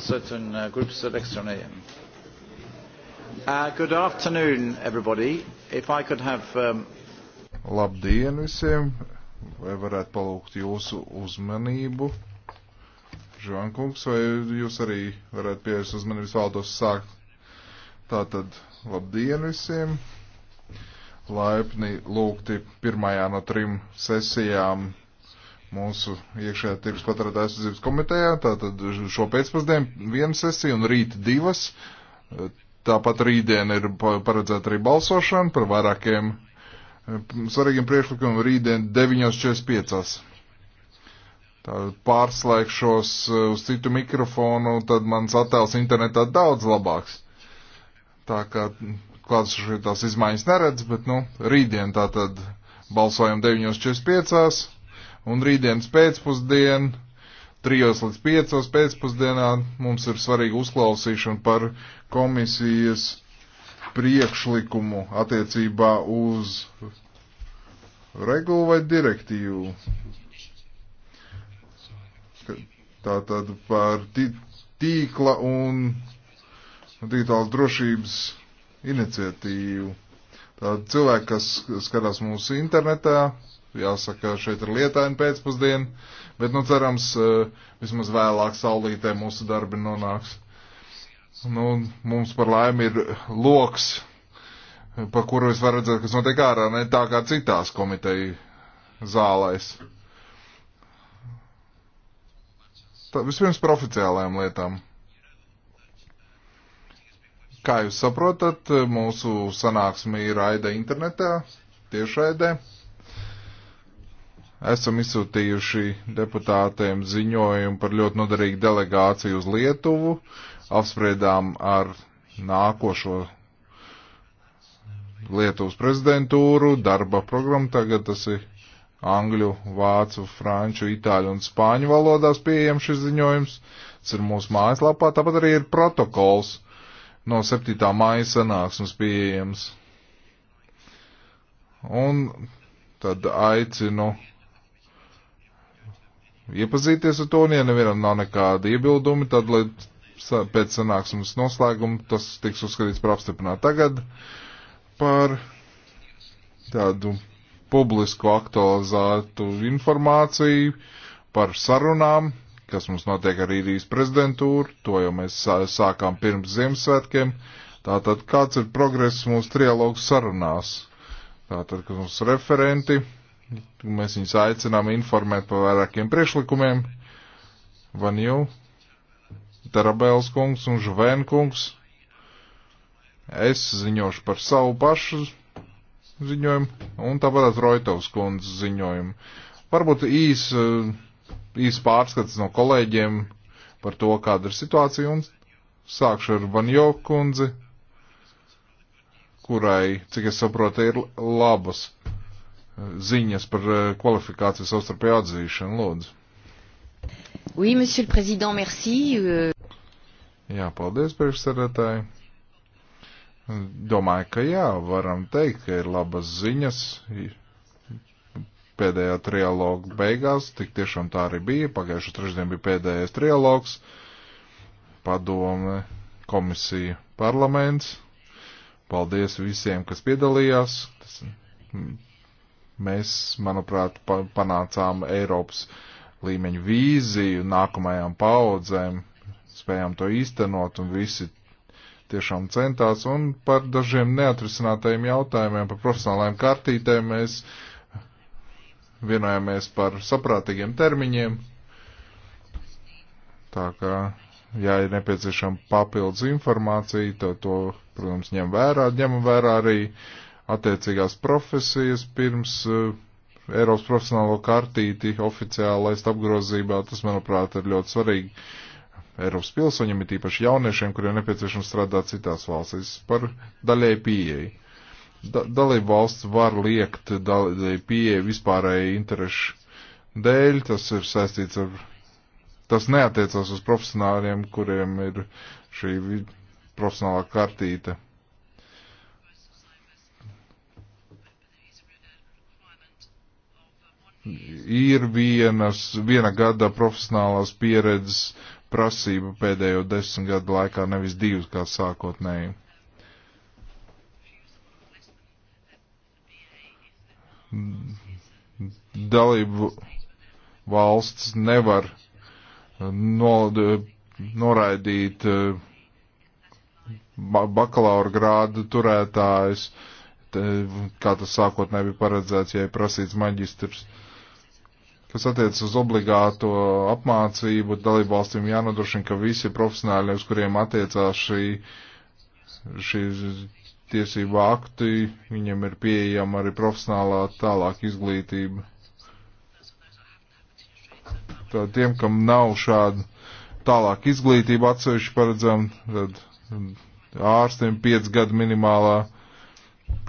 certain uh, groups at Extraneum. Uh, good afternoon, everybody. If I could have... Um... Labdien visiem! Vai varētu palūgt jūsu uzmanību? Žankungs, vai jūs arī varētu pievērst uzmanības valdos sākt? Tātad, labdien visiem! Laipni lūgti pirmajā no trim sesijām mūsu iekšējā tirgus patērētājas aizsardzības komitejā. Tātad šo pēcpusdienu viena sesija un rīt divas. Tāpat rītdien ir paredzēta arī balsošana par vairākiem eh, svarīgiem priekšlikumiem rītdien 9.45. Pārslēgšos eh, uz citu mikrofonu, tad mans attēls internetā daudz labāks. Tā kā kādas šīs izmaiņas neredz, bet nu, rītdien tātad balsojam 9.45. Un rītdienas pēcpusdien, trijos līdz piecos pēcpusdienā, mums ir svarīga uzklausīšana par komisijas priekšlikumu attiecībā uz regulu vai direktīvu. Tātad par tīkla un digitālas drošības iniciatīvu. Tātad cilvēki, kas skatās mūsu internetā, Jāsaka, šeit ir lietaini pēcpusdiena, bet, nu, cerams, e, vismaz vēlāk saulītē mūsu darbi nonāks. Nu, mums par laimi ir loks, pa kuru es varu redzēt, kas notiek ārā, ne tā kā citās komiteju zālēs. Tā, vispirms par oficiālajām lietām. Kā jūs saprotat, mūsu sanāksme ir aida internetā, tiešraidē esam izsūtījuši deputātiem ziņojumu par ļoti noderīgu delegāciju uz Lietuvu, apspriedām ar nākošo Lietuvas prezidentūru, darba programmu, tagad tas ir angļu, vācu, franču, itāļu un spāņu valodās pieejams šis ziņojums. Tas ir mūsu mājaslapā, tāpat arī ir protokols no 7. māja sanāksmes pieejams. Un tad aicinu iepazīties ar to, un ja nevienam nav nekāda iebildumi, tad, lai pēc sanāksmes noslēguma tas tiks uzskatīts par apstiprinātu. Tagad par tādu publisku aktualizētu informāciju par sarunām, kas mums notiek ar īrijas prezidentūru, to jau mēs sākām pirms Ziemassvētkiem. Tātad kāds ir progress mūsu trialogu sarunās? Tātad, kas mums referenti, Mēs viņus aicinām informēt par vairākiem priekšlikumiem. Vanju, Tarabēls kungs un Žvēn kungs. Es ziņošu par savu pašu ziņojumu un tāpat Roitovs kundz ziņojumu. Varbūt īs, īs pārskats no kolēģiem par to, kāda ir situācija un sākšu ar Vanjo kundzi kurai, cik es saprotu, ir labas ziņas par eh, kvalifikāciju savstarpēju atzīšanu, lūdzu. Oui, monsieur le président, merci. Euh. Jā, paldies, priekšsēdētāji. Domāju, ka jā, varam teikt, ka ir labas ziņas. Pēdējā trialoga beigās, tik tiešām tā arī bija. Pagājušo trešdien bija pēdējais trialogs. Padome, komisija, parlaments. Paldies visiem, kas piedalījās. Tas mm, Mēs, manuprāt, pa panācām Eiropas līmeņu vīziju nākamajām paudzēm, spējām to īstenot un visi tiešām centās. Un par dažiem neatrisinātajiem jautājumiem, par profesionālajiem kartītēm mēs vienojāmies par saprātīgiem termiņiem. Tā kā, ja ir nepieciešama papildus informācija, to, to, protams, ņem vērā, ņem vērā arī uh, attiecīgās profesijas pirms eh, Eiropas profesionālo kartīti oficiāli laist apgrozībā. Tas, manuprāt, ir ļoti svarīgi Eiropas pilsoņiem, it īpaši jauniešiem, kuriem nepieciešams strādāt citās valstīs par daļai pieeju. Da, dalību valsts var liekt daļai pieeju vispārēji interešu dēļ, tas ir saistīts ar, tas neatiecās uz profesionāļiem, kuriem ir šī profesionālā kartīte ir vienas, viena gada profesionālās pieredzes prasība pēdējo desmit gadu laikā, nevis divas kā sākotnēji. Dalību valsts nevar no, noraidīt bakalaura grādu turētājus, kā tas sākotnēji bija paredzēts, ja ir prasīts maģistrs. Uh, Kas attiecas uz obligāto apmācību, dalībvalstīm jānodrošina, ka visi profesionāļi, uz kuriem attiecās šī, šī tiesība akti, viņiem ir pieejama arī profesionālā tālāk izglītība. Tā, tiem, kam nav šāda tālāk izglītība atsevišķi paredzam, tad ārstiem 5 gadu minimālā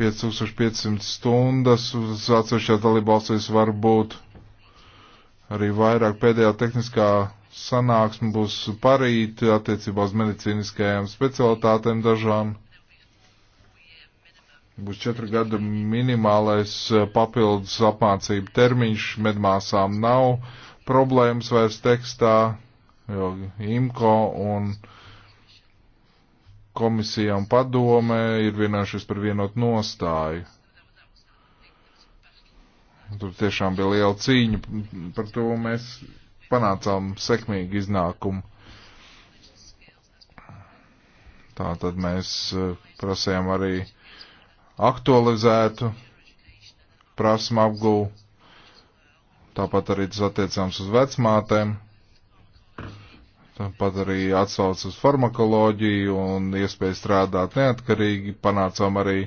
5500 stundas uz atsevišķā dalībvalstīs var būt arī vairāk pēdējā tehniskā sanāksme būs parīt attiecībā uz medicīniskajām specialitātēm dažām. Būs četru gadu minimālais eh, papildus apmācību termiņš, medmāsām nav problēmas vairs tekstā, jo IMCO un komisija un padome ir vienojušies par vienotu nostāju. Tur tiešām bija liela cīņa, par to mēs panācām sekmīgu iznākumu. Tā tad mēs eh, prasījām arī aktualizētu prasmu apgūvu. Tāpat arī tas attiecams uz vecmātēm. Tāpat arī atsauc uz farmakoloģiju un iespēju strādāt neatkarīgi. Panācām arī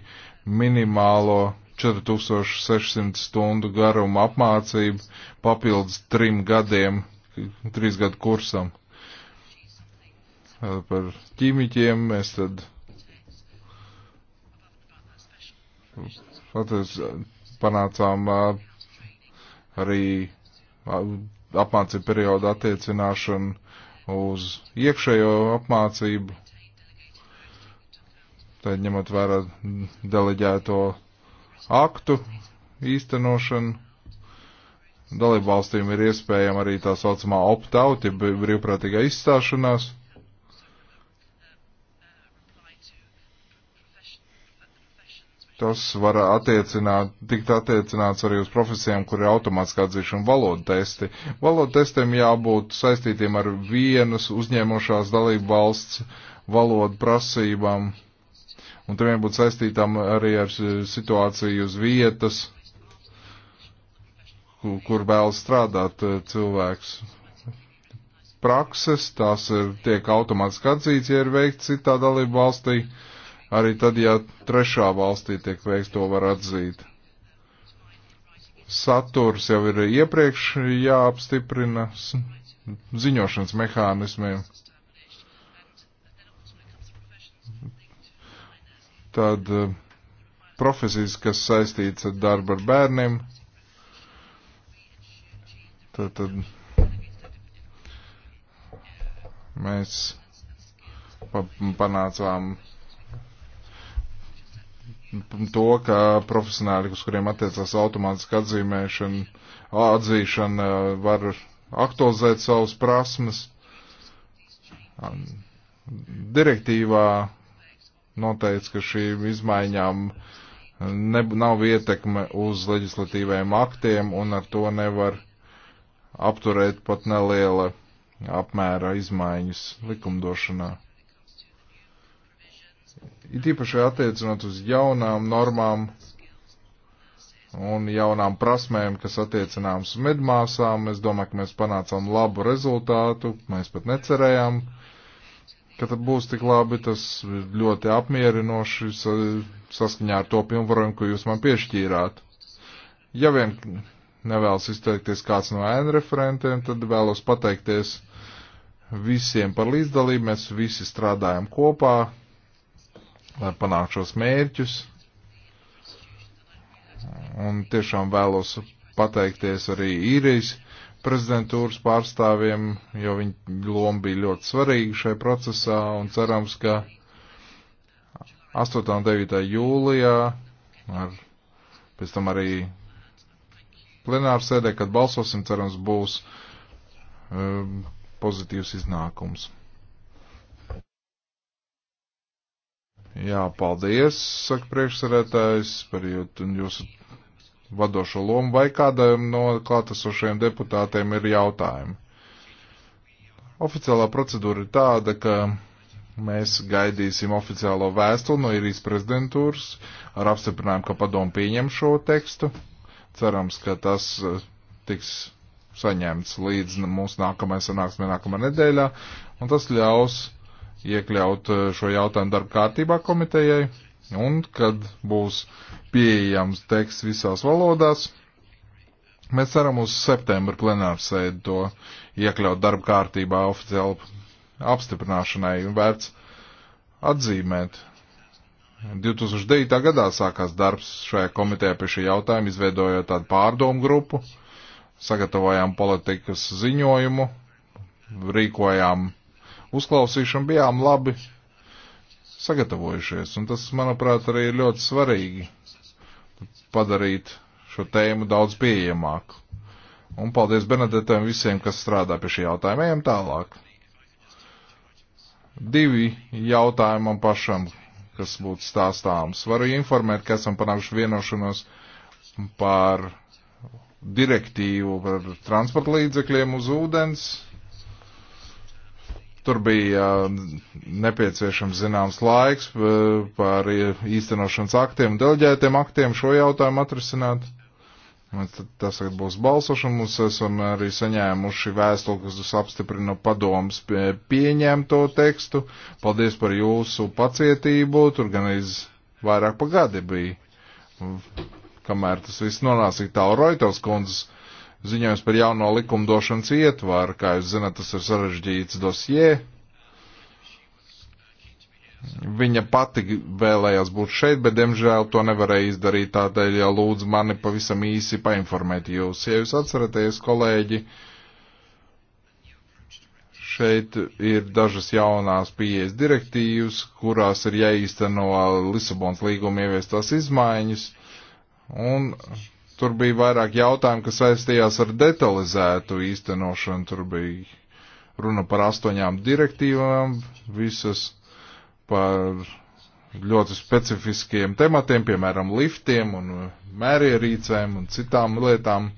minimālo 4600 stundu garuma apmācību papildus trim gadiem, trīs gadu kursam. Par ķīmiķiem mēs tad paties, panācām arī apmācību periodu attiecināšanu uz iekšējo apmācību, tad ņemot vērā deleģēto aktu īstenošanu. Dalību valstīm ir iespējama arī tā saucamā opt-out, ja brīvprātīgā izstāšanās. Tas var attiecināt, tikt attiecināts arī uz profesijām, kur ir automātiskā atzīšana valodu testi. Valodu testiem jābūt saistītiem ar vienas uzņēmošās dalību valsts valodu prasībām un tam jābūt saistītām arī ar situāciju uz vietas, kur vēlas strādāt eh, cilvēks. Prakses, tās ir, eh, tiek automātiski atzīts, ja ir veikts citā dalību valstī, arī tad, ja trešā valstī tiek veikts, to var atzīt. Saturs jau ir iepriekš jāapstiprina ziņošanas mehānismiem Tad eh, profesijas, kas saistīts ar darbu ar bērniem. Tad, tad mēs panācām to, ka profesionāļi, uz kuriem attiecās automātiska atzīmēšana, atzīšana var aktualizēt savas prasmes. Direktīvā noteica, ka šīm izmaiņām ne, nav ietekme uz leģislatīviem aktiem un ar to nevar apturēt pat neliela apmēra izmaiņas likumdošanā. It īpaši attiecinot uz jaunām normām un jaunām prasmēm, kas attiecināms uz medmāsām, es domāju, ka mēs panācām labu rezultātu, mēs pat necerējām, uh, ka tad būs tik labi, tas ļoti apmierinoši saskaņā ar to pilnvarojumu, ko jūs man piešķīrāt. Ja vien nevēlas izteikties kāds no ēnu referentiem, tad vēlos pateikties visiem par līdzdalību. Mēs visi strādājam kopā, lai panāktu šos mērķus. Un tiešām vēlos pateikties arī īrijas prezidentūras pārstāvjiem, jo viņa loma bija ļoti svarīga šajā procesā un cerams, ka 8. un 9. jūlijā, ar, pēc tam arī plenāru sēdē, kad balsosim, cerams, būs um, pozitīvs iznākums. Jā, paldies, saka priekšsarētājs, par jūsu vadošo lomu, vai kādam no klātesošiem deputātiem ir jautājumi. Oficiālā procedūra ir tāda, ka mēs gaidīsim oficiālo vēstuli no Irijas prezidentūras ar apstiprinājumu, ka padomu pieņem šo tekstu. Cerams, ka tas eh, tiks saņemts līdz mūsu nākamajai sanāksmē nākamā nedēļā, un tas ļaus iekļaut eh, šo jautājumu darba kārtībā komitejai Un, kad būs pieejams teksts visās valodās, mēs ceram uz septembra plenāru sēdi to iekļaut darba kārtībā oficiāli apstiprināšanai un vērts atzīmēt. 2009. gadā sākās darbs šajā komitē pie šī jautājuma, izveidojot tādu pārdomu grupu, sagatavojām politikas ziņojumu, rīkojām uzklausīšanu, bijām labi sagatavojušies. Un tas, manuprāt, arī ir ļoti svarīgi padarīt šo tēmu daudz pieejamāku. Un paldies Benedetam visiem, kas strādā pie šī jautājuma. Ejam tālāk. Divi jautājumi man pašam, kas būtu stāstāms. Varu informēt, ka esam panākuši vienošanos par direktīvu par transporta līdzekļiem uz ūdens Tur bija nepieciešams zināms laiks par īstenošanas aktiem un deleģētiem aktiem šo jautājumu atrisināt. Tas tagad būs balsošana. Mums esam arī saņēmuši vēstuli, kas apstiprina padomus pieņemto tekstu. Paldies par jūsu pacietību. Tur gan iz vairāk pagadi bija, kamēr tas viss nonāca tālu Roitovs kundzes ziņojums par jauno likumdošanas ietvaru. Kā jūs zināt, tas ir sarežģīts dosie. Viņa pati vēlējās būt šeit, bet, diemžēl, to nevarēja izdarīt. Tādēļ, ja lūdzu mani pavisam īsi painformēt jūs. Ja jūs atceraties, kolēģi, šeit ir dažas jaunās pieejas direktīvas, kurās ir jāīsteno Lisabons līguma ieviestās izmaiņas. Un Tur bija vairāk jautājumu, kas saistījās ar detalizētu īstenošanu. Tur bija runa par astoņām direktīvām, visas par ļoti specifiskiem tematiem, piemēram, liftiem un mērierīcēm un citām lietām.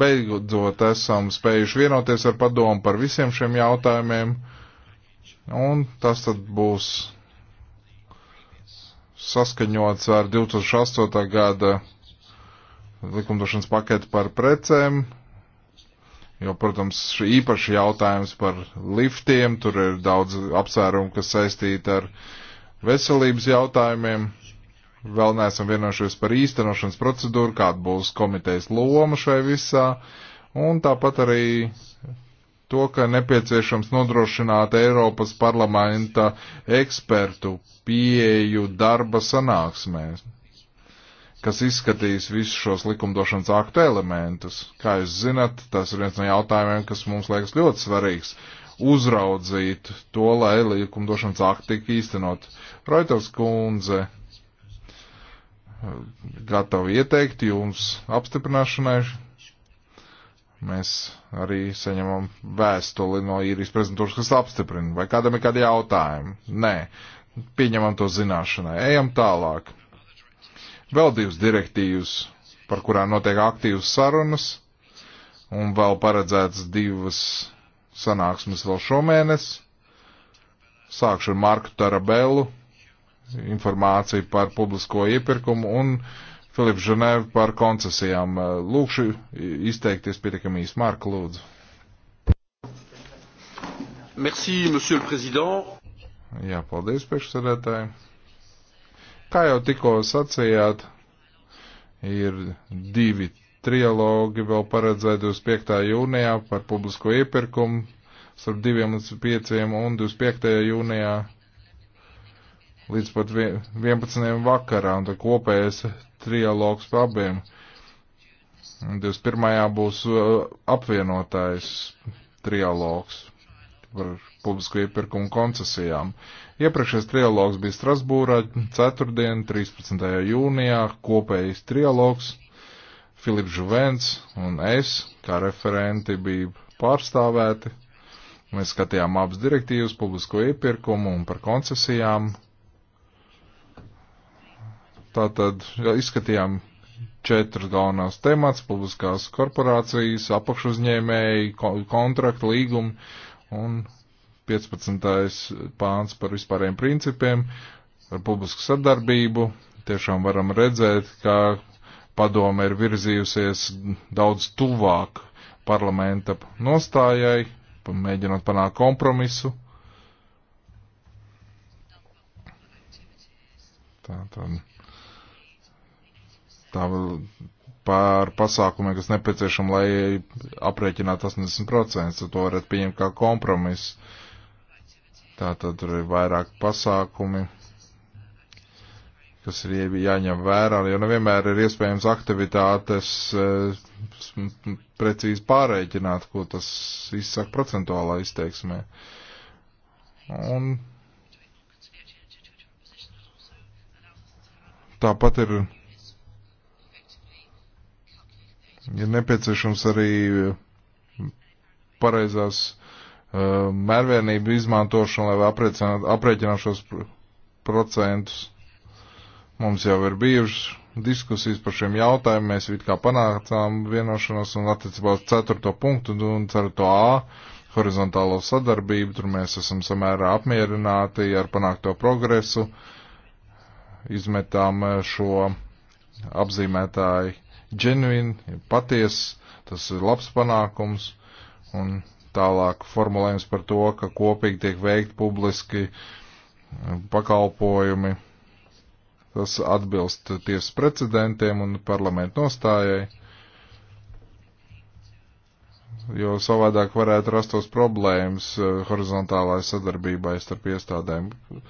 Beidzot esam spējuši vienoties ar padomu par visiem šiem jautājumiem, un tas tad būs saskaņots ar 2008. gada likumdošanas paketi par precēm, jo, protams, šī īpaši jautājums par liftiem, tur ir daudz apsvērumu, kas saistīti ar veselības jautājumiem. Vēl neesam vienojušies par īstenošanas procedūru, kāda būs komitejas loma šai visā, un tāpat arī to, ka nepieciešams nodrošināt Eiropas parlamenta ekspertu pieeju darba sanāksmēs, kas izskatīs visus šos likumdošanas aktu elementus. Kā jūs zinat, tas ir viens no jautājumiem, kas mums liekas ļoti svarīgs - uzraudzīt to, lai likumdošanas akti tik īstenot. Roitovs kundze eh, gatava ieteikt jums apstiprināšanai Mēs arī saņemam vēstuli no īrijas prezidentūras, kas apstiprina, vai kādam ir kādi jautājumi. Nē, pieņemam to zināšanai. Ejam tālāk. Vēl divas direktīvas, par kurām notiek aktīvas sarunas, un vēl paredzētas divas sanāksmes vēl šomēnes. Sākšu ar Marku Tarabelu, informāciju par publisko iepirkumu un uh, Filips Ženēv par koncesijām. Lūkšu izteikties pietiekami īsi. Marka, lūdzu. Merci, monsieur le président. Jā, paldies, priekšsēdētāji. Kā jau tikko sacījāt, ir divi trialogi vēl paredzēti 25. jūnijā par publisko iepirkumu starp 2 līdz 5 un 25. jūnijā līdz pat 11. vakarā, un tad kopējais Uh, trialogs par abiem. 21. būs apvienotājs trialogs par publisko iepirkumu koncesijām. Iepriekšējais trialogs bija Strasbūrā 4. 13. jūnijā, kopējais trialogs. Filips Žuvens un es, kā referenti, bija pārstāvēti. Mēs skatījām abas direktīvas, publisko iepirkumu un par koncesijām. Tātad izskatījām četras galvenās temats - publiskās korporācijas, apakšuzņēmēji, kontrakta līgumi un 15. pāns par vispāriem principiem, par publisku sadarbību. Tiešām varam redzēt, ka padome ir virzījusies daudz tuvāk parlamenta nostājai, mēģinot panākt kompromisu. Tātad. Tā tā, par pasākumiem, kas nepieciešami, lai aprēķinātu 80%, to varat pieņemt kā kompromisu. Tātad tur ir vairāk pasākumi, kas ir jāņem vērā, jo nevienmēr ir iespējams aktivitātes e, precīzi pārēķināt, ko tas izsaka procentuālā izteiksmē. Un tāpat ir Ir nepieciešams arī eh, pareizās uh, mērvienību izmantošana, lai aprēķinātu šos procentus. Mums jau ir bijušas diskusijas par šiem jautājumiem, mēs it kā panācām vienošanos un attiecībā uz 4. punktu un 4. A horizontālo sadarbību, tur mēs esam samērā apmierināti ar panākto progresu, izmetām eh, šo apzīmētāju ģenuīni, paties, tas ir labs panākums, un tālāk formulējums par to, ka kopīgi tiek veikt publiski eh, pakalpojumi, tas atbilst tiesas precedentiem un parlamentu nostājai, jo savādāk varētu rastos problēmas eh, horizontālai sadarbībai starp iestādēm. Uh,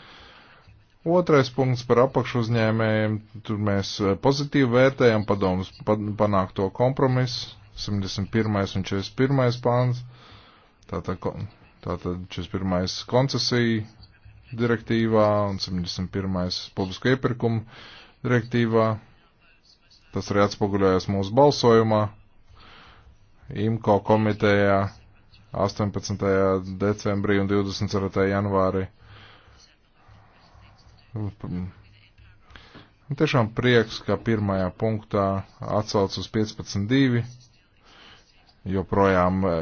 Otrais punkts par apakšuzņēmējiem. Tur mēs eh, pozitīvi vērtējam padomus panākto kompromisu. 71. un 41. pāns. Tātad, tātad 41. koncesija direktīvā un 71. publisko iepirkumu direktīvā. Tas arī atspoguļojās mūsu balsojumā. IMCO komitejā 18. decembrī un 24. janvārī Un tiešām prieks, ka pirmajā punktā atsauc uz 15.2 joprojām eh,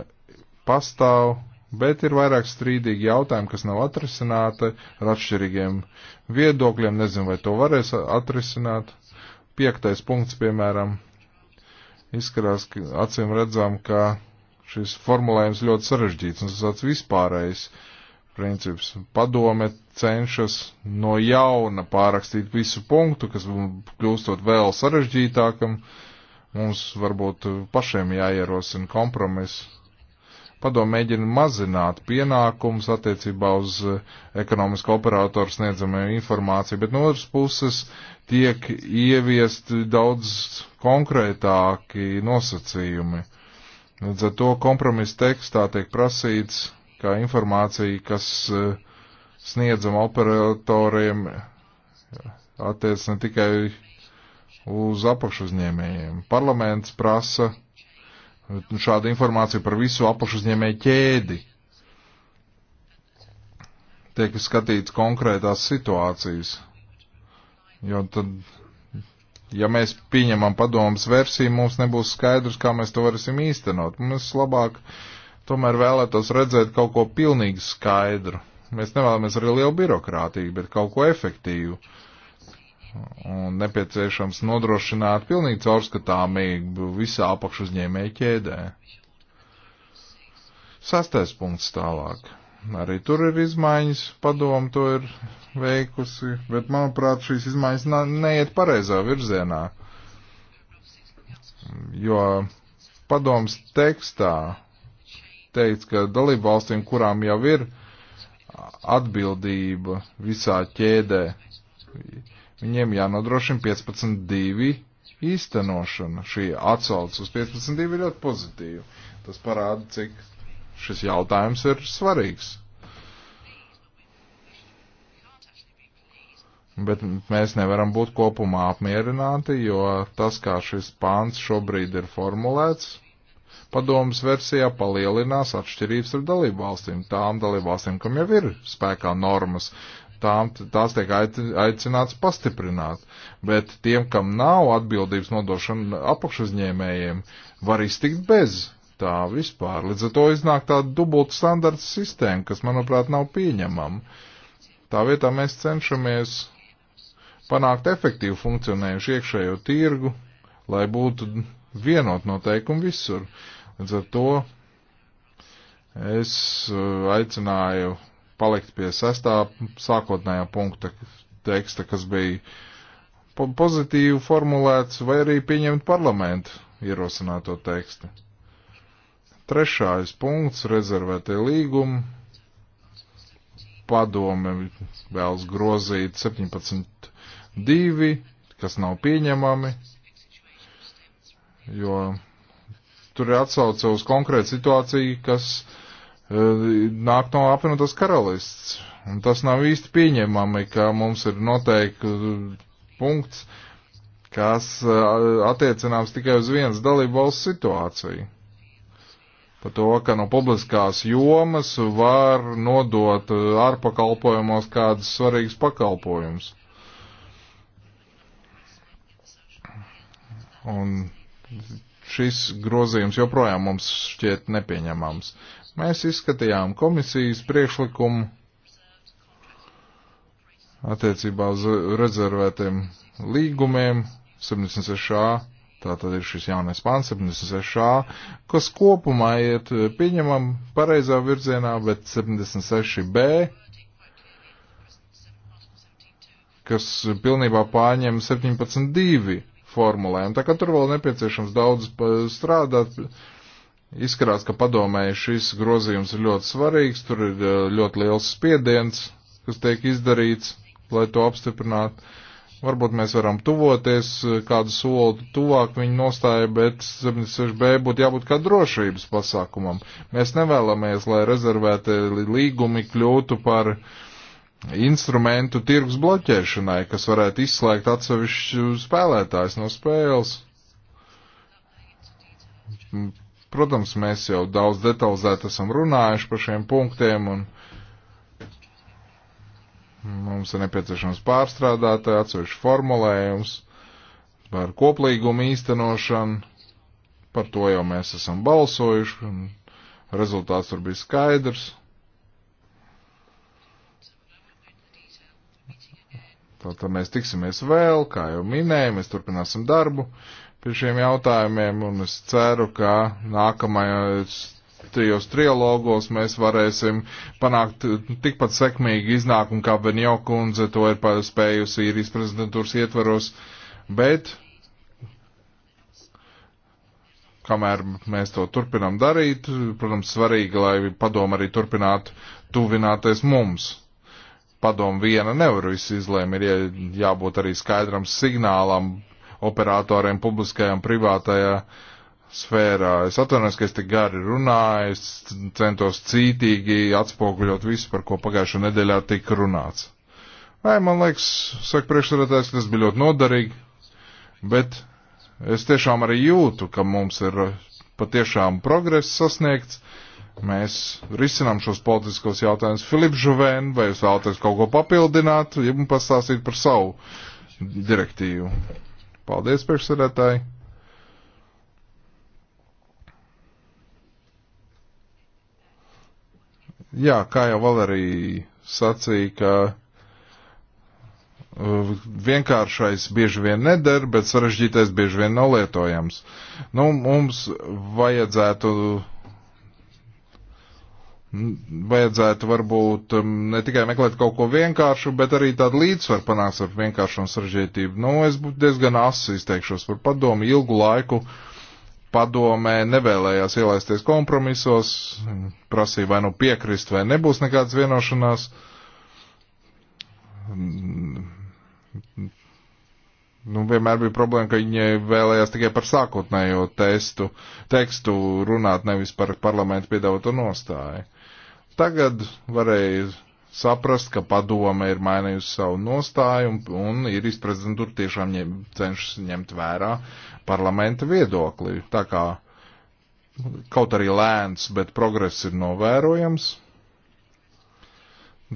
pastāv, bet ir vairāk strīdīgi jautājumi, kas nav atrisināti ar atšķirīgiem viedokļiem. Nezinu, vai to varēs atrisināt. Piektais punkts, piemēram, izskatās, ka acīm redzam, ka šis formulējums ļoti sarežģīts un tas tāds vispārējs. Uh, princips. Padome cenšas no jauna pārakstīt visu punktu, kas kļūstot vēl sarežģītākam. Mums varbūt pašiem jāierosina kompromiss. Padome mēģina mazināt pienākumus attiecībā uz eh, ekonomisko operatoru sniedzamajā informāciju, bet no otras puses tiek ieviest daudz konkrētāki nosacījumi. Līdz ar to kompromisa tekstā tiek prasīts kā informācija, kas eh, sniedzama operatoriem, attiec ne tikai uz apakšuzņēmējiem. Parlaments prasa nu, šādu informāciju par visu apakšuzņēmēju ķēdi. Tiek skatīts konkrētās situācijas. Jo tad, ja mēs pieņemam padomas versiju, mums nebūs skaidrs, kā mēs to varēsim īstenot. Mums labāk uh, tomēr vēlētos redzēt kaut ko pilnīgi skaidru. Mēs nevēlamies arī lielu birokrātiju, bet kaut ko efektīvu. Un nepieciešams nodrošināt pilnīgi caurskatāmību visā apakšuzņēmēja ķēdē. Sastais punkts tālāk. Arī tur ir izmaiņas, padomu to ir veikusi, bet manuprāt šīs izmaiņas neiet pareizā virzienā. Jo padoms tekstā teica, ka dalību valstīm, kurām jau ir atbildība visā ķēdē, viņiem jānodrošina 15.2 īstenošana. Šī atsauce uz 15.2 ir ļoti pozitīva. Tas parāda, cik šis jautājums ir svarīgs. Bet mēs nevaram būt kopumā apmierināti, jo tas, kā šis pāns šobrīd ir formulēts, Padomas versijā palielinās atšķirības ar dalību valstīm. Tām dalību valstīm, kam jau ir spēkā normas, tām tās tiek aicināts pastiprināt. Bet tiem, kam nav atbildības nodošana apakšuzņēmējiem, var iztikt bez tā vispār. Līdz ar to iznāk tāda dubulta standarta sistēma, kas, manuprāt, nav pieņemama. Tā vietā mēs cenšamies panākt efektīvu funkcionējušu iekšējo tirgu, lai būtu vienot noteikumi visur. Uh, Līdz ar to es uh, aicināju palikt pie sestā sākotnējā punkta teksta, kas bija pozitīvi formulēts, vai arī pieņemt parlamentu ierosināto tekstu. Trešais punkts - rezervētie līgumi. Padome vēlas grozīt 17.2, kas nav pieņemami, jo tur ir atsauce uz konkrētu situāciju, kas e, nāk no apvienotās karalists. Un tas nav īsti pieņemami, ka mums ir noteikti punkts, kas e, attiecināms tikai uz vienas dalību valsts situāciju. Par to, ka no publiskās jomas var nodot e, ārpakalpojumos kādas svarīgas pakalpojumus. Un Šis grozījums joprojām mums šķiet nepieņemams. Mēs izskatījām komisijas priekšlikumu attiecībā uz rezervētiem līgumiem 76a, tātad ir šis jaunais pāns 76a, kas kopumā iet pieņemam pareizā virzienā, bet 76b, kas pilnībā pārņem 17.2 formulējam. Tā kā tur vēl nepieciešams daudz strādāt. Izskatās, ka padomēji šis grozījums ir ļoti svarīgs, tur ir e, ļoti liels spiediens, kas tiek izdarīts, lai to apstiprinātu. Varbūt mēs varam tuvoties e, kādu soli tuvāk viņa nostāja, bet 76B būtu jābūt kā drošības pasākumam. Mēs nevēlamies, lai rezervēti līgumi kļūtu par uh, instrumentu tirgus bloķēšanai, kas varētu izslēgt atsevišķu spēlētājs no spēles. Protams, mēs jau daudz detalizēti esam runājuši par šiem punktiem un mums ir nepieciešams pārstrādāt atsevišķu formulējums par koplīgumu īstenošanu. Par to jau mēs esam balsojuši un rezultāts tur bija skaidrs. Tātad nu, mēs tiksimies vēl, kā jau minēju, mēs turpināsim darbu pie šiem jautājumiem, un es ceru, ka nākamajos tajos trialogos mēs varēsim panākt tikpat sekmīgu iznākumu, kā Benjo kundze to ir spējusi īrijas prezidentūras ietvaros, bet kamēr mēs to turpinam darīt, protams, svarīgi, lai padoma arī turpinātu tuvināties mums padomu viena nevar visu izlēma, ir jābūt arī skaidram signālam operatoriem publiskajā un privātajā sfērā. Es atvainojos, ka es tik gari runāju, es centos cītīgi atspoguļot visu, par ko pagājušajā nedēļā tika runāts. Nē, man liekas, saka priekšsēdētājs, tas bija ļoti noderīgi, bet es tiešām arī jūtu, ka mums ir patiešām progress sasniegts. Uh, mēs risinām šos politiskos jautājumus. Filips Žuvēn, vai jūs vēlaties kaut ko papildināt, ja man pastāstīt par savu direktīvu? Paldies, priekšsēdētāji! Jā, kā jau Valerija sacīja, ka uh, vienkāršais bieži vien neder, bet sarežģītais bieži vien nav lietojams. Nu, mums vajadzētu uh, vajadzētu varbūt um, ne tikai meklēt kaut ko vienkāršu, bet arī tādu līdzsvaru panākt ar vienkāršu un sarežģītību. Nu, es diezgan asi izteikšos par padomu ilgu laiku. Padomē nevēlējās ielaisties kompromisos, prasīja vai nu piekrist, vai nebūs nekādas vienošanās. Nu, vienmēr bija problēma, ka viņi vēlējās tikai par sākotnējo testu, tekstu runāt, nevis par parlamentu piedāvāto nostāju. Tagad varēja saprast, ka padome ir mainījusi savu nostāju un, un īrijas prezidentūra tiešām ņem, cenšas ņemt vērā parlamenta viedokli. Tā kā kaut arī lēns, bet progress ir novērojams.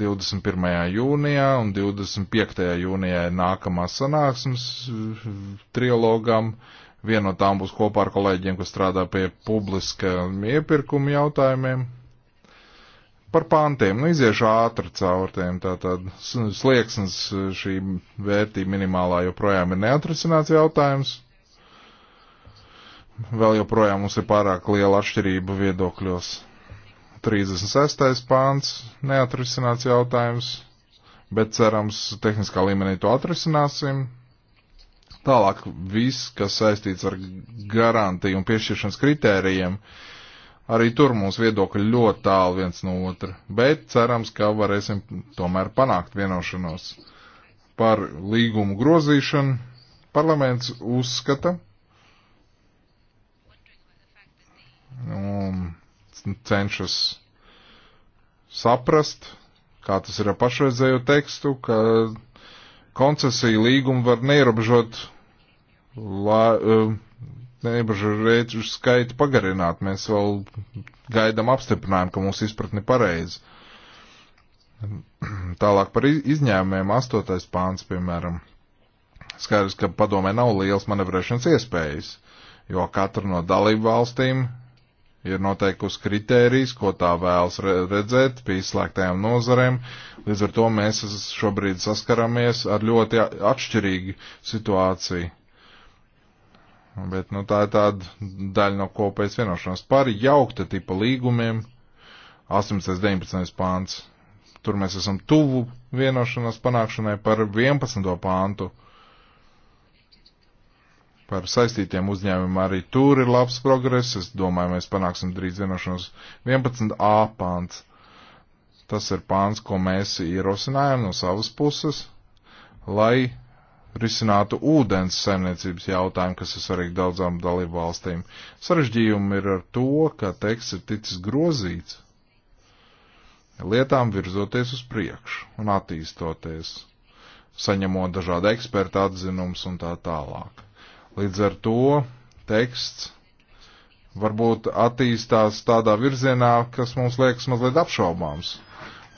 21. jūnijā un 25. jūnijā ir nākamā sanāksmes trilogam. Viena no tām būs kopā ar kolēģiem, kas strādā pie publiska iepirkuma jautājumiem par pantiem. Nu, iziešu ātri caur tiem. Tātad slieksnes šī vērtība minimālā joprojām ir neatrisināts jautājums. Vēl joprojām mums ir pārāk liela atšķirība viedokļos. 36. pāns neatrisināts jautājums, bet cerams tehniskā līmenī to atrisināsim. Tālāk viss, kas saistīts ar garantiju un piešķiršanas kritērijiem, uh, Arī tur mūsu viedokļi ļoti tālu viens no otra, bet cerams, ka varēsim tomēr panākt vienošanos par līgumu grozīšanu. Parlaments uzskata, un cenšas saprast, kā tas ir ar pašreizējo tekstu, ka koncesiju līgumu var neierobežot la, uh, neiebažu reiķu skaitu pagarināt. Mēs vēl gaidām apstiprinājumu, ka mūsu izpratni pareizi. Tālāk par izņēmumiem, astotais pāns, piemēram. Skaidrs, ka padomē nav liels manevrēšanas iespējas, jo katra no dalību valstīm ir noteikusi kritērijas, ko tā vēlas redzēt pie izslēgtajām nozarēm. Līdz ar to mēs šobrīd saskaramies ar ļoti atšķirīgu situāciju Bet nu, tā ir tāda daļa no kopējas vienošanās par jaukta tipa līgumiem. 18.19. pāns. Tur mēs esam tuvu vienošanās panākšanai par 11. pāntu. Par saistītiem uzņēmumiem arī tur ir labs progress. Es domāju, mēs panāksim drīz vienošanos 11a pāns. Tas ir pāns, ko mēs ierosinājām no savas puses, lai risinātu ūdens saimniecības jautājumu, kas ir svarīgi daudzām dalību valstīm. Sarežģījumi ir ar to, ka teksts ir ticis grozīts lietām virzoties uz priekšu un attīstoties, saņemot dažādu ekspertu atzinums un tā tālāk. Līdz ar to teksts varbūt attīstās tādā virzienā, kas mums liekas mazliet apšaubāms.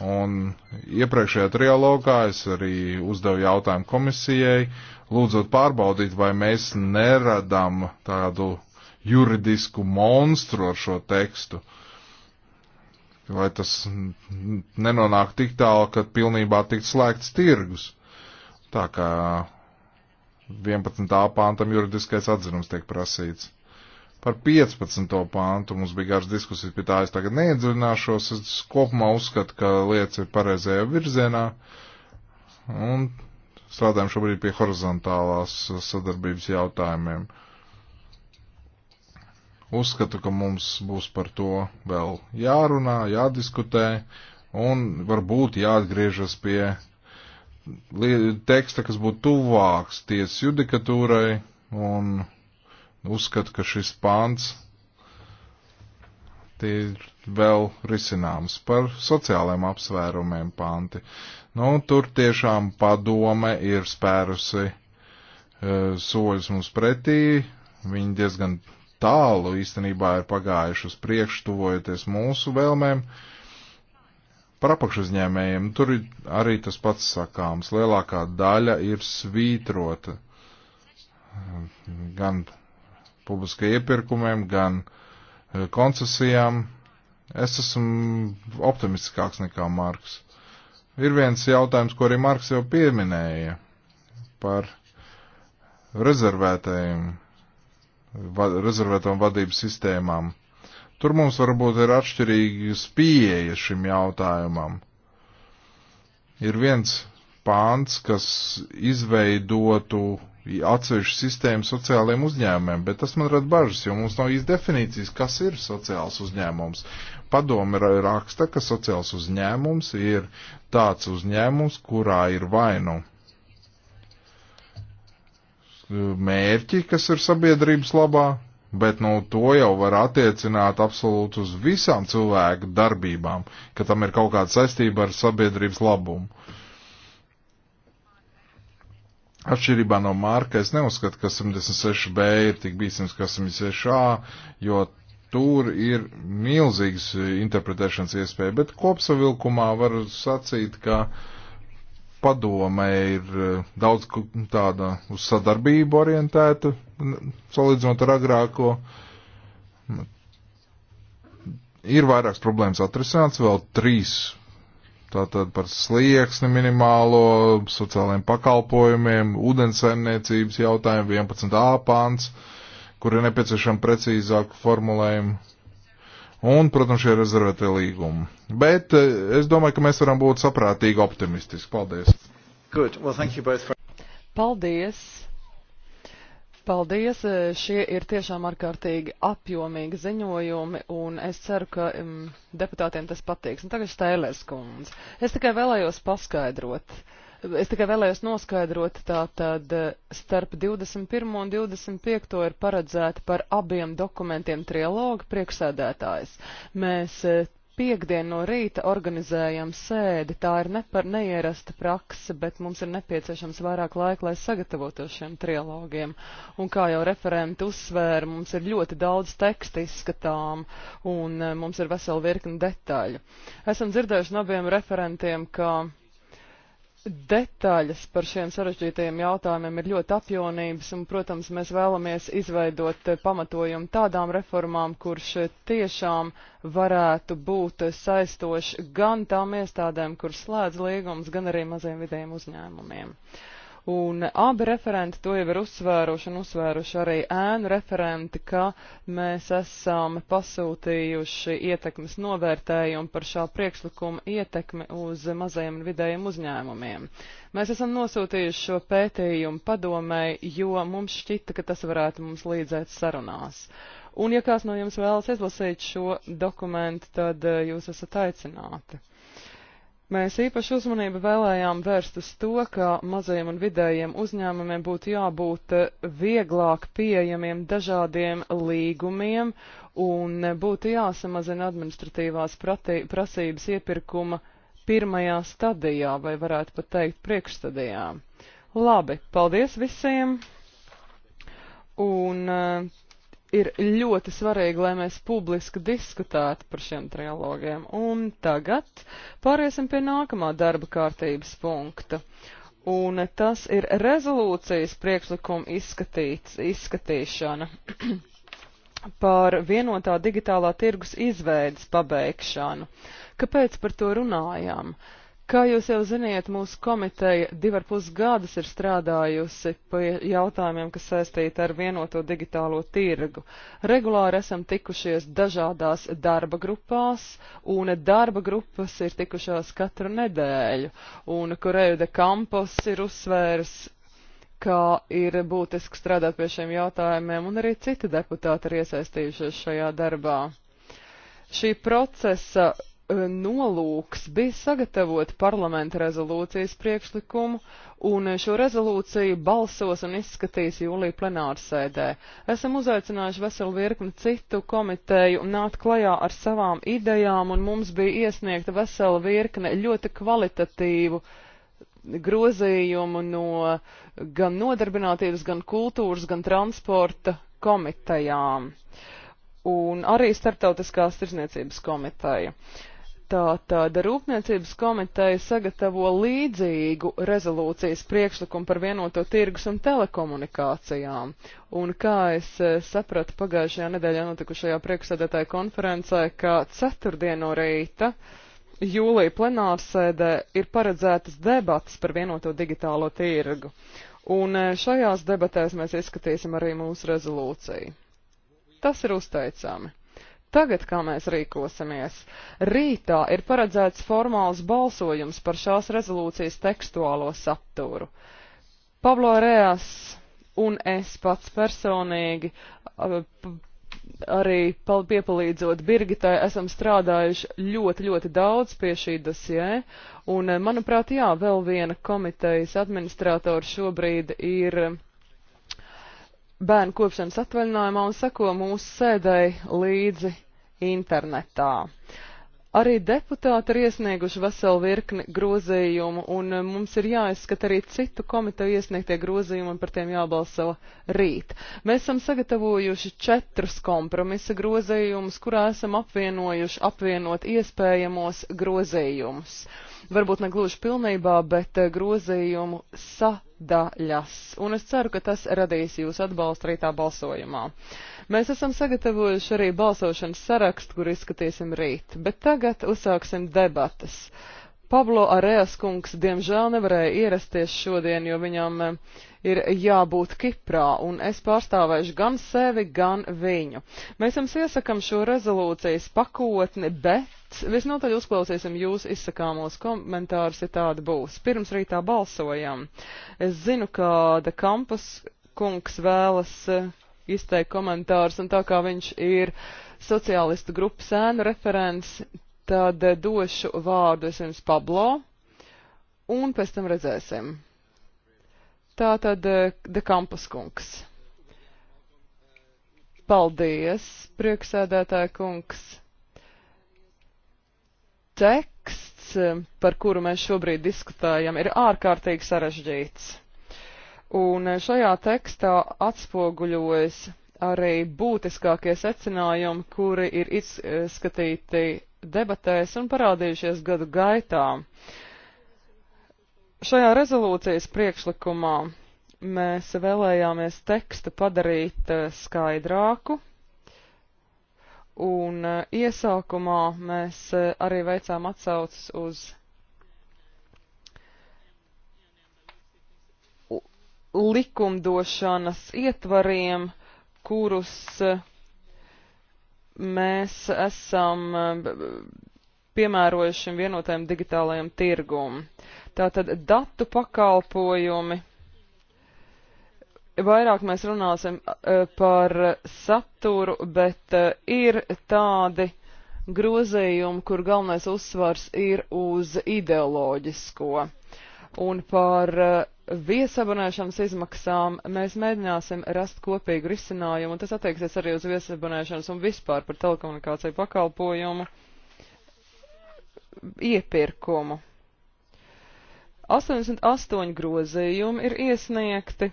Un iepriekšējā trialogā es arī uzdevu jautājumu komisijai, lūdzot pārbaudīt, vai mēs neradām tādu juridisku monstru ar šo tekstu. Vai tas nenonāk tik tālu, ka pilnībā tikt slēgts tirgus. Tā kā 11. pāntam juridiskais atzinums tiek prasīts. Par 15. pāntu mums bija garas diskusijas, pie tā es tagad neiedziļināšos. Es kopumā uzskatu, ka lietas ir pareizajā virzienā. Un strādājam šobrīd pie horizontālās sadarbības jautājumiem. Uzskatu, ka mums būs par to vēl jārunā, jādiskutē un varbūt jāatgriežas pie teksta, kas būtu tuvāks tiesas judikatūrai un uzskatu, ka šis pāns ir vēl risināms par sociālajiem apsvērumiem panti. Nu, tur tiešām padome ir spērusi e, soļus mums pretī, viņi diezgan tālu īstenībā ir pagājuši uz priekšu, tuvojoties mūsu vēlmēm. Par apakšuzņēmējiem tur arī tas pats sakāms. Lielākā daļa ir svītrota. Gan publiskai iepirkumiem, gan e, koncesijām. Es esmu optimistiskāks nekā Marks. Ir viens jautājums, ko arī Marks jau pieminēja par rezervētajiem, va, rezervētām vadības sistēmām. Tur mums varbūt ir atšķirīgas pieejas šim jautājumam. Ir viens pāns, kas izveidotu atsevišķu sistēmu sociālajiem uzņēmumiem, bet tas man rada bažas, jo mums nav īsti definīcijas, kas ir sociāls uzņēmums. Padomi raksta, ka sociāls uzņēmums ir tāds uzņēmums, kurā ir vainu mērķi, kas ir sabiedrības labā, bet nu, to jau var attiecināt absolūti uz visām cilvēku darbībām, ka tam ir kaut kāda saistība ar sabiedrības labumu. Atšķirībā no Mārka, es neuzskatu, ka 76B ir tik bīstams kā 76A, jo tur ir milzīgas interpretēšanas iespēja, bet kopsavilkumā var sacīt, ka padome ir eh, daudz tāda uz sadarbību orientēta, salīdzinot ar agrāko. Ir vairākas problēmas atrisināts, vēl trīs Tātad par slieksni minimālo, sociālajiem pakalpojumiem, ūdensaimniecības jautājumu 11a pāns, kur ir nepieciešama precīzāka formulējuma. Un, protams, šie rezervētie līgumi. Bet eh, es domāju, ka mēs varam būt saprātīgi optimistiski. Paldies! Good. Well, thank you both for... Paldies! Paldies! E, šie ir tiešām ārkārtīgi apjomīgi ziņojumi, un es ceru, ka um, deputātiem tas patiks. Un tagad Štēlers kundze. Es tikai vēlējos paskaidrot. Es tikai vēlējos noskaidrot, tā tad e, starp 21. un 25. ir paredzēta par abiem dokumentiem trialoga priekšsēdētājs. Mēs e, piekdien no rīta organizējam sēdi. Tā ir ne par neierasta praksa, bet mums ir nepieciešams vairāk laika, lai sagatavotos šiem trilogiem. Un kā jau referenti uzsvēra, mums ir ļoti daudz teksta izskatām, un eh, mums ir vesela virkni detaļu. Esam dzirdējuši no abiem referentiem, ka detaļas par šiem sarežģītajiem jautājumiem ir ļoti apjonības, un, protams, mēs vēlamies izveidot eh, pamatojumu tādām reformām, kurš eh, tiešām varētu būt saistošs gan tām iestādēm, kur slēdz līgums, gan arī maziem vidējiem uzņēmumiem. Uh, Un abi referenti to jau ir uzsvēruši un uzsvēruši arī ēnu referenti, ka mēs esam pasūtījuši ietekmes novērtējumu par šā priekšlikuma ietekmi uz mazajiem un vidējiem uzņēmumiem. Mēs esam nosūtījuši šo pētījumu padomēji, jo mums šķita, ka tas varētu mums līdzēt sarunās. Un ja kāds no jums vēlas izlasīt šo dokumentu, tad eh, jūs esat aicināti. Mēs īpaši uzmanību vēlējām vērst uz to, ka mazajiem un vidējiem uzņēmumiem būtu jābūt eh, vieglāk pieejamiem dažādiem līgumiem un būtu jāsamazina administratīvās pratī, prasības iepirkuma pirmajā stadijā, vai varētu pat teikt priekšstadijā. Labi, paldies visiem! Un eh, ir ļoti svarīgi, lai mēs publiski diskutētu par šiem trilogiem. Un tagad pāriesim pie nākamā darba kārtības punkta. Un tas ir rezolūcijas priekšlikuma izskatīts, izskatīšana par vienotā digitālā tirgus izveidas pabeigšanu. Kāpēc par to runājām? Uh, Kā jūs jau ziniet, mūsu komiteja divar pus gadus ir strādājusi pie jautājumiem, kas saistīti ar vienoto digitālo tirgu. Regulāri esam tikušies dažādās darba grupās, un darba grupas ir tikušās katru nedēļu, un Koreju de Campos ir uzsvērs ka ir būtiski strādāt pie šiem jautājumiem, un arī citi deputāti ir iesaistījušies šajā darbā. Šī procesa nolūks bija sagatavot parlamenta rezolūcijas priekšlikumu, un šo rezolūciju balsos un izskatīs jūlija plenārsēdē. Esam uzaicinājuši veselu virkni citu komiteju nākt klajā ar savām idejām, un mums bija iesniegta vesela virkne ļoti kvalitatīvu grozījumu no gan nodarbinātības, gan kultūras, gan transporta komitejām. Uh, un arī Startautiskās tirzniecības komiteja. Tātad Rūpniecības komiteja sagatavo līdzīgu rezolūcijas priekšlikumu par vienoto tirgus un telekomunikācijām. Un kā es e, sapratu pagājušajā nedēļā notikušajā priekšsēdētāja konferencē, ka ceturtdien no rīta jūlija plenārsēdē ir paredzētas debatas par vienoto digitālo tirgu. Un e, šajās debatēs mēs izskatīsim arī mūsu rezolūciju. Tas ir uzteicami. Tagad, kā mēs rīkosimies, rītā ir paredzēts formāls balsojums par šās rezolūcijas tekstuālo saturu. Pablo Reas un es pats personīgi, arī piepalīdzot Birgitai, esam strādājuši ļoti, ļoti daudz pie šī dosjē, un, manuprāt, jā, vēl viena komitejas administratora šobrīd ir bērnu kopšanas atvaļinājumā un seko mūsu sēdēji līdzi internetā. Arī deputāti ir iesnieguši veselu virkni grozījumu, un e, mums ir jāizskata arī citu komiteju iesniegtie grozījumi, un par tiem jābalso rīt. Mēs esam sagatavojuši četrus kompromisa grozījumus, kurā esam apvienojuši apvienot iespējamos grozījumus. Uh, varbūt ne gluži pilnībā, bet eh, grozījumu sadaļas. Un es ceru, ka tas radīs jūs atbalstu rītā balsojumā. Mēs esam sagatavojuši arī balsošanas sarakstu, kur izskatīsim rīt, bet tagad uzsāksim debatas. Pablo Arēs kungs diemžēl nevarēja ierasties šodien, jo viņam eh, ir jābūt Kiprā, un es pārstāvēšu gan sevi, gan viņu. Mēs jums iesakam šo rezolūcijas pakotni, bet punkts. Visnotaļ uzklausīsim jūs izsakāmos komentārus, ja tāda būs. Pirms rītā balsojam. Es zinu, kāda kampas kungs vēlas eh, izteikt komentārus, un tā kā viņš ir sociālistu grupas ēnu referents, tad eh, došu vārdu es jums Pablo, un pēc tam redzēsim. Tā tad eh, de kampas kungs. Paldies, prieksēdētāja kungs teksts, eh, par kuru mēs šobrīd diskutējam, ir ārkārtīgi sarežģīts. Un eh, šajā tekstā atspoguļojas arī būtiskākie secinājumi, kuri ir izskatīti debatēs un parādījušies gadu gaitā. Šajā rezolūcijas priekšlikumā mēs vēlējāmies tekstu padarīt eh, skaidrāku, Un eh, iesākumā mēs eh, arī veicām atsaucas uz likumdošanas ietvariem, kurus eh, mēs esam piemērojuši vienotajam digitālajam tirgum. Tātad datu pakalpojumi vairāk mēs runāsim eh, par saturu, bet eh, ir tādi grozījumi, kur galvenais uzsvars ir uz ideoloģisko. Un par eh, viesabonēšanas izmaksām mēs mēģināsim rast kopīgu risinājumu, un tas attieksies arī uz viesabonēšanas un vispār par telekomunikāciju pakalpojumu iepirkumu. 88 grozījumi ir iesniegti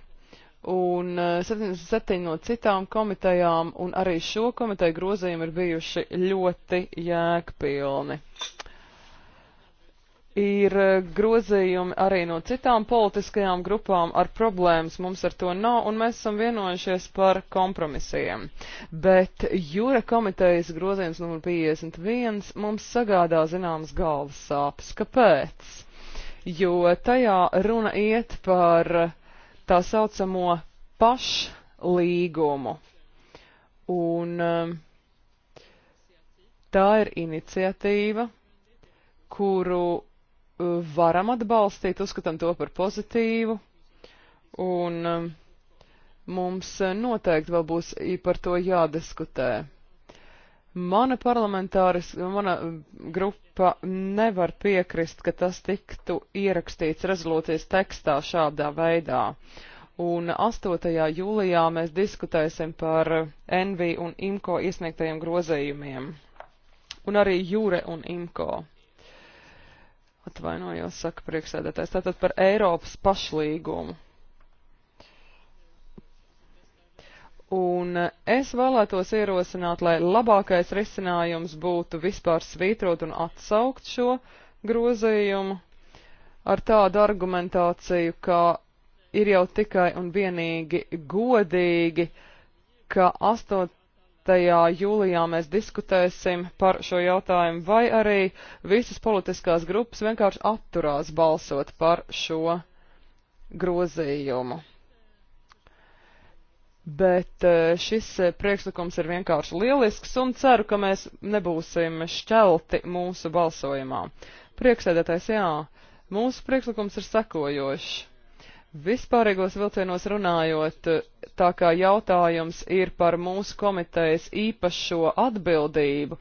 un 77 eh, no citām komitejām, un arī šo komiteju grozījumi ir bijuši ļoti jēgpilni. Ir eh, grozījumi arī no citām politiskajām grupām ar problēmas, mums ar to nav, un mēs esam vienojušies par kompromisiem. Bet jūra komitejas grozījums numur 51 mums sagādā zināmas galvas sāpes. Kāpēc? Jo tajā runa iet par tā saucamo pašlīgumu. Un um, tā ir iniciatīva, kuru uh, varam atbalstīt, uzskatām to par pozitīvu, un um, mums uh, noteikti vēl būs par to jādiskutē. Mana parlamentāris, mana grupa nevar piekrist, ka tas tiktu ierakstīts rezolūcijas tekstā šādā veidā. Un 8. jūlijā mēs diskutēsim par NV un IMCO iesniegtajiem grozējumiem. Un arī Jūre un IMCO. Atvainojos, saka priekšsēdētājs. Tātad par Eiropas pašlīgumu. Un es vēlētos ierosināt, lai labākais risinājums būtu vispār svītrot un atsaukt šo grozījumu ar tādu argumentāciju, ka ir jau tikai un vienīgi godīgi, ka 8. jūlijā mēs diskutēsim par šo jautājumu, vai arī visas politiskās grupas vienkārši atturās balsot par šo grozījumu bet eh, šis eh, priekšlikums ir vienkārši lielisks un ceru, ka mēs nebūsim šķelti mūsu balsojumā. Prieksēdētais, jā, mūsu priekšlikums ir sekojošs. Vispārīgos vilcienos runājot, eh, tā kā jautājums ir par mūsu komitejas īpašo atbildību,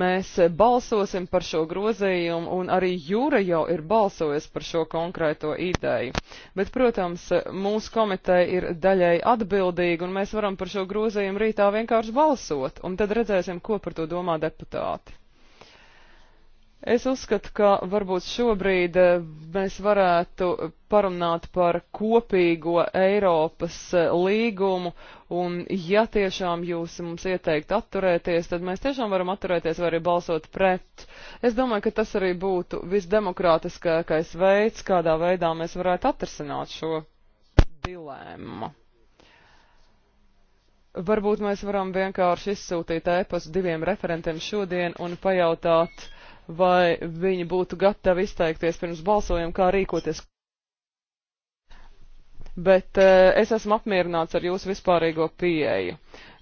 Mēs balsosim par šo grozījumu, un arī Jūra jau ir balsojis par šo konkrēto ideju. Bet, protams, mūsu komiteja ir daļai atbildīga, un mēs varam par šo grozījumu rītā vienkārši balsot, un tad redzēsim, ko par to domā deputāti. Es uzskatu, ka varbūt šobrīd eh, mēs varētu parunāt par kopīgo Eiropas eh, līgumu, un ja tiešām jūs mums ieteikt atturēties, tad mēs tiešām varam atturēties vai arī balsot pret. Es domāju, ka tas arī būtu visdemokrātiskākais veids, kādā veidā mēs varētu atrasināt šo dilemmu. Varbūt mēs varam vienkārši izsūtīt ēpastu diviem referentiem šodien un pajautāt, vai viņi būtu gatavi izteikties pirms balsojam, kā rīkoties. Bet eh, es esmu apmierināts ar jūsu vispārīgo pieeju.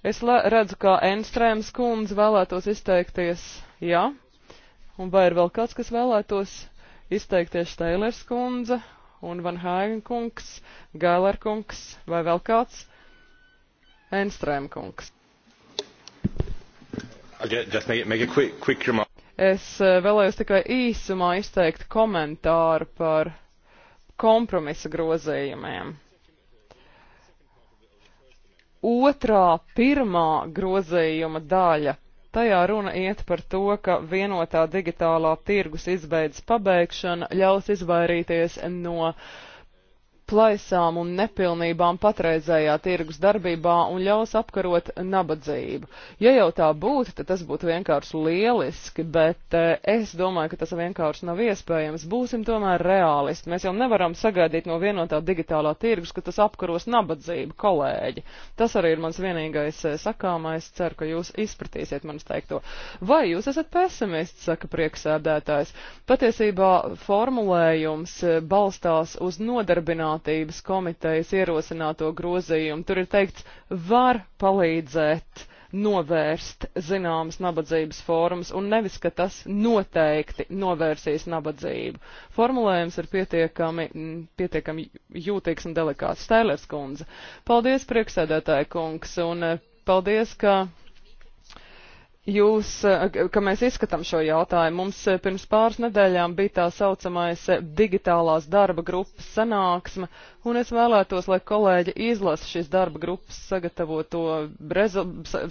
Es redzu, kā Enstrēms kundze vēlētos izteikties, jā, un vai ir vēl kāds, kas vēlētos izteikties Steilers kundze un Van Hāgen kungs, Gailer kungs vai vēl kāds? Enstrēm kungs. Just make it, make it quick, quick remark. Es eh, vēlējos tikai īsumā izteikt komentāru par kompromisa grozījumiem. Otrā, pirmā grozījuma daļa. Tajā runa iet par to, ka vienotā digitālā tirgus izbeidzas pabeigšana ļaus izvairīties no uh, plaisām un nepilnībām patreizējā tirgus darbībā un ļaus apkarot nabadzību. Ja jau tā būtu, tad tas būtu vienkārši lieliski, bet eh, es domāju, ka tas vienkārši nav iespējams. Būsim tomēr realisti. Mēs jau nevaram sagaidīt no vienotā digitālā tirgus, ka tas apkaros nabadzību, kolēģi. Tas arī ir mans vienīgais eh, sakāmais. Ceru, ka jūs izpratīsiet manis teikto. Vai jūs esat pesimists, saka prieksēdētājs. Patiesībā formulējums eh, balstās uz nodarbinātību nodarbinātības komitejas ierosināto grozījumu. Tur ir teikts, var palīdzēt novērst zināmas nabadzības formas un nevis, ka tas noteikti novērsīs nabadzību. Formulējums ir pietiekami, pietiekami jūtīgs un delikāts. Stēlers kundze. Paldies, prieksēdētāja kungs, un eh, paldies, ka jūs, eh, ka mēs izskatām šo jautājumu. Mums eh, pirms pāris nedēļām bija tā saucamais eh, digitālās darba grupas sanāksme, un es vēlētos, lai kolēģi izlasa šīs darba grupas sagatavoto, rezo,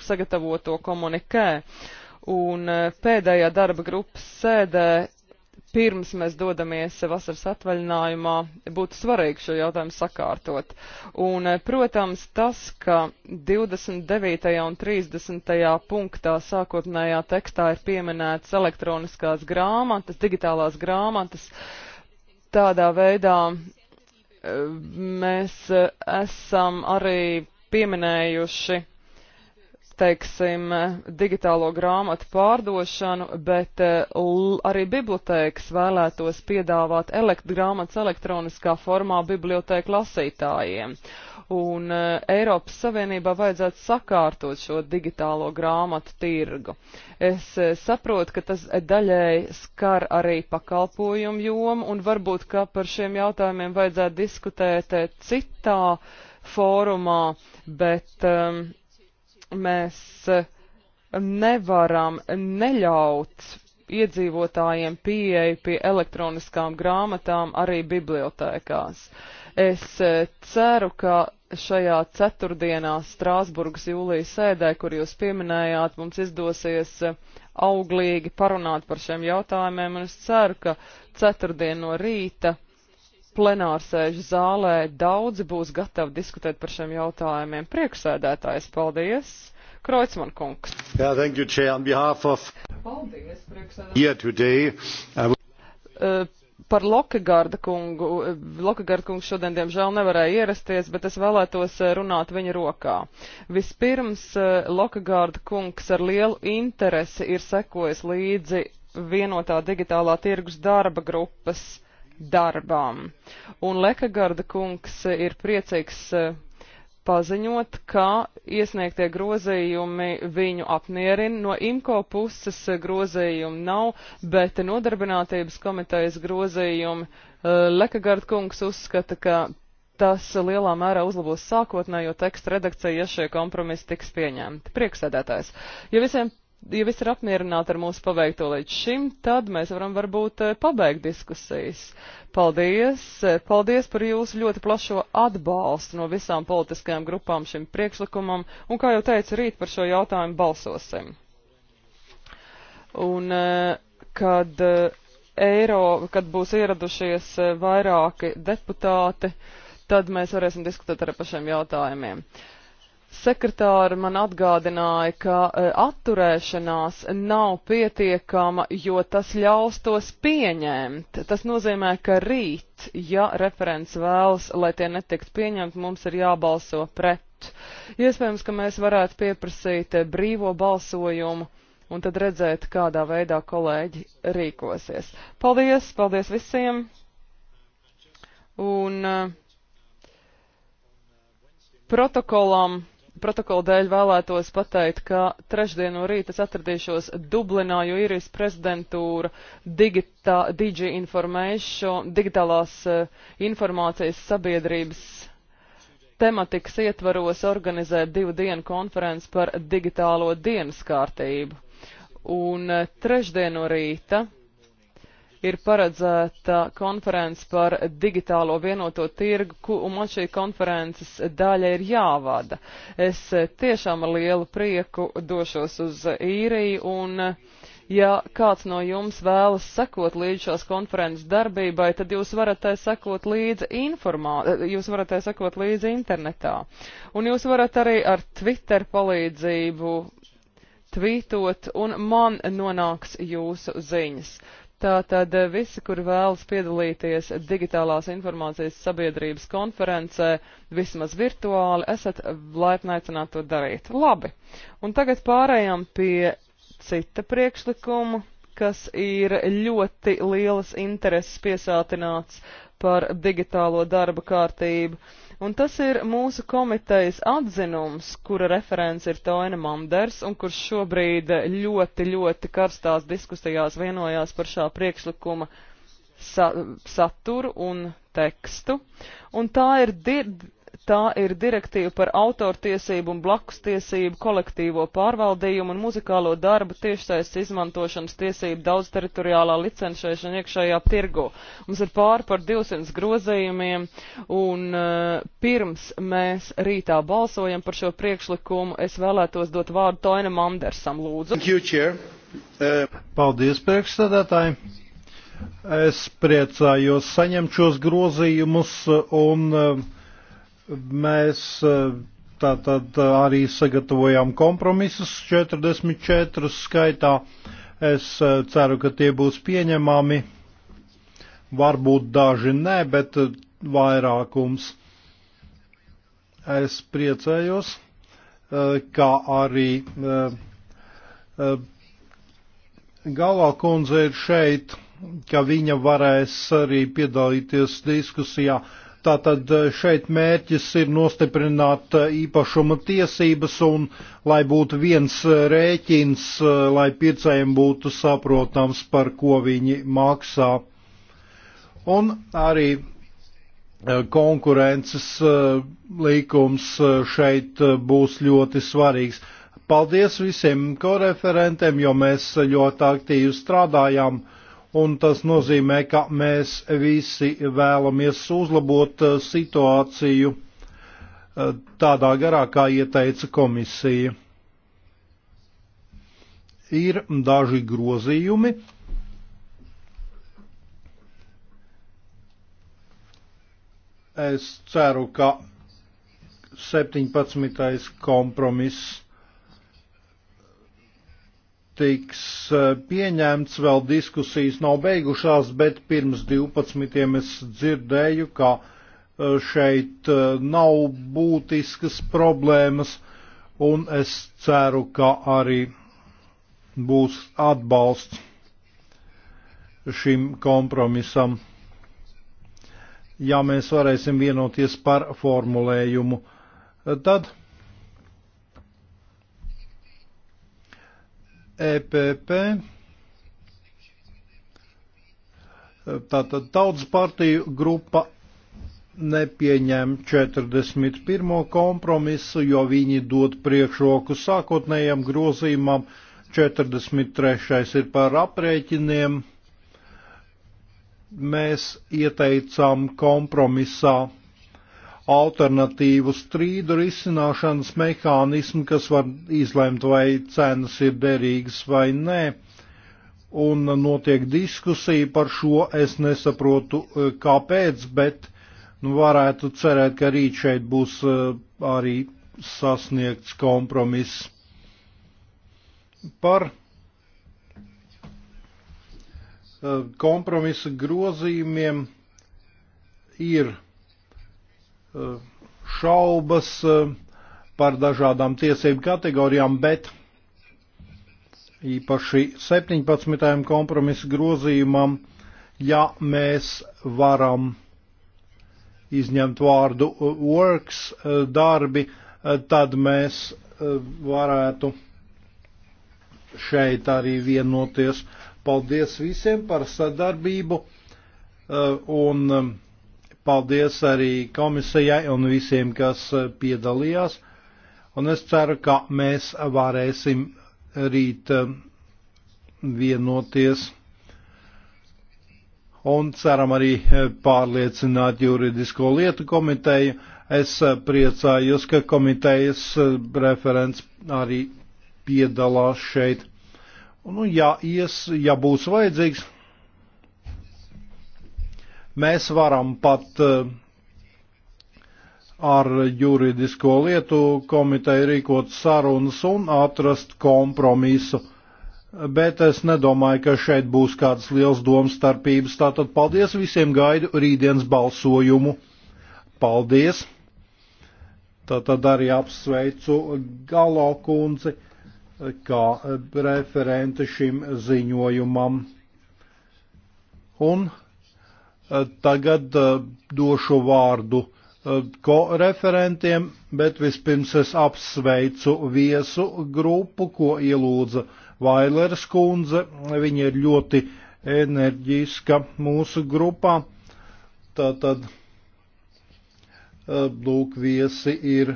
sagatavoto komunikē. Un pēdējā darba grupas sēdē pirms mēs dodamies vasaras atvaļinājumā, būtu svarīgi šo jautājumu sakārtot. Un, eh, protams, tas, ka 29. un 30. punktā sākotnējā tekstā ir pieminēts elektroniskās grāmatas, digitālās grāmatas, tādā veidā eh, mēs eh, esam arī pieminējuši teiksim, digitālo grāmatu pārdošanu, bet eh, arī bibliotēkas vēlētos piedāvāt elekt grāmatas elektroniskā formā bibliotēku lasītājiem. Un eh, Eiropas Savienībā vajadzētu sakārtot šo digitālo grāmatu tirgu. Es eh, saprotu, ka tas daļēji skar arī pakalpojumu jomu, un varbūt, ka par šiem jautājumiem vajadzētu diskutēt citā fórumā, bet um, mēs eh, nevaram neļaut iedzīvotājiem pieeja pie elektroniskām grāmatām arī bibliotēkās. Es eh, ceru, ka šajā ceturtdienā Strāsburgas jūlijas sēdē, kur jūs pieminējāt, mums izdosies eh, auglīgi parunāt par šiem jautājumiem, un es ceru, ka ceturtdien no rīta plenārsēžu zālē daudzi būs gatavi diskutēt par šiem jautājumiem. Priekšsēdētājs, paldies! Kreutzmann kungs. Jā, yeah, thank you, Chair. On behalf of... Paldies, priekšsēdētājs. Uh, par Lokagarda kungu. Lokagarda kungs šodien, diemžēl, nevarēja ierasties, bet es vēlētos runāt viņa rokā. Vispirms, Lokagarda kungs ar lielu interesi ir sekojis līdzi vienotā digitālā tirgus darba grupas uh, darbam. Un Lekagarda kungs eh, ir priecīgs eh, paziņot, ka iesniegtie grozījumi viņu apmierina. No IMCO puses eh, grozījumi nav, bet nodarbinātības komitejas grozījumi Lekagard kungs uzskata, ka tas lielā mērā uzlabos sākotnējo tekstu redakciju, ja šie kompromisi tiks pieņemti. Prieksēdētājs. Ja visiem ja viss ir apmierināti ar mūsu paveikto līdz šim, tad mēs varam varbūt eh, pabeigt diskusijas. Paldies! Eh, paldies par jūsu ļoti plašo atbalstu no visām politiskajām grupām šim priekšlikumam, un, kā jau teicu, rīt par šo jautājumu balsosim. Un, eh, kad eiro, kad būs ieradušies vairāki deputāti, tad mēs varēsim diskutēt ar pašiem jautājumiem. Uh, sekretāri man atgādināja, ka e, atturēšanās nav pietiekama, jo tas ļaus tos pieņemt. Tas nozīmē, ka rīt, ja referents vēlas, lai tie netiktu pieņemti, mums ir jābalso pret. Iespējams, ka mēs varētu pieprasīt e, brīvo balsojumu un tad redzēt, kādā veidā kolēģi rīkosies. Paldies, paldies visiem! Un uh, protokolam protokola dēļ vēlētos pateikt, ka trešdien no rīta es atradīšos Dublinā, jo īrijas prezidentūra digita, Digi Information, digitālās eh, informācijas sabiedrības tematikas ietvaros organizē divu dienu konferenci par digitālo dienas kārtību. Un eh, trešdien no rīta ir paredzēta konference par digitālo vienoto tirgu, un man šī konferences daļa ir jāvada. Es tiešām ar lielu prieku došos uz īriju un Ja kāds no jums vēlas sekot līdz šās konferences darbībai, tad jūs varat tai sekot līdzi informā, jūs varat tai sekot līdzi internetā. Un jūs varat arī ar Twitter palīdzību tvītot, un man nonāks jūsu ziņas. Tātad eh, visi, kuri vēlas piedalīties digitālās informācijas sabiedrības konferencē, vismaz virtuāli, esat laipni aicināti to darīt. Labi. Un tagad pārējām pie cita priekšlikuma, kas ir ļoti lielas intereses piesātināts par digitālo darba kārtību. Un tas ir mūsu komitejas atzinums, kura referents ir Toina Manders, un kurš šobrīd ļoti, ļoti karstās diskusijās vienojās par šā priekšlikuma sa saturu un tekstu. Un tā ir Tā ir direktīva par autortiesību un blakus tiesību kolektīvo pārvaldījumu un muzikālo darbu tiešsaistes izmantošanas tiesību daudz teritoriālā licenšēšana iekšējā tirgu. Mums ir pāri par 200 grozējumiem un uh, pirms mēs rītā balsojam par šo priekšlikumu, es vēlētos dot vārdu Toinam Andersam, lūdzu. Uh, Paldies, priekšsēdētāji! Es priecājos saņemt šos grozījumus un uh, Mēs e, tātad e, arī sagatavojām kompromisus 44 skaitā. Es e, ceru, ka tie būs pieņemami. Varbūt daži nē, bet vairākums. Es priecējos, kā arī Galā kundze ir šeit, ka viņa varēs arī piedalīties diskusijā. Uh, Tātad eh, šeit mērķis ir nostiprināt eh, īpašuma tiesības un lai būtu viens eh, rēķins, lai pircējiem būtu saprotams, par ko viņi maksā. Un arī konkurences likums šeit būs ļoti svarīgs. Paldies visiem koreferentiem, jo mēs ļoti aktīvi strādājām un tas nozīmē, ka mēs visi vēlamies uzlabot uh, situāciju uh, tādā garā, kā ieteica komisija. Ir daži grozījumi. Es ceru, ka 17. kompromiss tiks eh, pieņemts, vēl diskusijas nav beigušās, bet pirms 12. es dzirdēju, ka eh, šeit eh, nav būtiskas problēmas, un es ceru, ka arī būs atbalsts šim kompromisam. Ja mēs varēsim vienoties par formulējumu, tad EPP, tātad tautas partiju grupa nepieņem 41. kompromisu, jo viņi dod priekšroku sākotnējam grozījumam, 43. ir par aprēķiniem. Mēs ieteicām kompromisā alternatīvu strīdu risināšanas mehānismu, kas var izlemt, vai cenas ir derīgas vai nē. Un notiek diskusija par šo, es nesaprotu eh, kāpēc, bet nu, varētu cerēt, ka rīt šeit būs eh, arī sasniegts kompromiss par eh, kompromisa grozījumiem ir Eh, šaubas eh, par dažādām tiesību kategorijām, bet īpaši 17. kompromisa grozījumam, ja mēs varam izņemt vārdu eh, works darbi, tad mēs varētu šeit arī vienoties. Paldies visiem par sadarbību un Paldies arī komisijai un visiem, kas eh, piedalījās. Un es ceru, ka mēs varēsim rīt eh, vienoties un ceram arī eh, pārliecināt juridisko lietu komiteju. Es priecājos, ka komitejas referents arī piedalās šeit. Un, nu, ja, ies, ja būs vajadzīgs, Mēs varam pat eh, ar juridisko lietu komiteju rīkot sarunas un atrast kompromisu. Bet es nedomāju, ka šeit būs kādas liels domstarpības. Tātad paldies visiem, gaidu rītdienas balsojumu. Paldies! Tātad arī apsveicu Galo kundzi eh, kā eh, referente šim ziņojumam. Un Eh, tagad eh, došu vārdu eh, koreferentiem, bet vispirms es apsveicu viesu grupu, ko ielūdza Vailers kundze. Viņa ir ļoti enerģiska mūsu grupā. Tātad, lūk, viesi ir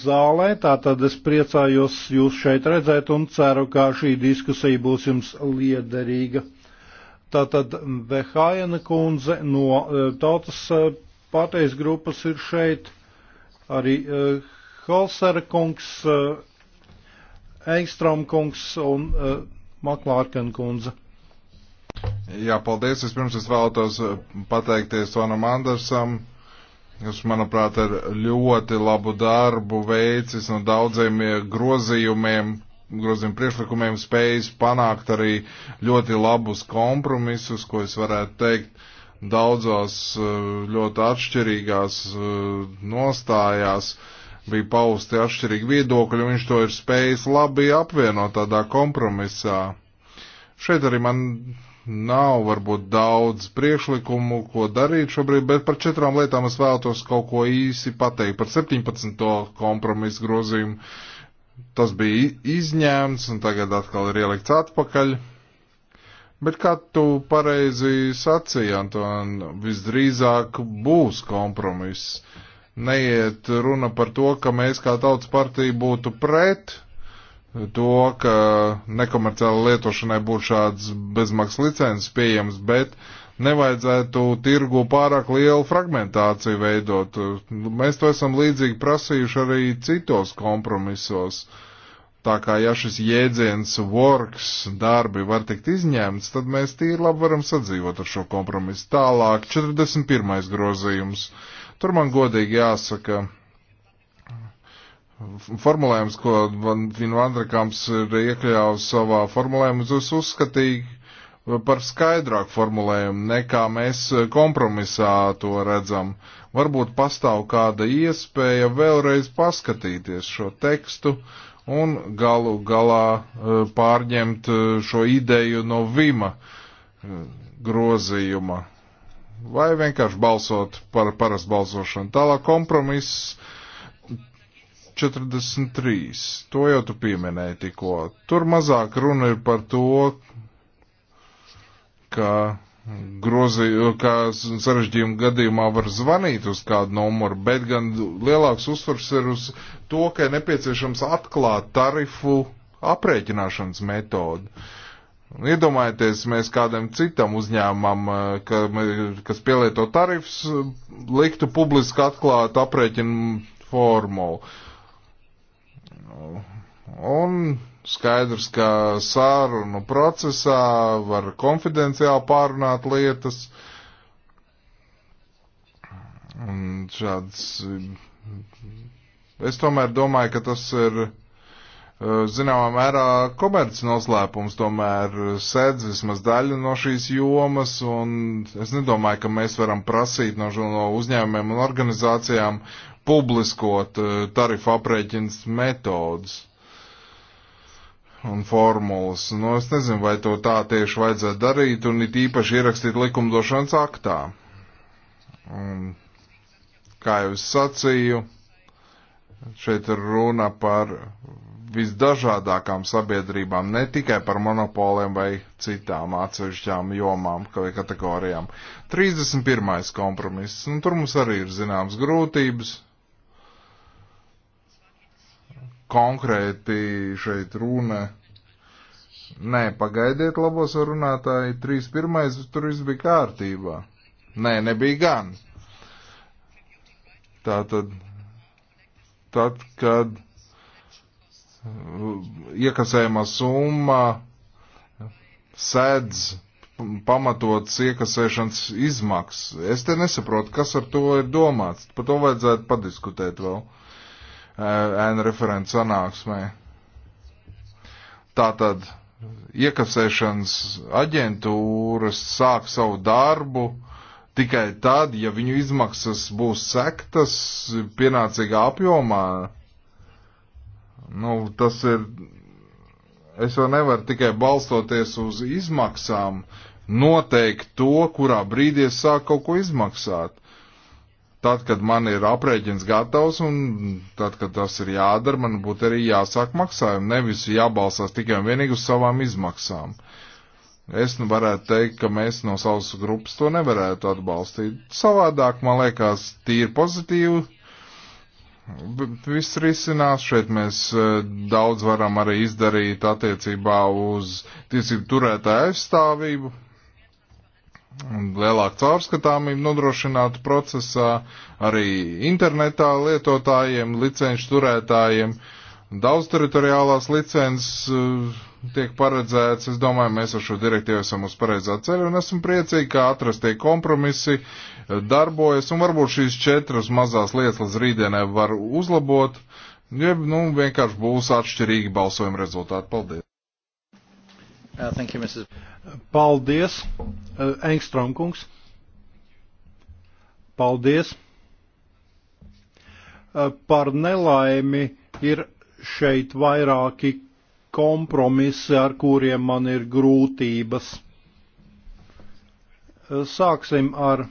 zālē, tātad es priecājos jūs šeit redzēt un ceru, ka šī diskusija būs jums liederīga. Tātad Vehājana kundze no e, tautas e, pārteis grupas ir šeit, arī e, Halsera kungs, Eikstrom kungs un Maklārkana kundze. Jā, paldies. Es pirms es vēlētos pateikties Vanam Andersam, kas, manuprāt, ir ļoti labu darbu veicis no daudziem grozījumiem, groziem priekšlikumiem spējis panākt arī ļoti labus kompromisus, ko es varētu teikt daudzās eh, ļoti atšķirīgās eh, nostājās bija pausti atšķirīgi viedokļi, un viņš to ir spējis labi apvienot tādā kompromisā. Šeit arī man nav varbūt daudz priekšlikumu, ko darīt šobrīd, bet par četrām lietām es vēlētos kaut ko īsi pateikt. Par 17. kompromisu grozījumu tas bija izņēmts un tagad atkal ir ielikts atpakaļ. Bet kā tu pareizi sacīji, Anton, visdrīzāk būs kompromiss. Neiet runa par to, ka mēs kā tautas partija būtu pret to, ka nekomerciāla lietošanai būtu šāds bezmaksas licences pieejams, bet uh, nevajadzētu tirgu pārāk lielu fragmentāciju veidot. Mēs to esam līdzīgi prasījuši arī citos kompromisos. Tā kā ja šis jēdziens works darbi var tikt izņemts, tad mēs tīri labi varam sadzīvot ar šo kompromisu. Tālāk, 41. grozījums. Tur man godīgi jāsaka, formulējums, ko Vinvandrakams ir iekļāvis savā formulējumā, es uzskatīju, par skaidrāku formulējumu nekā mēs e, kompromisā to redzam. Varbūt pastāv kāda iespēja vēlreiz paskatīties šo tekstu un galu galā e, pārņemt e, šo ideju no Vima grozījuma. Vai vienkārši balsot par parastu balsošanu. Tālāk kompromiss 43. To jau tu pieminēji tikko. Tur mazāk runa ir par to, ka, grozi, ka sarežģījuma gadījumā var zvanīt uz kādu numuru, bet gan lielāks uzsvars ir uz to, ka ir nepieciešams atklāt tarifu aprēķināšanas metodu. Iedomājieties, mēs kādam citam uzņēmumam, eh, ka, kas pielieto tarifs, liktu publiski atklāt aprēķinu formulu. Un Skaidrs, ka sārunu procesā var konfidenciāli pārunāt lietas. Un šāds. Es tomēr domāju, ka tas ir eh, zināmā mērā komerc noslēpums, tomēr sēdz vismaz daļa no šīs jomas, un es nedomāju, ka mēs varam prasīt no, no uzņēmumiem un organizācijām publiskot eh, tarifu aprēķins metodus un formulas. Nu, es nezinu, vai to tā tieši vajadzētu darīt un it īpaši ierakstīt likumdošanas aktā. Un, kā jau es sacīju, šeit runa par visdažādākām sabiedrībām, ne tikai par monopoliem vai citām atsevišķām jomām vai kategorijām. 31. kompromiss, un nu, tur mums arī ir zināms grūtības, konkrēti šeit runa. Nē, pagaidiet, labos runātāji, trīs pirmais, tur viss bija kārtībā. Nē, nebija gan. Tā tad, tad, kad uh, iekasējama summa sēdz pamatots iekasēšanas izmaksas. Es te nesaprotu, kas ar to ir domāts. Par to vajadzētu padiskutēt vēl. Uh, ēnu referentu sanāksmē. Tātad iekasēšanas aģentūras sāk savu darbu tikai tad, ja viņu izmaksas būs sektas pienācīgā apjomā. Nu, tas ir. Es jau nevaru tikai balstoties uz izmaksām noteikt to, kurā brīdī es sāku kaut ko izmaksāt. Tad, kad man ir aprēķins gatavs un tad, kad tas ir jādara, man būtu arī jāsāk maksājumi, nevis jābalsās tikai un vienīgi uz savām izmaksām. Es nu varētu teikt, ka mēs no savas grupas to nevarētu atbalstīt. Savādāk, man liekas, tīri pozitīvi. Viss risinās, šeit mēs e, daudz varam arī izdarīt attiecībā uz tiesību turētāju aizstāvību, lielāku caurskatāmību nodrošinātu procesā arī internetā lietotājiem, licenšu turētājiem. Daudz teritoriālās licences eh, tiek paredzēts. Es domāju, mēs ar šo direktīvu esam uz pareizā ceļa un esam priecīgi, ka atrastie kompromisi eh, darbojas un varbūt šīs četras mazās lietas līdz rītdienai var uzlabot, ja nu, vienkārši būs atšķirīgi balsojuma rezultāti. Paldies! Uh, thank you, Mrs. Paldies, uh, Engstrom kungs. Paldies. Uh, par nelaimi ir šeit vairāki kompromisi, ar kuriem man ir grūtības. Uh, sāksim ar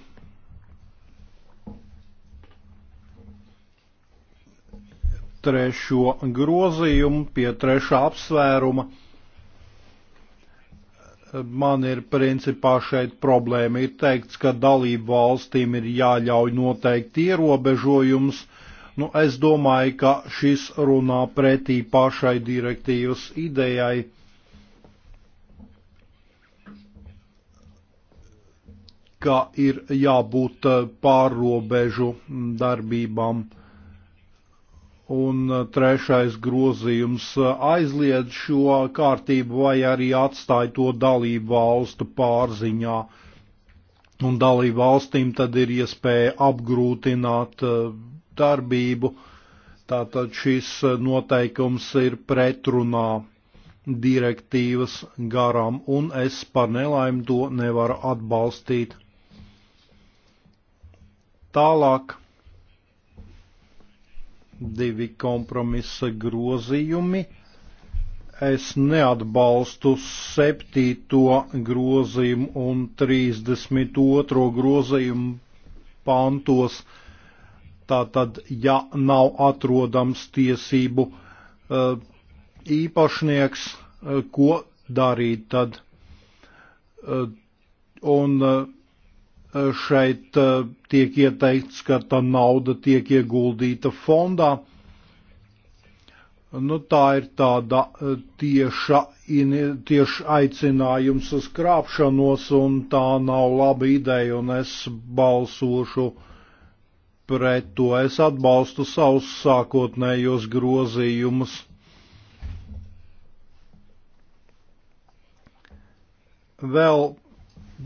trešo grozījumu pie trešā apsvēruma man ir principā šeit problēma. Ir teikts, ka dalību valstīm ir jāļauj noteikti ierobežojums. Nu, es domāju, ka šis runā pretī pašai direktīvas idejai. ka ir jābūt eh, pārrobežu darbībām. Uh, Un uh, trešais grozījums uh, aizliedz šo kārtību vai arī atstāja to dalību valstu pārziņā. Un dalību valstīm tad ir iespēja apgrūtināt uh, darbību. Tātad šis noteikums ir pretrunā direktīvas garam, un es par nelaimi to nevaru atbalstīt. Tālāk divi kompromisa grozījumi. Es neatbalstu 7. grozījumu un 32. grozījumu pantos. Tātad, ja nav atrodams tiesību eh, īpašnieks, eh, ko darīt tad? Eh, un Šeit eh, tiek ieteikts, ka tā nauda tiek ieguldīta fondā. Nu, tā ir tāda eh, tieša, tieši aicinājums uz krāpšanos, un tā nav laba ideja, un es balsošu pret to. Es atbalstu savus sākotnējos grozījumus. Vēl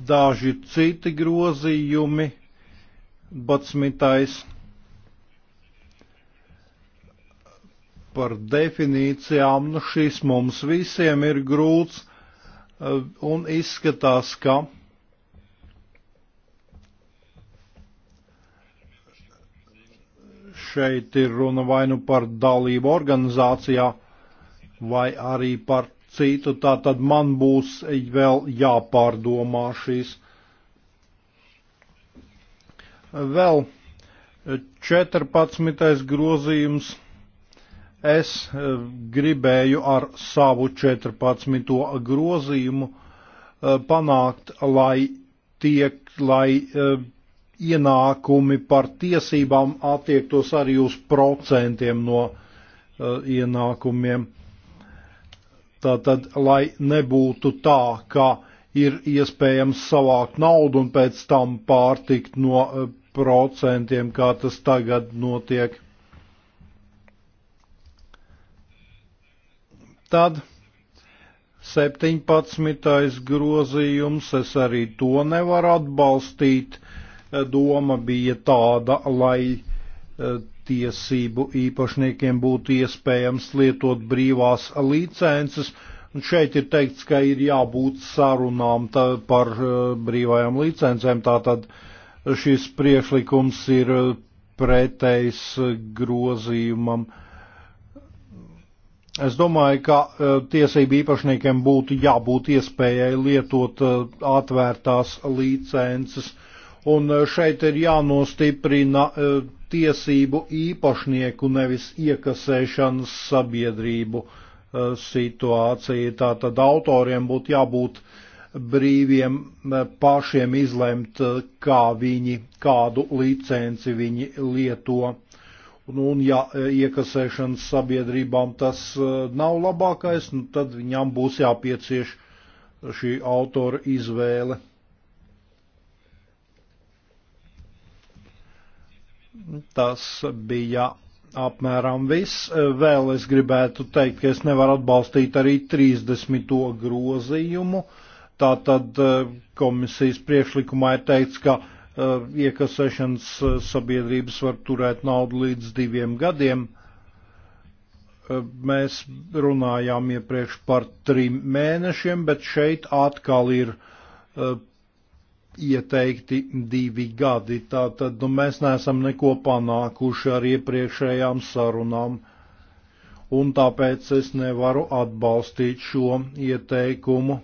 daži citi grozījumi, 12. par definīcijām, nu šis mums visiem ir grūts eh, un izskatās, ka šeit ir runa vai nu par dalību organizācijā, vai arī par citu, tā tad man būs vēl jāpārdomā šīs. Vēl 14. grozījums. Es eh, gribēju ar savu 14. grozījumu eh, panākt, lai tiek, lai eh, ienākumi par tiesībām attiektos arī uz procentiem no ienākumiem. Tātad, lai nebūtu tā, ka ir iespējams savākt naudu un pēc tam pārtikt no eh, procentiem, kā tas tagad notiek. Tad 17. grozījums, es arī to nevaru atbalstīt. Doma bija tāda, lai eh, tiesību īpašniekiem būtu iespējams lietot brīvās licences. Un šeit ir teikts, ka ir jābūt sarunām tā, par uh, brīvajām licencēm, tātad šis priekšlikums ir pretējs grozījumam. Es domāju, ka uh, tiesību īpašniekiem būtu jābūt iespējai lietot uh, atvērtās licences. Uh, un e, šeit ir jānostiprina e, tiesību īpašnieku nevis iekasēšanas sabiedrību e, situācija. Tātad autoriem būtu jābūt brīviem pašiem izlemt, kā viņi, kādu licenci viņi lieto. Un, un ja iekasēšanas sabiedrībām tas nav labākais, nu, tad viņām būs jāpiecieš šī autora izvēle. Tas bija apmēram viss. Vēl es gribētu teikt, ka es nevaru atbalstīt arī 30. grozījumu. Tātad eh, komisijas priekšlikumā ir teikts, ka eh, iekasēšanas eh, sabiedrības var turēt naudu līdz diviem gadiem. Mēs runājām iepriekš par trim mēnešiem, bet šeit atkal ir ieteikti divi gadi. Tātad nu, mēs neesam neko panākuši ar iepriekšējām sarunām, un tāpēc es nevaru atbalstīt šo ieteikumu.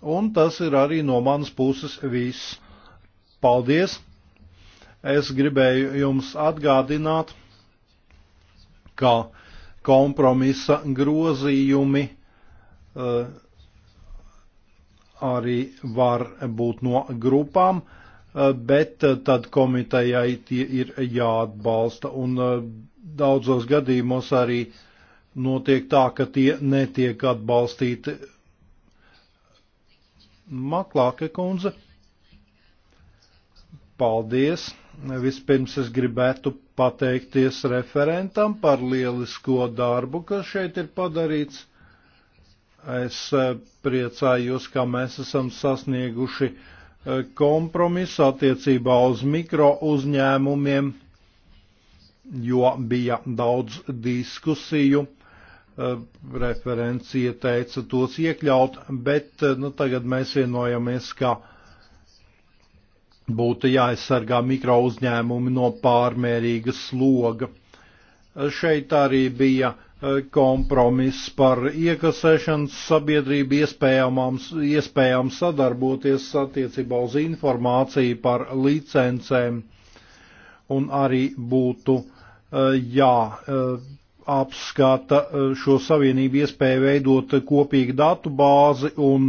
Un tas ir arī no manas puses viss. Paldies! Es gribēju jums atgādināt, ka kompromisa grozījumi uh, arī var būt no grupām, eh, bet eh, tad komitejai tie ir jāatbalsta. Un eh, daudzos gadījumos arī notiek tā, ka tie netiek atbalstīti. Maklāka kundze, paldies! Vispirms es gribētu pateikties referentam par lielisko darbu, kas šeit ir padarīts. Es eh, priecājos, ka mēs esam sasnieguši eh, kompromisu attiecībā uz mikro uzņēmumiem, jo bija daudz diskusiju eh, referents ieteica tos iekļaut, bet nu, tagad mēs vienojamies, ka būtu jāaizsargā mikro uzņēmumi no pārmērīga sloga. Šeit arī bija Eh, kompromiss par iekasēšanas sabiedrību iespējām sadarboties attiecībā uz informāciju par licencēm un arī būtu eh, jāapskata eh, šo savienību iespēju veidot kopīgu datu bāzi un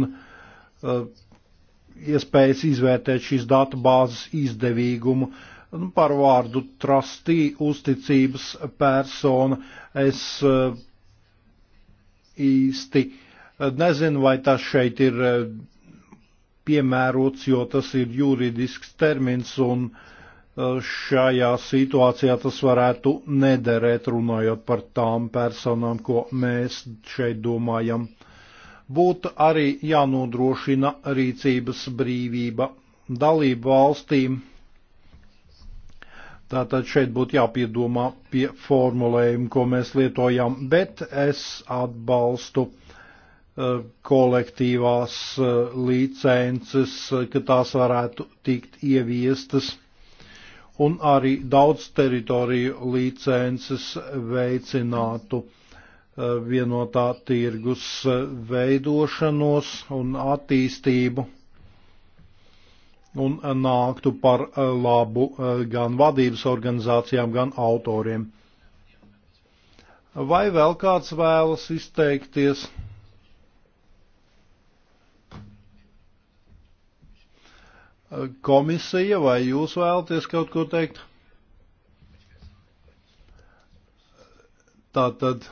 iespējas izvērtēt šīs datu bāzes izdevīgumu nu, par vārdu trustī uzticības persona. Es eh, īsti nezinu, vai tas šeit ir eh, piemērots, jo tas ir juridisks termins un eh, šajā situācijā tas varētu nederēt runājot par tām personām, ko mēs šeit domājam. Būtu arī jānodrošina rīcības brīvība dalību valstīm Tātad šeit būtu jāpiedomā pie formulējuma, ko mēs lietojam, bet es atbalstu uh, kolektīvās uh, licences, eh, ka tās varētu tikt ieviestas, un arī daudz teritoriju licences veicinātu uh, vienotā tirgus veidošanos un attīstību un eh, nāktu par eh, labu eh, gan vadības organizācijām, gan autoriem. Vai vēl kāds vēlas izteikties? Komisija, vai jūs vēlaties kaut ko teikt? Tātad,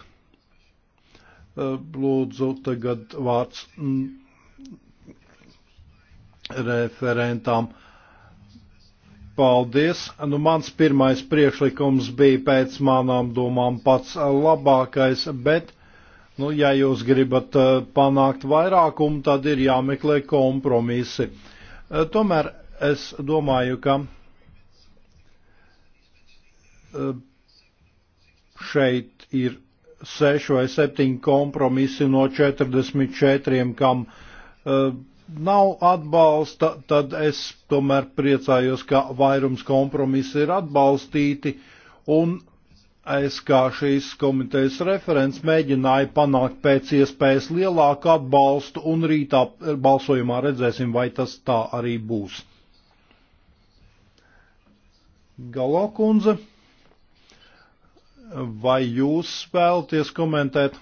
lūdzu, tagad vārds mm, referentām. Paldies! Nu, mans pirmais priekšlikums bija pēc manām domām pats labākais, bet, nu, ja jūs gribat eh, panākt vairākumu, tad ir jāmeklē kompromisi. Eh, tomēr es domāju, ka eh, šeit ir seši vai septiņi kompromisi no 44, kam nav atbalsta, tad es tomēr priecājos, ka vairums kompromisi ir atbalstīti, un es kā šīs komitejas referents mēģināju panākt pēc iespējas lielāku atbalstu, un rītā balsojumā redzēsim, vai tas tā arī būs. Galokundze, vai jūs vēlaties komentēt?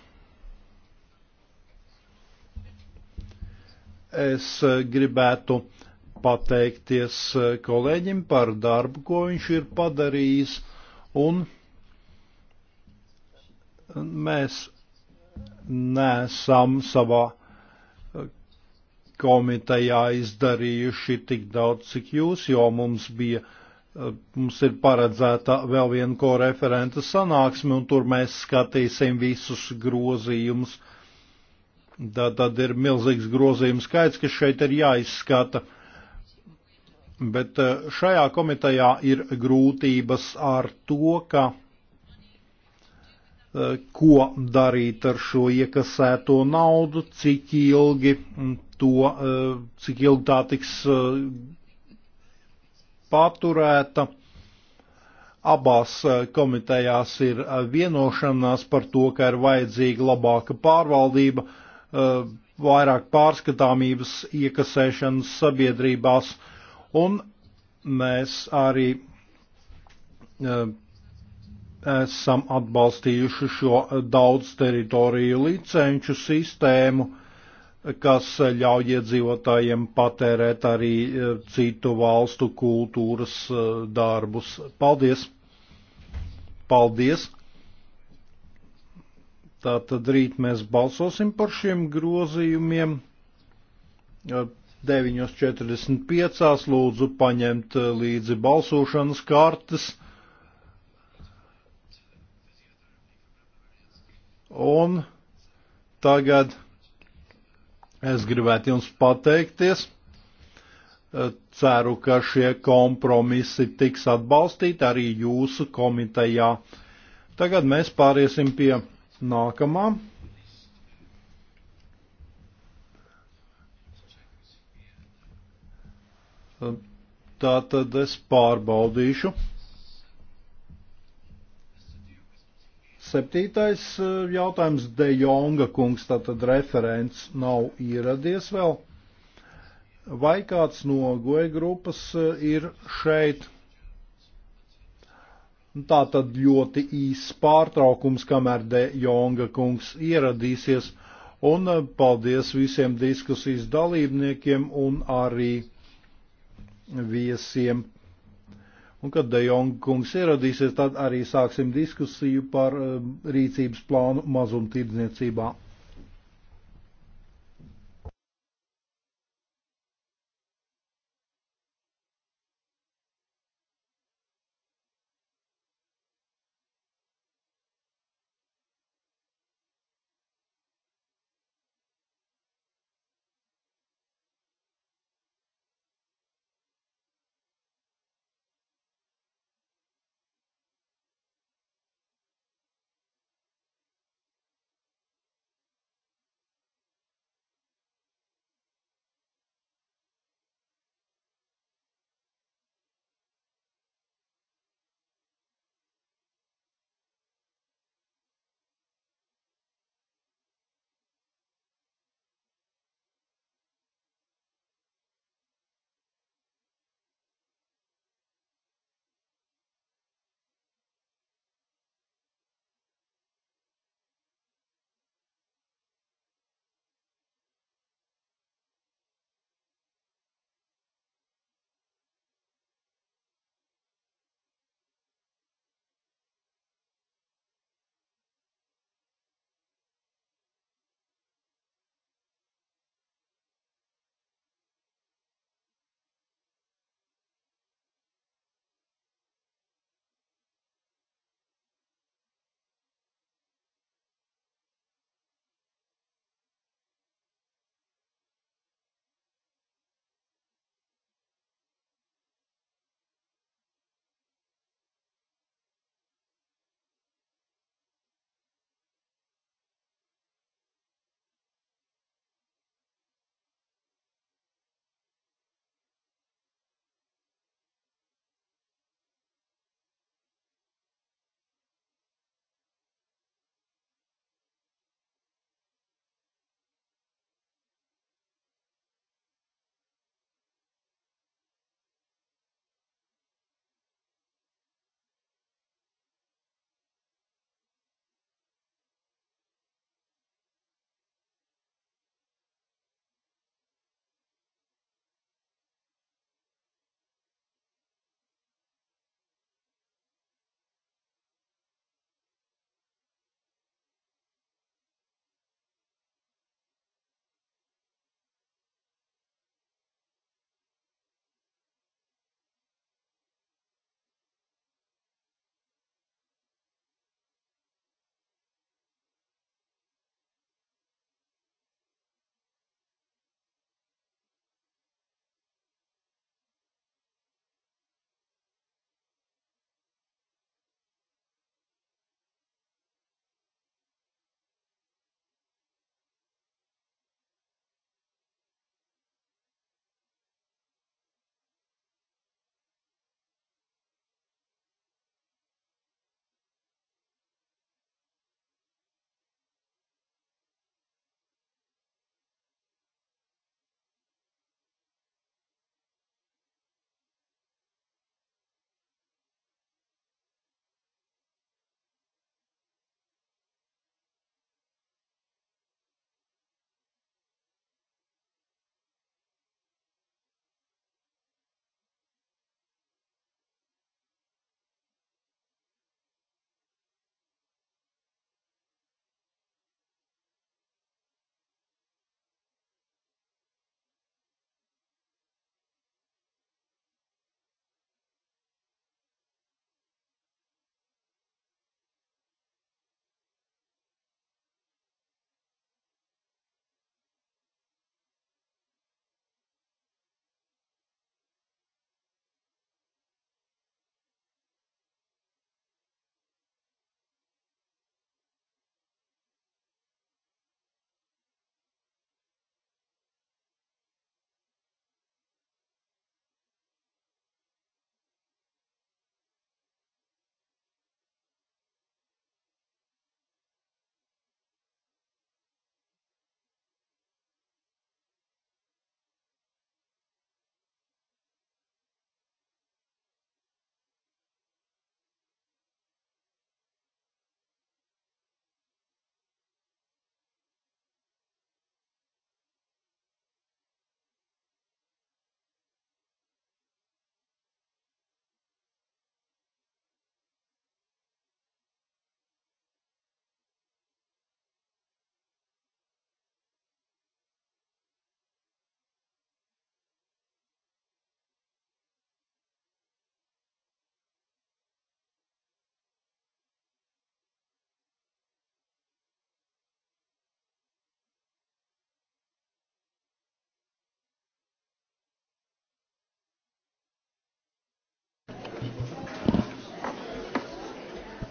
Es gribētu pateikties e, kolēģim par darbu, ko viņš ir padarījis, un mēs nesam savā e, komitejā izdarījuši tik daudz, cik jūs, jo mums bija, e, mums ir paredzēta vēl viena koreferenta sanāksme, un tur mēs skatīsim visus grozījumus. Tā tad ir milzīgs grozījums skaits, kas šeit ir jāizskata. Bet eh, šajā komitejā ir grūtības ar to, ka eh, ko darīt ar šo iekasēto naudu, cik ilgi to, eh, cik ilgi tā tiks paturēta. Abās komitejās ir vienošanās par to, ka ir vajadzīga labāka pārvaldība Uh, vairāk pārskatāmības iekasēšanas sabiedrībās, un mēs arī uh, esam atbalstījuši šo daudz teritoriju licenču sistēmu, kas ļauj iedzīvotājiem patērēt arī uh, citu valstu kultūras darbus. Paldies! Paldies! Tātad rīt mēs balsosim par šiem grozījumiem. 9.45. lūdzu paņemt līdzi balsošanas kartes. Un tagad es gribētu jums pateikties. Ceru, ka šie kompromisi tiks atbalstīti arī jūsu komitejā. Tagad mēs pāriesim pie Nākamā. Tā tad es pārbaudīšu. Septītais eh, jautājums De Jonga kungs, tātad referents nav ieradies vēl. Vai kāds no goja grupas eh, ir šeit? Nu, tā tad ļoti īss pārtraukums, kamēr De Jonga kungs ieradīsies, un eh, paldies visiem diskusijas dalībniekiem un arī viesiem. Un kad De Jonga kungs ieradīsies, tad arī sāksim diskusiju par eh, rīcības plānu mazumtirdzniecībā.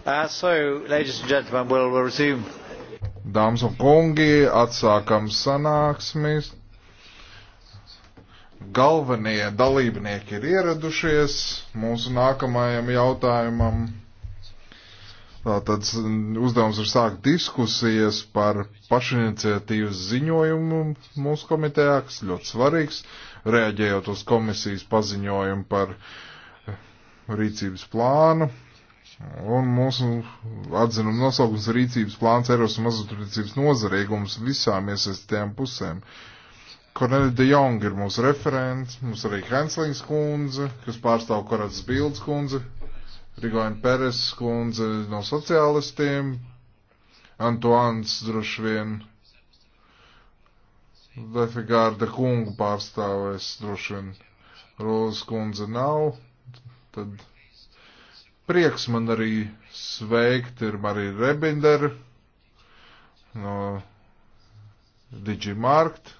Uh, so, ladies and gentlemen, we'll, we'll resume. Dāmas un kungi, atsākam sanāksmīs. Galvenie dalībnieki ir ieradušies mūsu nākamajam jautājumam. Tātad uzdevums ir sākt diskusijas par pašiniciatīvas ziņojumu mūsu komitejā, kas ļoti svarīgs, reaģējot uz komisijas paziņojumu par rīcības plānu Un mūsu atzinuma nosaukums rīcības plāns Eiropas mazumtirdzniecības nozarīgums visām iesaistītajām pusēm. Kornelija de Jong ir mūsu referents, mums arī Henslings kundze, kas pārstāv Korats Bildes kundze, Rigoina Peres kundze no sociālistiem, Antoans droši vien Lefigārda kungu pārstāvēs droši vien Rūzas kundze nav, tad Prieks man arī sveikt ir Marija Rebindera no Digimarkt.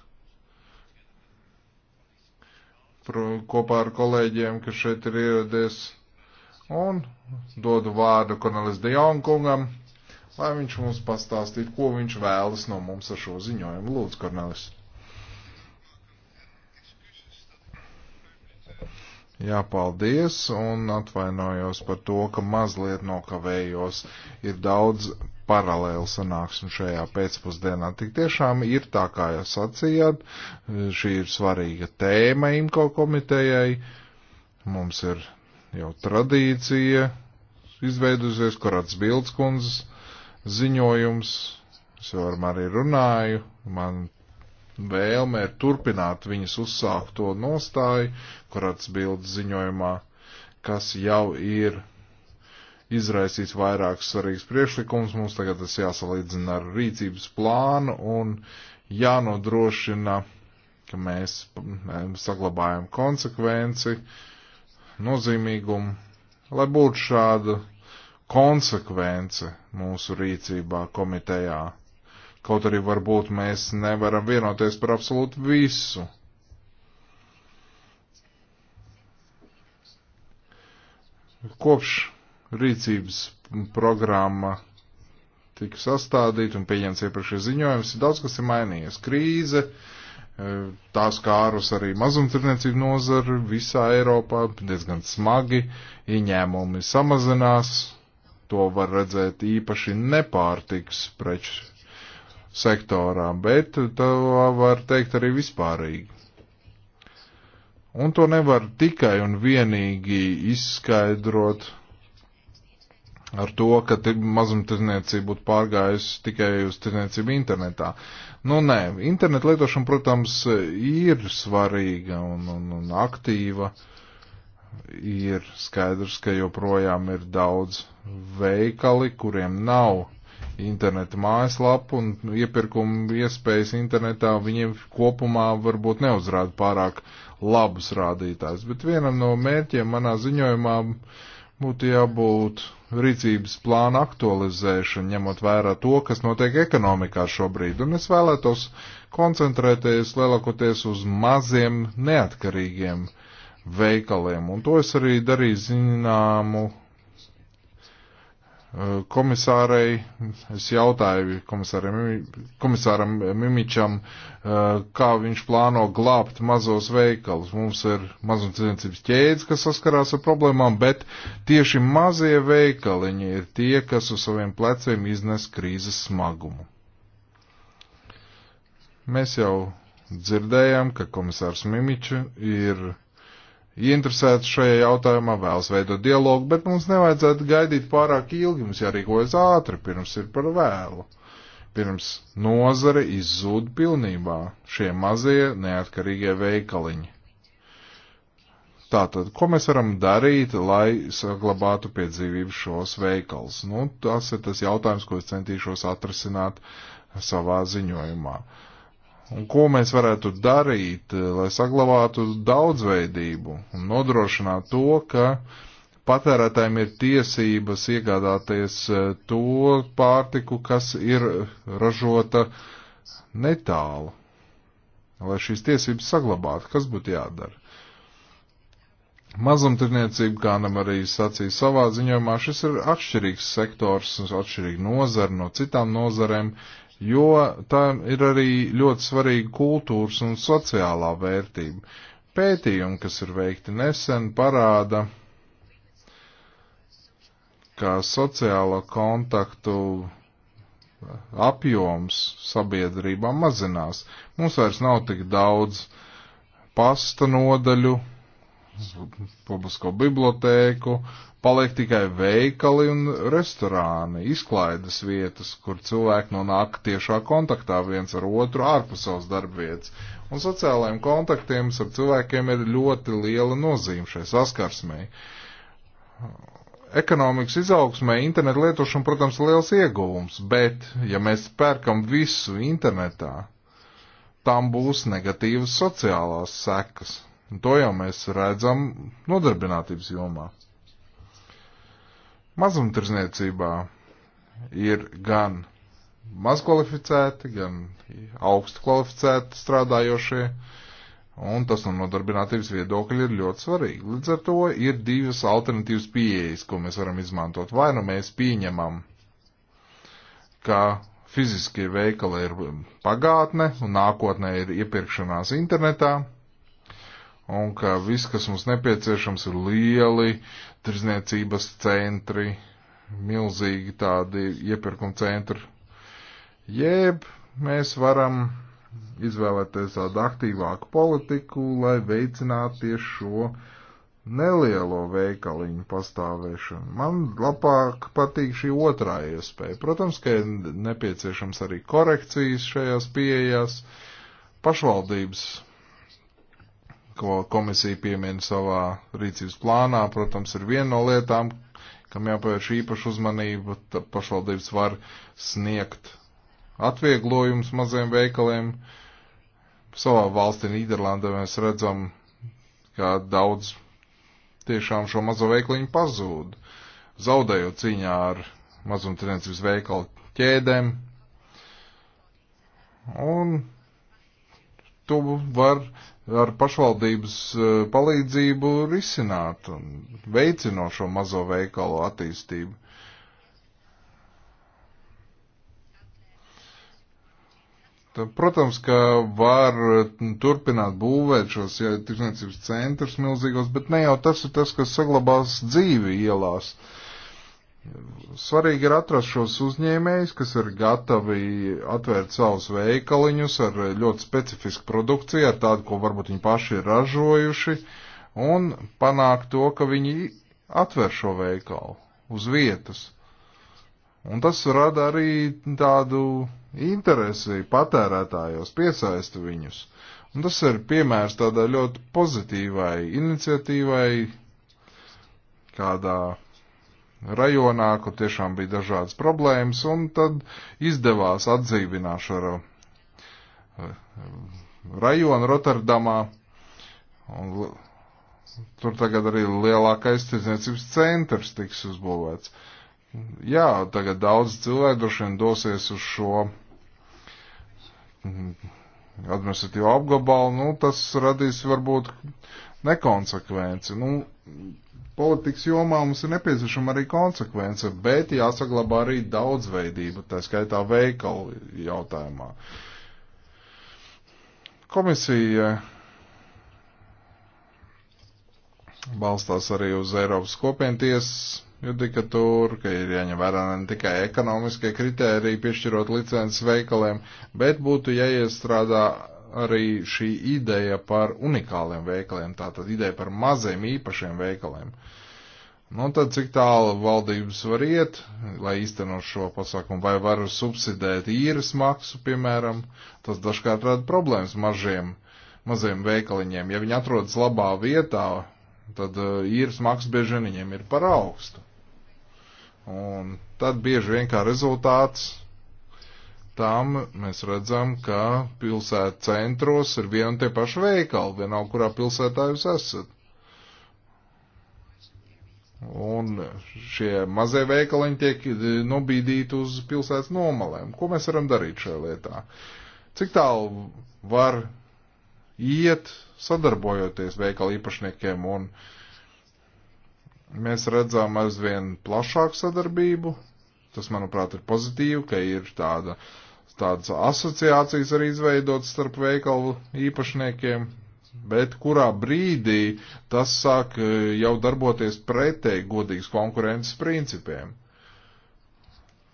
Kopā ar kolēģiem, kas šeit ir ieradies. Un dodu vārdu Kornelis Dejonkungam, lai viņš mums pastāstītu, ko viņš vēlas no mums ar šo ziņojumu. Lūdzu, Kornelis. Jā, paldies, un atvainojos par to, ka mazliet nokavējos. Ir daudz paralēlu sanāksmu šajā pēcpusdienā. Tik tiešām ir tā, kā jūs sacījāt, šī ir svarīga tēma IMCO komitejai. Mums ir jau tradīcija izveidusies, korats bildskundzes ziņojums. Es jau ar Mariju runāju, man vēlme ir turpināt viņas uzsākto nostāju, kurats bildes ziņojumā, kas jau ir izraisījis vairākus svarīgus priekšlikumus. Mums tagad tas jāsalīdzina ar rīcības plānu un jānodrošina, ka mēs saglabājam konsekvenci, nozīmīgumu, lai būtu šāda konsekvence mūsu rīcībā komitejā Kaut arī varbūt mēs nevaram vienoties par absolūti visu. Kopš rīcības programma tika sastādīta un pieņemts iepriekšējais ziņojums, daudz kas ir mainījies. Krīze, e, tās kārus arī mazumtirniecību nozara visā Eiropā diezgan smagi, ieņēmumi samazinās, to var redzēt īpaši nepārtiks preču sektorā, bet to var teikt arī vispārīgi. Un to nevar tikai un vienīgi izskaidrot ar to, ka mazumtirdzniecība būtu pārgājusi tikai uz tirdzniecību internetā. Nu, nē, internetu lietošana, protams, ir svarīga un, un, un aktīva. Ir skaidrs, ka joprojām ir daudz veikali, kuriem nav interneta mājaslapu un iepirkumu iespējas internetā viņiem kopumā varbūt neuzrāda pārāk labus rādītājus. Bet vienam no mērķiem manā ziņojumā būtu jābūt rīcības plāna aktualizēšana, ņemot vērā to, kas notiek ekonomikā šobrīd. Un es vēlētos koncentrēties lielākoties uz maziem neatkarīgiem veikaliem. Un to es arī darīju zināmu Eh, komisārei, es jautāju komisāram Mimičam, eh, kā viņš plāno glābt mazos veikalus. Mums ir mazumtirdzniecības ķēdes, kas saskarās ar problēmām, bet tieši mazie veikaliņi ir tie, kas uz saviem pleciem iznes krīzes smagumu. Mēs jau dzirdējām, ka komisārs Mimičs ir ieinteresēti šajā jautājumā, vēlas veidot dialogu, bet mums nevajadzētu gaidīt pārāk ilgi, mums jārīkojas ātri, pirms ir par vēlu. Pirms nozare izzūd pilnībā šie mazie neatkarīgie veikaliņi. Tātad, ko mēs varam darīt, lai saglabātu pie dzīvības šos veikals? Nu, tas ir tas jautājums, ko es centīšos atrasināt savā ziņojumā. Uh, Un ko mēs varētu darīt, eh, lai saglabātu daudzveidību un nodrošinātu to, ka patērētājiem ir tiesības iegādāties eh, to pārtiku, kas ir ražota netālu, lai šīs tiesības saglabātu, kas būtu jādara. Mazumtirniecība, kā nam arī sacīja savā ziņojumā, šis ir atšķirīgs sektors un atšķirīga nozara no citām nozarēm, jo tā ir arī ļoti svarīga kultūras un sociālā vērtība. Pētījumi, kas ir veikti nesen, parāda, ka sociālo kontaktu apjoms sabiedrībā mazinās. Mums vairs nav tik daudz pasta nodaļu, publisko bibliotēku, uh, paliek tikai veikali un restorāni, izklaides vietas, kur cilvēki nonāk tiešā kontaktā viens ar otru ārpus savas darbvietas. Un sociālajiem kontaktiem ar cilvēkiem ir ļoti liela nozīme šai saskarsmei. Ekonomikas izaugsmē internetu lietošana, protams, ir liels ieguvums, bet, ja mēs pērkam visu internetā, tam būs negatīvas sociālās sekas. Un to jau mēs redzam nodarbinātības jomā. Mazumtirdzniecībā ir gan mazkvalificēti, gan augstu kvalificēti strādājošie, un tas no nodarbinātības viedokļa ir ļoti svarīgi. Līdz ar to ir divas alternatīvas pieejas, ko mēs varam izmantot. Vai nu mēs pieņemam, ka fiziskie veikali ir pagātne un nākotnē ir iepirkšanās internetā, un ka viss, kas mums nepieciešams, ir lieli tirzniecības centri, milzīgi tādi iepirkuma centri. Jeb mēs varam izvēlēties tādu aktīvāku politiku, lai veicinātu tieši šo nelielo veikaliņu pastāvēšanu. Man labāk patīk šī otrā iespēja. Protams, ka ir nepieciešams arī korekcijas šajās pieejās. Pašvaldības ko komisija piemina savā rīcības plānā, protams, ir viena no lietām, kam jāpievērš īpašu uzmanību, tad pašvaldības var sniegt atvieglojums maziem veikaliem. Savā valstī Nīderlandē mēs redzam, kā daudz tiešām šo mazo veikliņu pazūd, zaudējot cīņā ar mazumtirniecības veikalu ķēdēm. Un to var ar pašvaldības e, palīdzību risināt un veicino šo mazo veikalu attīstību. Tad, protams, ka var e, turpināt būvēt šos ja, tirsniecības centrus milzīgos, bet ne jau tas ir tas, kas saglabās dzīvi ielās. Uh, Svarīgi ir atrast šos uzņēmējus, kas ir gatavi atvērt savus veikaliņus ar ļoti specifisku produkciju, ar tādu, ko varbūt viņi paši ir ražojuši, un panākt to, ka viņi atver šo veikalu uz vietas. Un tas rada arī tādu interesi patērētājos, piesaista viņus. Un tas ir piemērs tādai ļoti pozitīvai iniciatīvai, kādā rajonā, kur tiešām bija dažādas problēmas, un tad izdevās atdzīvināt šo rajonu Rotterdamā. Un tur tagad arī lielākais tirdzniecības centrs tiks uzbūvēts. Jā, tagad daudz cilvēku droši vien dosies uz šo mm, administratīvo apgabalu, nu tas radīs varbūt nekonsekvenci. Nu, politikas jomā mums ir nepieciešama arī konsekvence, bet jāsaglabā arī daudzveidība, tā skaitā veikalu jautājumā. Komisija balstās arī uz Eiropas kopientiesas judikatūru, ka ir jāņem vērā ne tikai ekonomiskie kritēriji, piešķirot licences veikaliem, bet būtu jāiestrādā arī šī ideja par unikāliem veikaliem, tātad ideja par maziem īpašiem veikaliem. Nu, tad cik tālu valdības var iet, lai īstenot šo pasākumu, vai var subsidēt īres maksu, piemēram, tas dažkārt rada problēmas mažiem, maziem veikaliņiem. Ja viņi atrodas labā vietā, tad uh, īres maksa bieži vien viņiem ir par augstu. Un tad bieži vien kā rezultāts tam mēs redzam, ka pilsētu centros ir viena un tie paši veikali, vienalga, kurā pilsētā jūs esat. Un šie mazie veikaliņi tiek eh, nobīdīti uz pilsētas nomalēm. Ko mēs varam darīt šajā lietā? Cik tālu var iet sadarbojoties veikalu īpašniekiem un mēs redzam aizvien plašāku sadarbību. Tas, manuprāt, ir pozitīvi, ka ir tāda uh, tādas asociācijas arī izveidotas starp veikalu īpašniekiem, bet kurā brīdī tas sāk e, jau darboties pretēji godīgas konkurences principiem.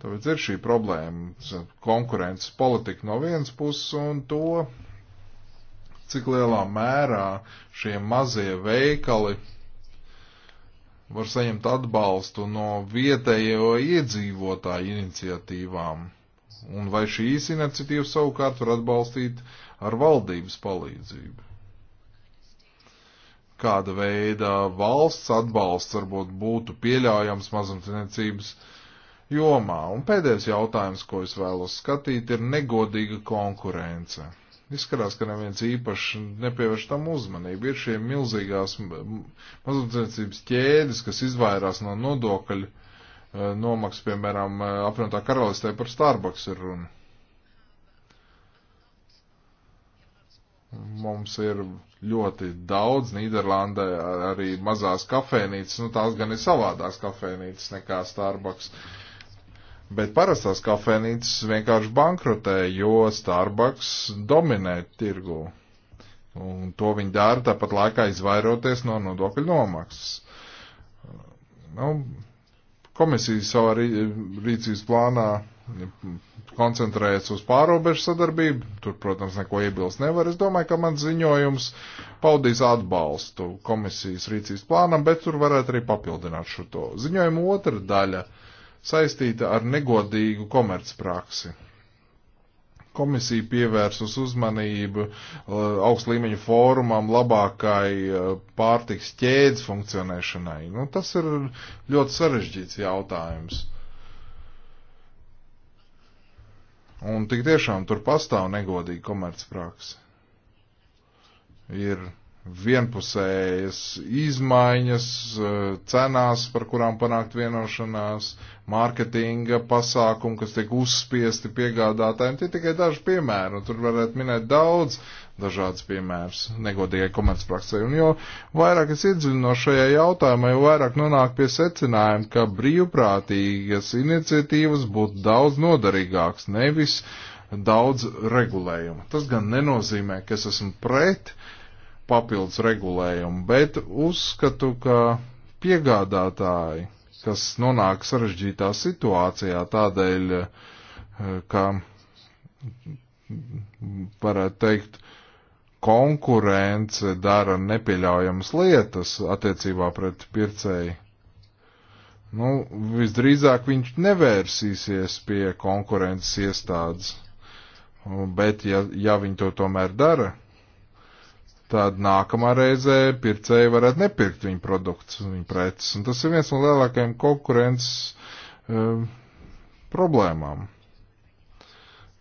Tāpēc ir šī problēma konkurences politika no vienas puses un to, cik lielā mērā šie mazie veikali var saņemt atbalstu no vietējo iedzīvotāju iniciatīvām Un vai šīs iniciatīvas savukārt var atbalstīt ar valdības palīdzību? Kāda veida valsts atbalsts varbūt būtu pieļaujams mazumtirniecības jomā? Un pēdējais jautājums, ko es vēlos skatīt, ir negodīga konkurence. Izskatās, ka neviens īpaši nepievērš tam uzmanību. Ir šie milzīgās mazumtirniecības ķēdes, kas izvairās no nodokļu Eh, nomaks, piemēram, eh, apvienotā karalistē par Starbucks ir runa. Mums ir ļoti daudz Nīderlandē arī mazās kafēnītes, nu tās gan ir savādās kafēnītes nekā Starbucks. Bet parastās kafēnītes vienkārši bankrotē, jo Starbucks dominē tirgu. Un to viņi dara tāpat laikā izvairoties no nodokļu nomaksas. Nu, Komisija savā rīcības plānā koncentrējas uz pārobežu sadarbību. Tur, protams, neko iebilst nevar. Es domāju, ka mans ziņojums paudīs atbalstu komisijas rīcības plānam, bet tur varētu arī papildināt šo to. Ziņojuma otra daļa saistīta ar negodīgu komercpraksi. Komisija pievērsus uzmanību uh, augst līmeņu fórumam labākai uh, pārtiks ķēdes funkcionēšanai. Nu, tas ir ļoti sarežģīts jautājums. Un tik tiešām tur pastāv negodīga komercprāksa. Ir vienpusējas izmaiņas eh, cenās, par kurām panākt vienošanās, mārketinga pasākumu, kas tiek uzspiesti piegādātājiem. Tie tikai daži piemēri, un tur varētu minēt daudz dažādas piemērs negodīgai komercpraksē. Un jo vairāk es iedzinu no šajā jautājumā, jo vairāk nonāk pie secinājuma, ka brīvprātīgas iniciatīvas būtu daudz noderīgāks, nevis daudz regulējuma. Tas gan nenozīmē, ka es esmu pret uh, papildus regulējumu, bet uzskatu, ka piegādātāji, kas nonāk sarežģītā situācijā tādēļ, eh, ka, varētu teikt, konkurence dara nepieļaujamas lietas attiecībā pret pircēju. Nu, visdrīzāk viņš nevērsīsies pie konkurences iestādes, bet ja, ja viņi to tomēr dara, tad nākamā reizē pircēji varētu nepirkt viņu produktus, viņu preces. Un tas ir viens no lielākajiem konkurences um, problēmām.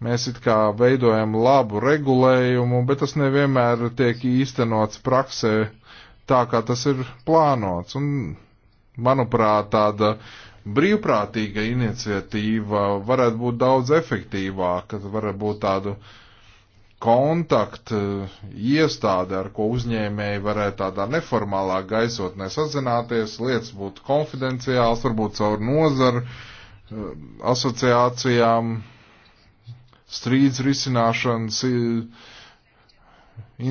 Mēs it kā veidojam labu regulējumu, bet tas nevienmēr tiek īstenots praksē tā, kā tas ir plānots. Un, manuprāt, tāda brīvprātīga iniciatīva varētu būt daudz efektīvāka, varētu būt tādu uh, kontaktu eh, iestāde, ar ko uzņēmēji varētu tādā neformālā gaisotnē sazināties, lietas būtu konfidenciāls, varbūt caur nozaru, eh, asociācijām, strīdus risināšanas eh,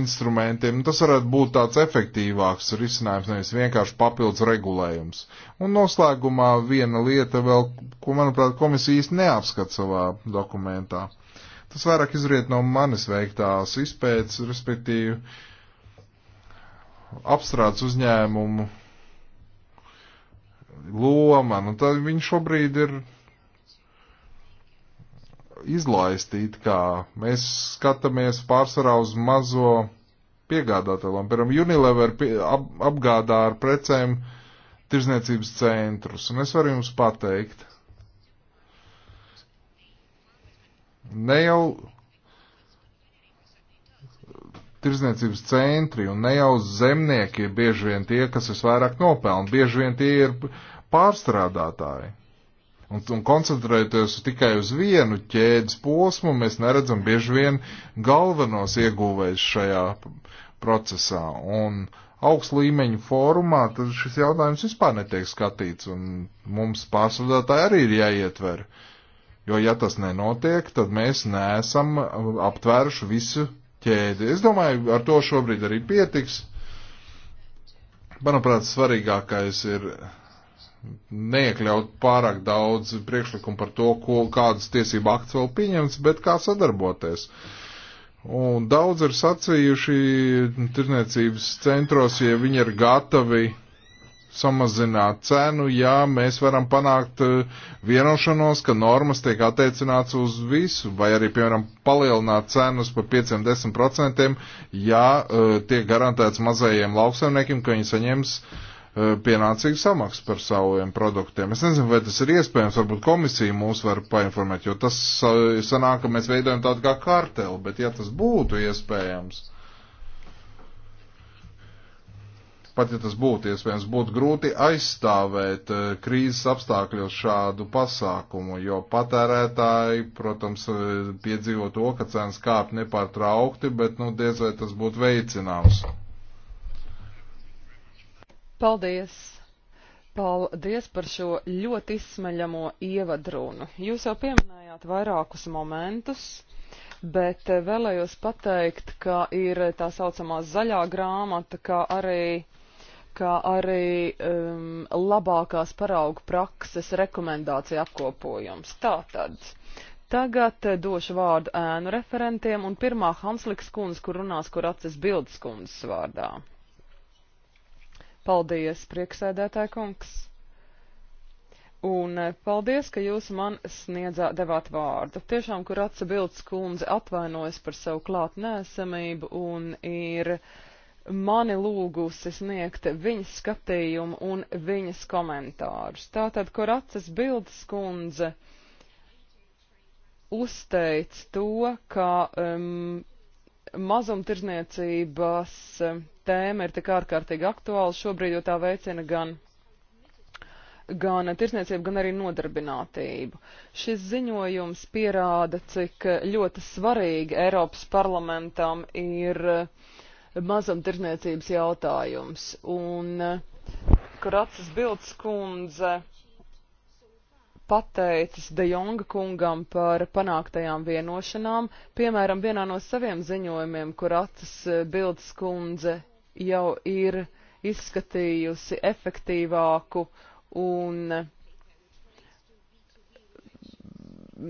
instrumentiem. Tas varētu būt tāds efektīvāks risinājums, nevis vienkārši papildus regulējums. Un noslēgumā viena lieta vēl, ko, manuprāt, komisija īsti neapskat savā dokumentā Tas vairāk izriet no manis veiktās izpētes, respektīvi apstrādes uzņēmumu loma. Nu, tad viņi šobrīd ir izlaistīti, kā mēs skatāmies pārsvarā uz mazo piegādātāju. Piemēram, Unilever pie, ap, apgādā ar precēm tirzniecības centrus. Un es varu jums pateikt, Ne jau tirzniecības centri un ne jau zemnieki ir bieži vien tie, kas visvairāk nopelna. Bieži vien tie ir pārstrādātāji. Un, un koncentrējoties tikai uz vienu ķēdes posmu, mēs neredzam bieži vien galvenos ieguvējus šajā procesā. Un augst līmeņu fórumā tad šis jautājums vispār netiek skatīts, un mums pārstrādātāji arī ir jāietver. Uh, Jo, ja tas nenotiek, tad mēs neesam uh, aptvēruši visu ķēdi. Es domāju, ar to šobrīd arī pietiks. Manuprāt, svarīgākais ir neiekļaut pārāk daudz priekšlikumu par to, ko, kādas tiesība akts vēl pieņemts, bet kā sadarboties. Un daudz ir sacījuši tirniecības centros, ja viņi ir gatavi samazināt cenu, ja mēs varam panākt eh, vienošanos, ka normas tiek attiecināts uz visu, vai arī, piemēram, palielināt cenas par 5-10%, ja uh, tiek garantēts mazajiem lauksaimniekiem, ka viņi saņems uh, pienācīgu samaksu par saviem produktiem. Es nezinu, vai tas ir iespējams, varbūt komisija mūs var painformēt, jo tas sanāk, ka mēs veidojam tādu kā karteli, bet ja tas būtu iespējams, pat ja tas būtu iespējams, būtu grūti aizstāvēt eh, krīzes apstākļos šādu pasākumu, jo patērētāji, protams, eh, piedzīvo to, ka cenas kāp nepārtraukti, bet nu, diez vai tas būtu veicināms. Paldies! Paldies par šo ļoti izsmeļamo ievadrunu. Jūs jau pieminējāt vairākus momentus bet eh, vēlējos pateikt, ka ir tā saucamā zaļā grāmata, kā arī kā arī um, labākās paraugu prakses rekomendācija apkopojums. Tātad. Tagad došu vārdu ēnu referentiem un pirmā Hansliks kundze, kur runās, kur acis bildes kundzes vārdā. Paldies, prieksēdētāja kungs! Un eh, paldies, ka jūs man sniedzā devāt vārdu. Tiešām, kur atsebildes kundze atvainojas par savu klāt nēsamību un ir uh, mani lūgusi sniegt viņas skatījumu un viņas komentārus. Tātad Koracas bildes kundze uzteic to, ka um, mazumtirzniecības um, tēma ir tik ārkārtīgi aktuāla šobrīd, jo tā veicina gan gan tirsniecību, gan arī nodarbinātību. Šis ziņojums pierāda, cik ļoti svarīgi Eiropas parlamentam ir uh, mazumtirniecības jautājums. Un eh, Kratsas Bildes kundze pateicis De Jonga kungam par panāktajām vienošanām, piemēram, vienā no saviem ziņojumiem, kur acis eh, Bildes kundze jau ir izskatījusi efektīvāku un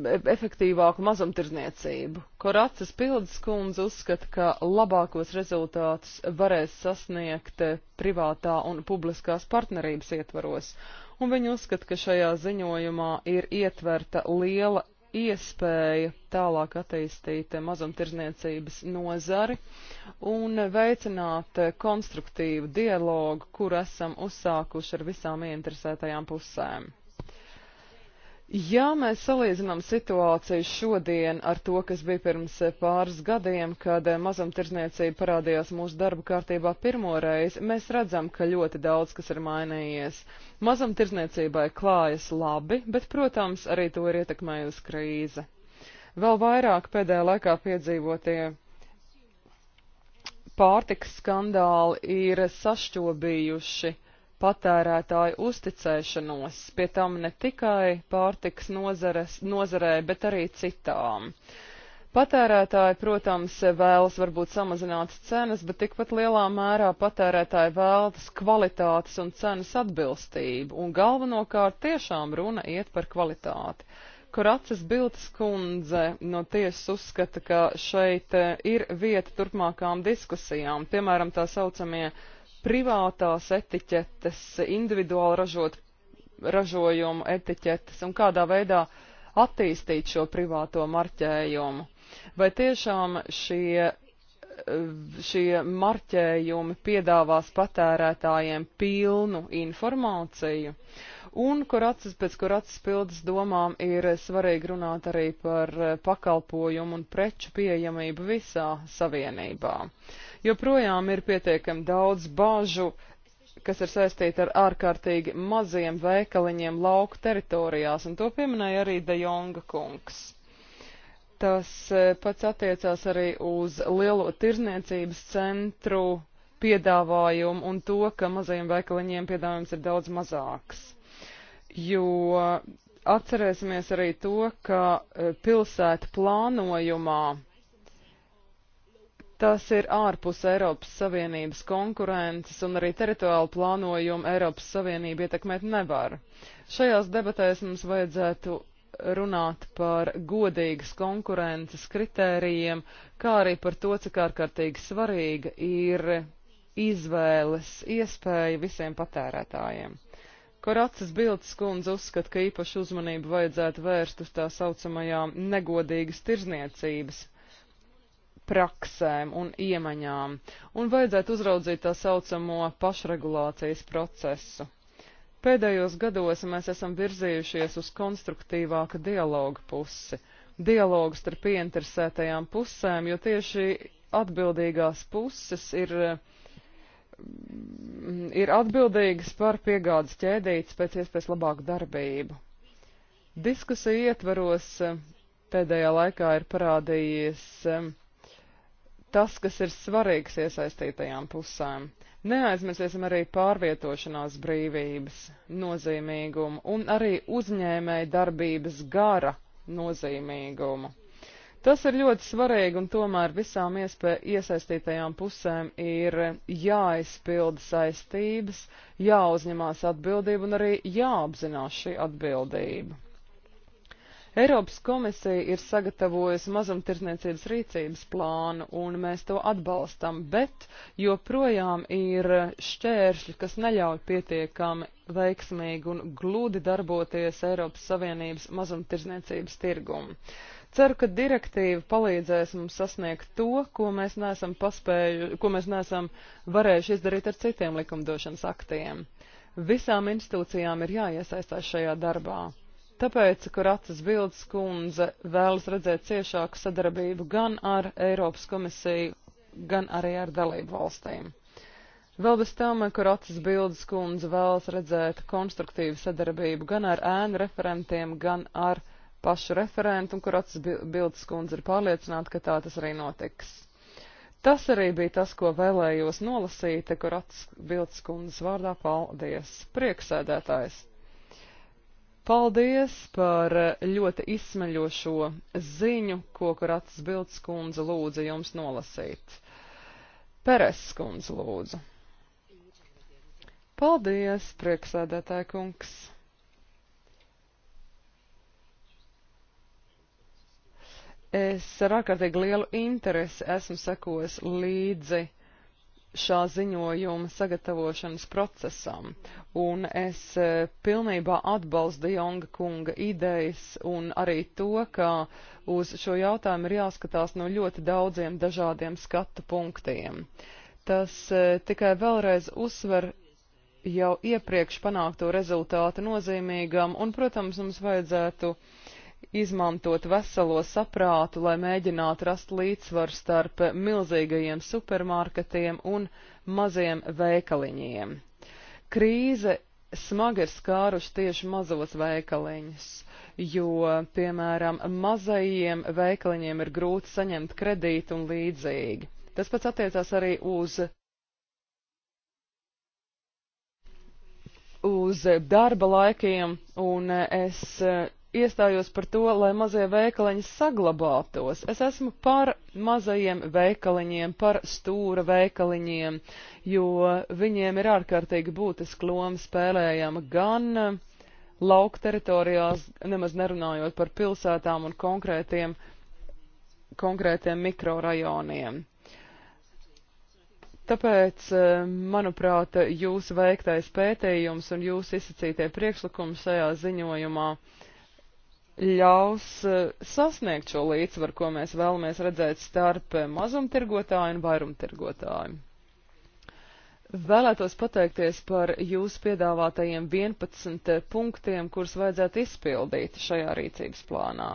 E- efektīvāku mazumtirdzniecību. Koracas pildes kundze uzskata, ka labākos rezultātus varēs sasniegt privātā un publiskās partnerības ietvaros, un viņa uzskata, ka šajā ziņojumā ir ietverta liela iespēja tālāk attīstīt mazumtirdzniecības nozari un veicināt konstruktīvu dialogu, kur esam uzsākuši ar visām ieinteresētajām pusēm. Ja mēs salīdzinām situāciju šodien ar to, kas bija pirms eh, pāris gadiem, kad eh, mazumtirdzniecība parādījās mūsu darba kārtībā pirmoreiz, mēs redzam, ka ļoti daudz kas ir mainījies. Mazumtirdzniecībai klājas labi, bet, protams, arī to ir ietekmējusi krīze. Vēl vairāk pēdējā laikā piedzīvotie pārtiks skandāli ir sašķobījuši patērētāju uzticēšanos, pie tam ne tikai pārtiks nozares, nozarē, bet arī citām. Patērētāji, protams, vēlas varbūt samazinātas cenas, bet tikpat lielā mērā patērētāji vēlas kvalitātes un cenas atbilstību, un galvenokārt tiešām runa iet par kvalitāti. Kuracas Biltas kundze no tiesas uzskata, ka šeit eh, ir vieta turpmākām diskusijām, piemēram, tā saucamie uh, privātās etiķetes, individuāli ražot, ražojumu etiķetes un kādā veidā attīstīt šo privāto marķējumu. Vai tiešām šie, šie marķējumi piedāvās patērētājiem pilnu informāciju? Un kur acis pēc kur acis pildas domām ir svarīgi runāt arī par pakalpojumu un preču pieejamību visā savienībā. Uh, Joprojām ir pietiekami daudz bažu, kas ir saistīta ar ārkārtīgi maziem veikaliņiem lauku teritorijās, un to pieminēja arī De Jonga kungs. Tas e, pats attiecās arī uz lielo tirzniecības centru piedāvājumu un to, ka mazajiem veikaliņiem piedāvājums ir daudz mazāks. Jo atcerēsimies arī to, ka e, pilsētu plānojumā Tas ir ārpus Eiropas Savienības konkurences un arī teritoriālu plānojumu Eiropas Savienība ietekmēt nevar. Šajās debatēs mums vajadzētu runāt par godīgas konkurences kritērijiem, kā arī par to, cik ārkārtīgi svarīga ir izvēles iespēja visiem patērētājiem. Koracas Bildes kundze uzskata, ka īpašu uzmanību vajadzētu vērst uz tā saucamajām negodīgas tirzniecības praksēm un iemaņām, un vajadzētu uzraudzīt tā saucamo pašregulācijas procesu. Pēdējos gados mēs esam virzījušies uz konstruktīvāka dialoga pusi, dialogu starp ieinteresētajām pusēm, jo tieši atbildīgās puses ir, mm, ir atbildīgas par piegādes ķēdītas pēc iespējas labāku darbību. Diskusija ietvaros eh, pēdējā laikā ir parādījies eh, tas, kas ir svarīgs iesaistītajām pusēm. Neaizmirsīsim arī pārvietošanās brīvības nozīmīgumu un arī uzņēmēja darbības gara nozīmīgumu. Tas ir ļoti svarīgi, un tomēr visām iesaistītajām pusēm ir jāizpilda saistības, jāuzņemās atbildība un arī jāapzinās šī atbildība. Eiropas komisija ir sagatavojusi mazumtirdzniecības rīcības plānu, un mēs to atbalstam, bet joprojām ir šķēršļi, kas neļauj pietiekami veiksmīgi un gludi darboties Eiropas Savienības mazumtirdzniecības tirgumu. Ceru, ka direktīva palīdzēs mums sasniegt to, ko mēs neesam, paspēju, ko mēs neesam varējuši izdarīt ar citiem likumdošanas aktiem. Visām institūcijām ir jāiesaistās šajā darbā. Tāpēc, kur acis bildes kundze vēlas redzēt ciešāku sadarbību gan ar Eiropas komisiju, gan arī ar dalību valstīm. Vēl bez tam, kur acis bildes kundze vēlas redzēt konstruktīvu sadarbību gan ar ēnu referentiem, gan ar pašu referentu, un kur acis bildes kundze ir pārliecināta, ka tā tas arī notiks. Tas arī bija tas, ko vēlējos nolasīt, kur acis bildes kundzes vārdā paldies. Prieksēdētājs! Paldies par ļoti izsmeļošo ziņu, ko Kurats Bilds kundze lūdza jums nolasīt. Peres kundze lūdzu. Paldies, prieksēdētāja kungs. Es ar ārkārtīgi lielu interesi esmu sekos līdzi šā ziņojuma sagatavošanas procesam, un es e, pilnībā atbalstu Jonga kunga idejas un arī to, ka uz šo jautājumu ir jāskatās no ļoti daudziem dažādiem skatu punktiem. Tas e, tikai vēlreiz uzsver jau iepriekš panākto rezultātu nozīmīgam, un, protams, mums vajadzētu uh, izmantot veselo saprātu, lai mēģinātu rast līdzsvaru starp milzīgajiem supermarketiem un maziem veikaliņiem. Krīze smagi ir skāruši tieši mazos veikaliņus, jo, piemēram, mazajiem veikaliņiem ir grūti saņemt kredītu un līdzīgi. Tas pats attiecās arī uz uz darba laikiem, un es iestājos par to, lai mazie veikaliņi saglabātos. Es esmu par mazajiem veikaliņiem, par stūra veikaliņiem, jo viņiem ir ārkārtīgi būtiski loma spēlējama gan lauka teritorijās, nemaz nerunājot par pilsētām un konkrētiem, konkrētiem mikrorajoniem. Tāpēc, manuprāt, jūsu veiktais pētījums un jūsu izsacītie priekšlikumi šajā ziņojumā uh, ļaus eh, sasniegt šo līdzsvaru, ko mēs vēlamies redzēt starp eh, mazumtirgotāju un vairumtirgotāju. Vēlētos pateikties par jūsu piedāvātajiem 11 eh, punktiem, kurus vajadzētu izpildīt šajā rīcības plānā.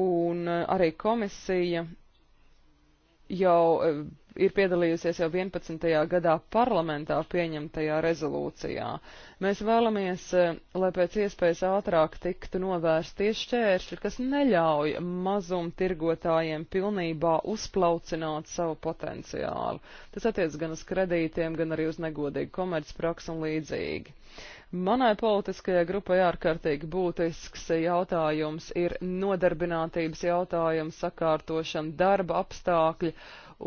Un arī komisija jau ir piedalījusies jau 11. gadā parlamentā pieņemtajā rezolūcijā. Mēs vēlamies, e, lai pēc iespējas ātrāk tiktu novērst tie šķēršļi, kas neļauj mazumtirgotājiem pilnībā uzplaucināt savu potenciālu. Tas attiec gan uz kredītiem, gan arī uz negodīgu komercpraksu un līdzīgi. Manai politiskajai grupai ārkārtīgi būtisks jautājums ir nodarbinātības jautājums, sakārtošana, darba apstākļi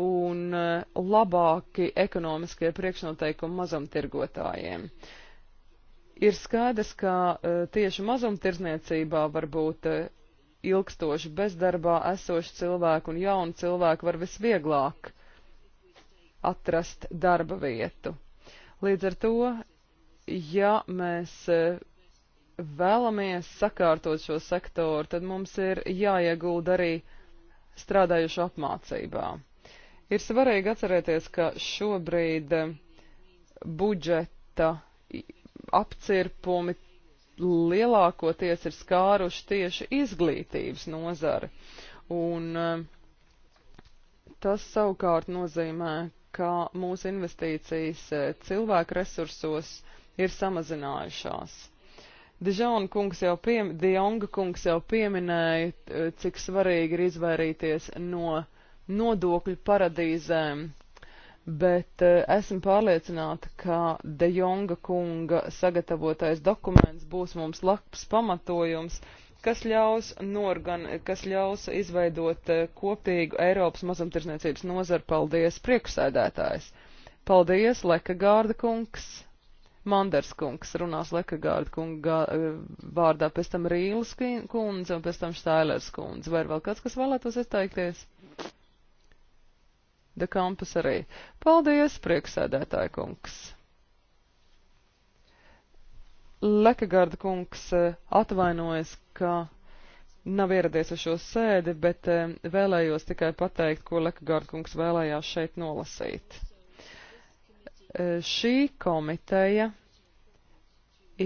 un eh, labāki ekonomiskie priekšnoteikumi mazumtirgotājiem. Ir skaidrs, ka eh, tieši mazumtirdzniecībā var būt eh, ilgstoši bezdarbā esoši cilvēki un jauni cilvēki var visvieglāk atrast darba vietu. Līdz ar to, ja mēs vēlamies sakārtot šo sektoru, tad mums ir jāiegulda arī strādājušo apmācībā. Ir svarīgi atcerēties, ka šobrīd eh, budžeta apcirpumi lielākoties ir skāruši tieši izglītības nozari. Un eh, tas savukārt nozīmē, ka mūsu investīcijas eh, cilvēku resursos ir samazinājušās. Dižona kungs jau, piem, Dionga kungs jau pieminēja, cik svarīgi ir izvairīties no nodokļu paradīzēm, bet eh, esmu pārliecināta, ka De Jonga kunga sagatavotais dokuments būs mums labs pamatojums, kas ļaus, norgan, kas ļaus izveidot eh, kopīgu Eiropas mazumtirdzniecības nozaru. Paldies, priekšsēdētājs! Paldies, Leka Gārda kungs! Manders kungs runās Lekagārda kunga eh, vārdā, pēc tam Rīles kundze un pēc tam Štailers kundze. Vai ir vēl kāds, kas vēlētos izteikties? De Kampas arī. Paldies, prieksēdētāja kungs! Lekagarda kungs eh, atvainojas, ka nav ieradies uz šo sēdi, bet eh, vēlējos tikai pateikt, ko Lekagārda kungs vēlējās šeit nolasīt. Eh, šī komiteja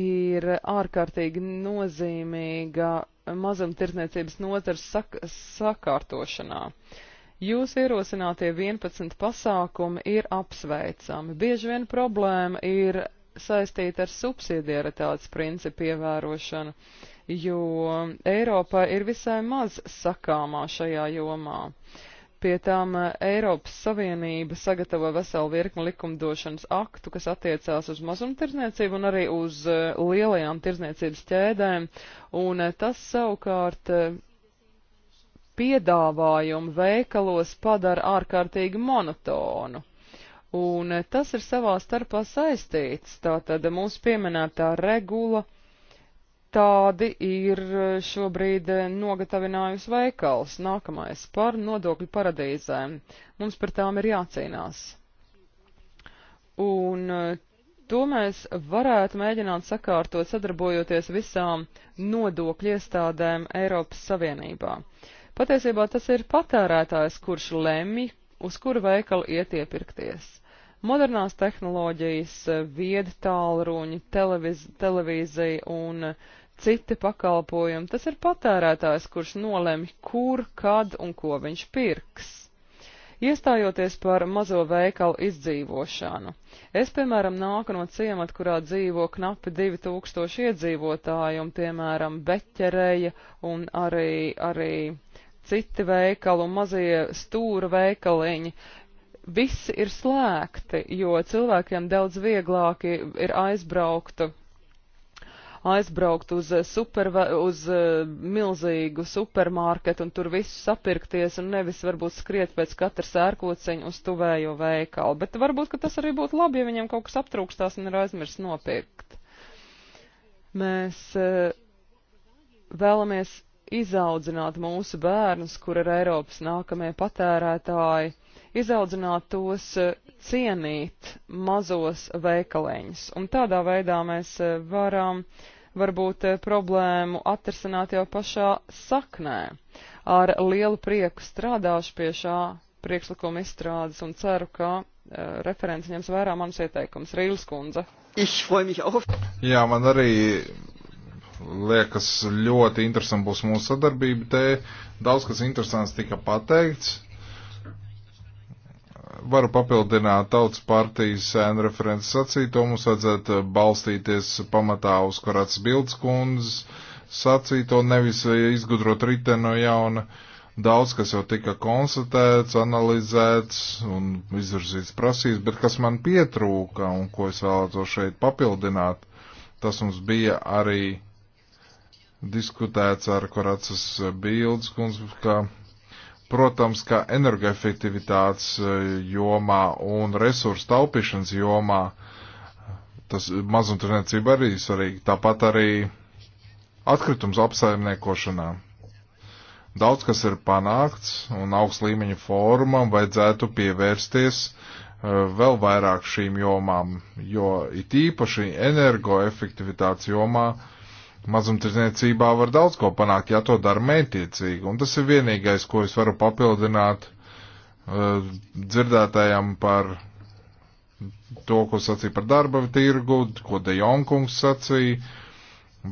ir ārkārtīgi nozīmīga mazumtirdzniecības nozars sak sakārtošanā. Uh, Jūs ierosinātie 11 pasākumi ir apsveicami. Bieži vien problēma ir saistīta ar subsidiaritātes principu ievērošanu, jo Eiropai ir visai maz sakāmā šajā jomā. Pie tām eh, Eiropas Savienība sagatavo veselu virkni likumdošanas aktu, kas attiecās uz mazumtirdzniecību un arī uz eh, lielajām tirdzniecības ķēdēm, un eh, tas savukārt piedāvājumu veikalos padara ārkārtīgi monotonu. Un eh, tas ir savā starpā saistīts. Tātad mūsu pieminētā regula tādi ir eh, šobrīd eh, nogatavinājusi veikals. Nākamais par nodokļu paradīzēm. Mums par tām ir jācīnās. Un to mēs varētu mēģināt sakārtot sadarbojoties visām nodokļu iestādēm Eiropas Savienībā. Uh, Patiesībā tas ir patērētājs, kurš lemj, uz kuru veikalu iet iepirkties. Modernās tehnoloģijas, viedi tālruņi, televiz, televīzija un citi pakalpojumi. Tas ir patērētājs, kurš nolemj, kur, kad un ko viņš pirks. Iestājoties par mazo veikalu izdzīvošanu. Es, piemēram, nāku no ciemata, kurā dzīvo knapi 2000 iedzīvotāji, un, piemēram, beķereja un arī, arī citi veikali un mazie stūra veikaliņi. Visi ir slēgti, jo cilvēkiem daudz vieglāk ir aizbraukt, aizbraukt uz, super, uz eh, milzīgu supermarketu un tur visu sapirkties un nevis varbūt skriet pēc katra sērkociņa uz tuvējo veikalu. Bet varbūt, ka tas arī būtu labi, ja viņiem kaut kas aptrūkstās un ir aizmirst nopirkt. Mēs eh, vēlamies izaudzināt mūsu bērnus, kur ir Eiropas nākamie patērētāji, izaudzināt tos eh, cienīt mazos veikaleņus. Un tādā veidā mēs eh, varam varbūt eh, problēmu atrisināt jau pašā saknē. Ar lielu prieku strādāšu pie šā priekšlikuma izstrādes un ceru, ka uh, referents ņems vērā manas ieteikums. Rīles kundze. Jā, man arī Liekas, ļoti interesanti būs mūsu sadarbība te. Daudz kas interesants tika pateikts. Varu papildināt tautas partijas sēnu referents sacīto. Mums vajadzētu balstīties pamatā uz Korats Bildes kundzes sacīto, nevis izgudrot riteni no jauna. Daudz, kas jau tika konstatēts, analizēts un izvirzīts prasīs, bet kas man pietrūka un ko es vēlētos šeit papildināt, tas mums bija arī diskutēts ar Koracas Bildes kundzi, ka, protams, ka energoefektivitātes e, jomā un resursu taupīšanas jomā tas mazumtirniecība arī svarīgi. Tāpat arī atkritums apsaimniekošanā. Daudz kas ir panākts un augsts līmeņa fórumam vajadzētu pievērsties e, vēl vairāk šīm jomām, jo it īpaši energoefektivitātes jomā uh, Mazumtirdzniecībā var daudz ko panākt, ja to dara mētiecīgi, un tas ir vienīgais, ko es varu papildināt uh, dzirdētājam par to, ko sacīja par darba tirgu, ko De Jonkungs sacīja,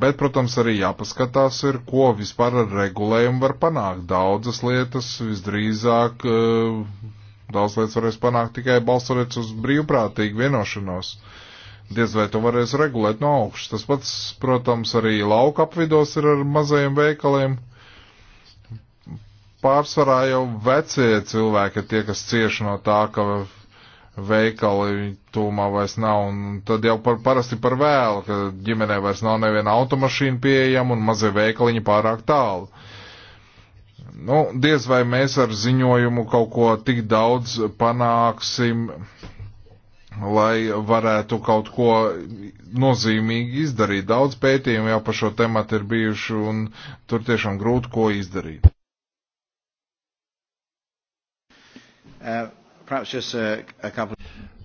bet, protams, arī jāpaskatās ir, ko vispār ar regulējumu var panākt. Daudzas lietas visdrīzāk, uh, daudz lietas varēs panākt tikai balstoties uz brīvprātīgu vienošanos. Uh, diez vai to varēs regulēt no augšas. Tas pats, protams, arī lauka apvidos ir ar mazajiem veikaliem. Pārsvarā jau vecie cilvēki ir tie, kas cieši no tā, ka veikali tūmā vairs nav, un tad jau par, parasti par vēlu, ka ģimenē vairs nav neviena automašīna pieejama un mazie veikaliņi pārāk tālu. Nu, diez vai mēs ar ziņojumu kaut ko tik daudz panāksim lai varētu kaut ko nozīmīgi izdarīt. Daudz pētījumu jau par šo tematu ir bijuši, un tur tiešām grūti ko izdarīt. Uh, a, a couple...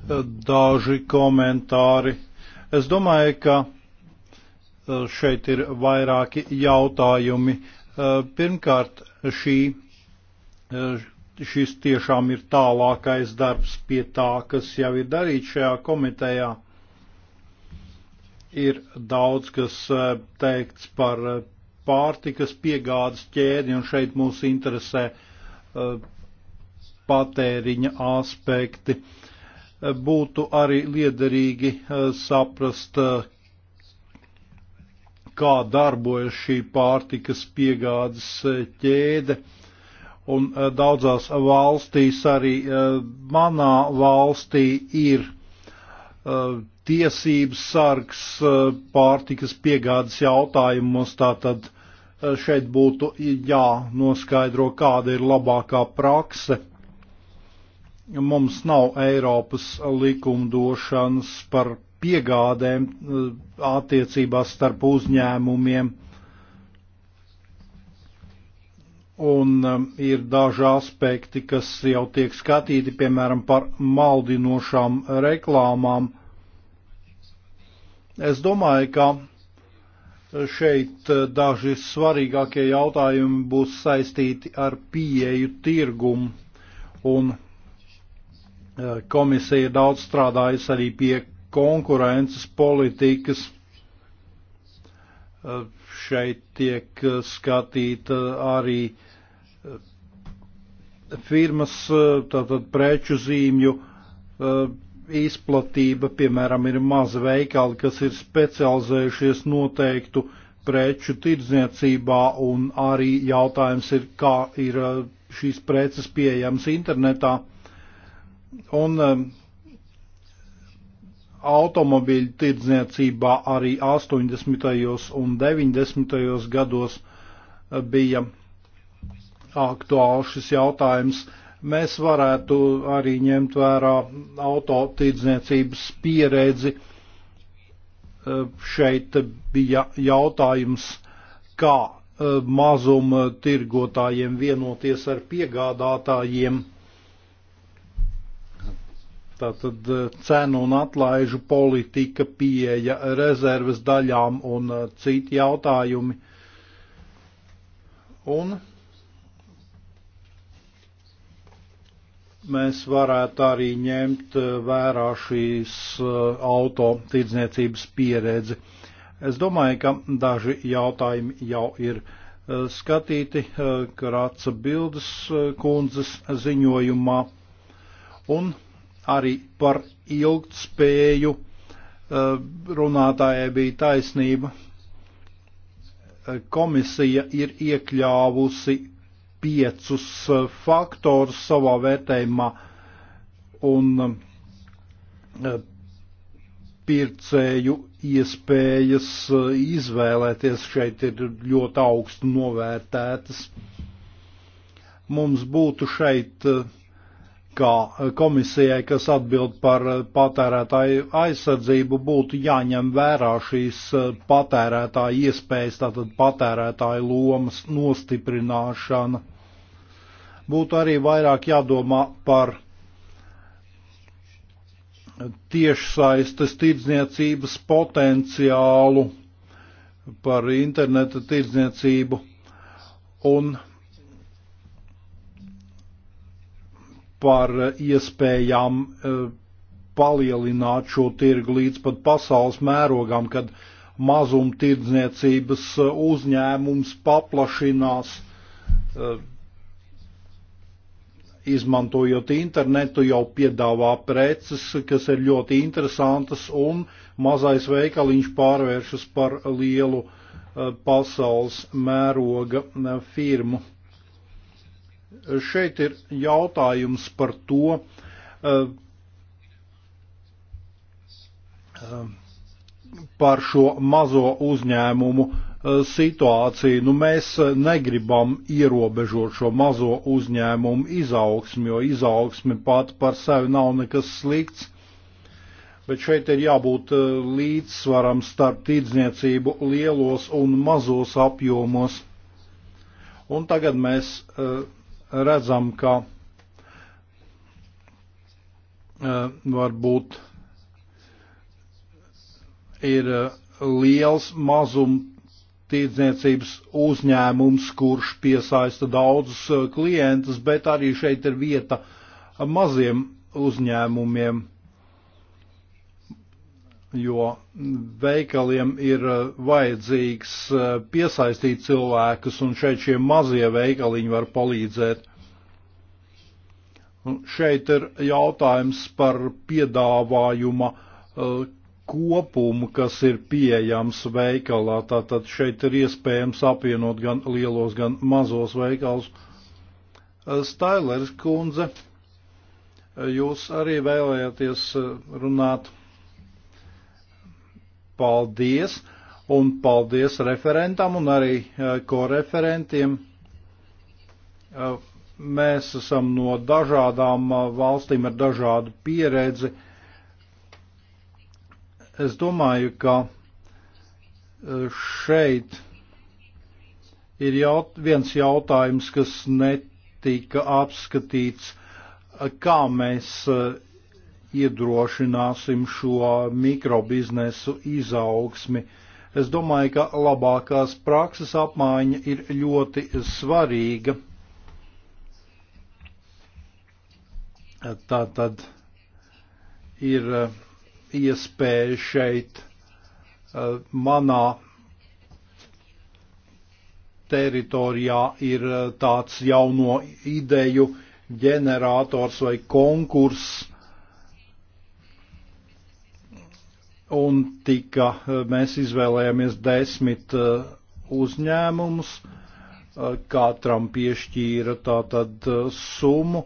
Uh, daži komentāri. Es domāju, ka uh, šeit ir vairāki jautājumi. Uh, pirmkārt, šī šis tiešām ir tālākais darbs pie tā, kas jau ir darīts šajā komitejā. Ir daudz, kas e, teikts par e, pārtikas piegādes ķēdi, un šeit mūs interesē e, patēriņa aspekti. Būtu arī liederīgi saprast, kā darbojas šī pārtikas piegādes ķēde. Uh, un eh, daudzās valstīs, arī eh, manā valstī ir eh, tiesības sargs pārtikas piegādes jautājumos, tātad šeit būtu jānoskaidro, kāda ir labākā prakse. Mums nav Eiropas likumdošanas par piegādēm attiecībās starp uzņēmumiem un um, ir daži aspekti, kas jau tiek skatīti, piemēram, par maldinošām reklāmām. Es domāju, ka šeit uh, daži svarīgākie jautājumi būs saistīti ar pieeju tirgumu, un uh, komisija ir daudz strādājusi arī pie konkurences politikas uh, šeit tiek skatīta arī firmas, eh, tātad preču zīmju eh, izplatība, piemēram, ir maza veikali, kas ir specializējušies noteiktu preču tirdzniecībā, un arī jautājums ir, kā ir eh, šīs preces pieejamas internetā. Un automobīļu tirdzniecībā arī 80. un 90. gados bija aktuāls šis jautājums. Mēs varētu arī ņemt vērā autotīdzniecības pieredzi. Šeit bija jautājums, kā e, mazuma tirgotājiem vienoties ar piegādātājiem. Tātad e, cenu un atlaižu politika, pieeja rezerves daļām un e, citi jautājumi. Un mēs varētu arī ņemt vērā šīs uh, auto tirdzniecības pieredzi. Es domāju, ka daži jautājumi jau ir uh, skatīti uh, Krāca bildes kundzes ziņojumā un arī par ilgtspēju runātājai bija taisnība. Komisija ir iekļāvusi piecus eh, faktorus savā vērtējumā, un eh, pircēju iespējas eh, izvēlēties šeit ir ļoti augstu novērtētas. Mums būtu šeit kā komisijai, kas atbild par patērētāju aizsardzību, būtu jāņem vērā šīs patērētāju iespējas, tātad patērētāju lomas nostiprināšana būtu arī vairāk jādomā par tiešsaistes tirdzniecības potenciālu, par interneta tirdzniecību un par iespējām eh, palielināt šo tirgu līdz pat pasaules mērogam, kad mazumtirdzniecības eh, uzņēmums paplašinās eh, izmantojot internetu, jau piedāvā preces, kas ir ļoti interesantas, un mazais veikaliņš pārvēršas par lielu eh, pasaules mēroga eh, firmu. Šeit ir jautājums par to, eh, par šo mazo uzņēmumu Eh, situāciju. Nu, mēs eh, negribam ierobežot šo mazo uzņēmumu izaugsmi, jo izaugsmi pat par sevi nav nekas slikts. Bet šeit ir jābūt eh, līdzsvaram starp tīdzniecību lielos un mazos apjomos. Un tagad mēs redzam, ka varbūt ir liels mazums tīrdzniecības uzņēmums, kurš piesaista daudzus eh, klientus, bet arī šeit ir vieta maziem uzņēmumiem, jo veikaliem ir eh, vajadzīgs eh, piesaistīt cilvēkus, un šeit šie mazie veikaliņi var palīdzēt. Un šeit ir jautājums par piedāvājuma kopumu, kas ir pieejams veikalā. Tātad šeit ir iespējams apvienot gan lielos, gan mazos veikalus. Eh, Stailers kundze, jūs arī vēlējāties eh, runāt. Paldies! Un paldies referentam un arī eh, koreferentiem. Mēs esam no dažādām valstīm ar dažādu pieredzi Es domāju, ka eh, šeit ir jaut, viens jautājums, kas netika apskatīts, kā mēs eh, iedrošināsim šo mikrobiznesu izaugsmi. Es domāju, ka labākās prakses apmaiņa ir ļoti svarīga. Tā tad ir eh, iespēja šeit eh, manā teritorijā ir eh, tāds jauno ideju ģenerators vai konkurss, un tika eh, mēs izvēlējāmies desmit uzņēmumus, katram piešķīra tātad summu,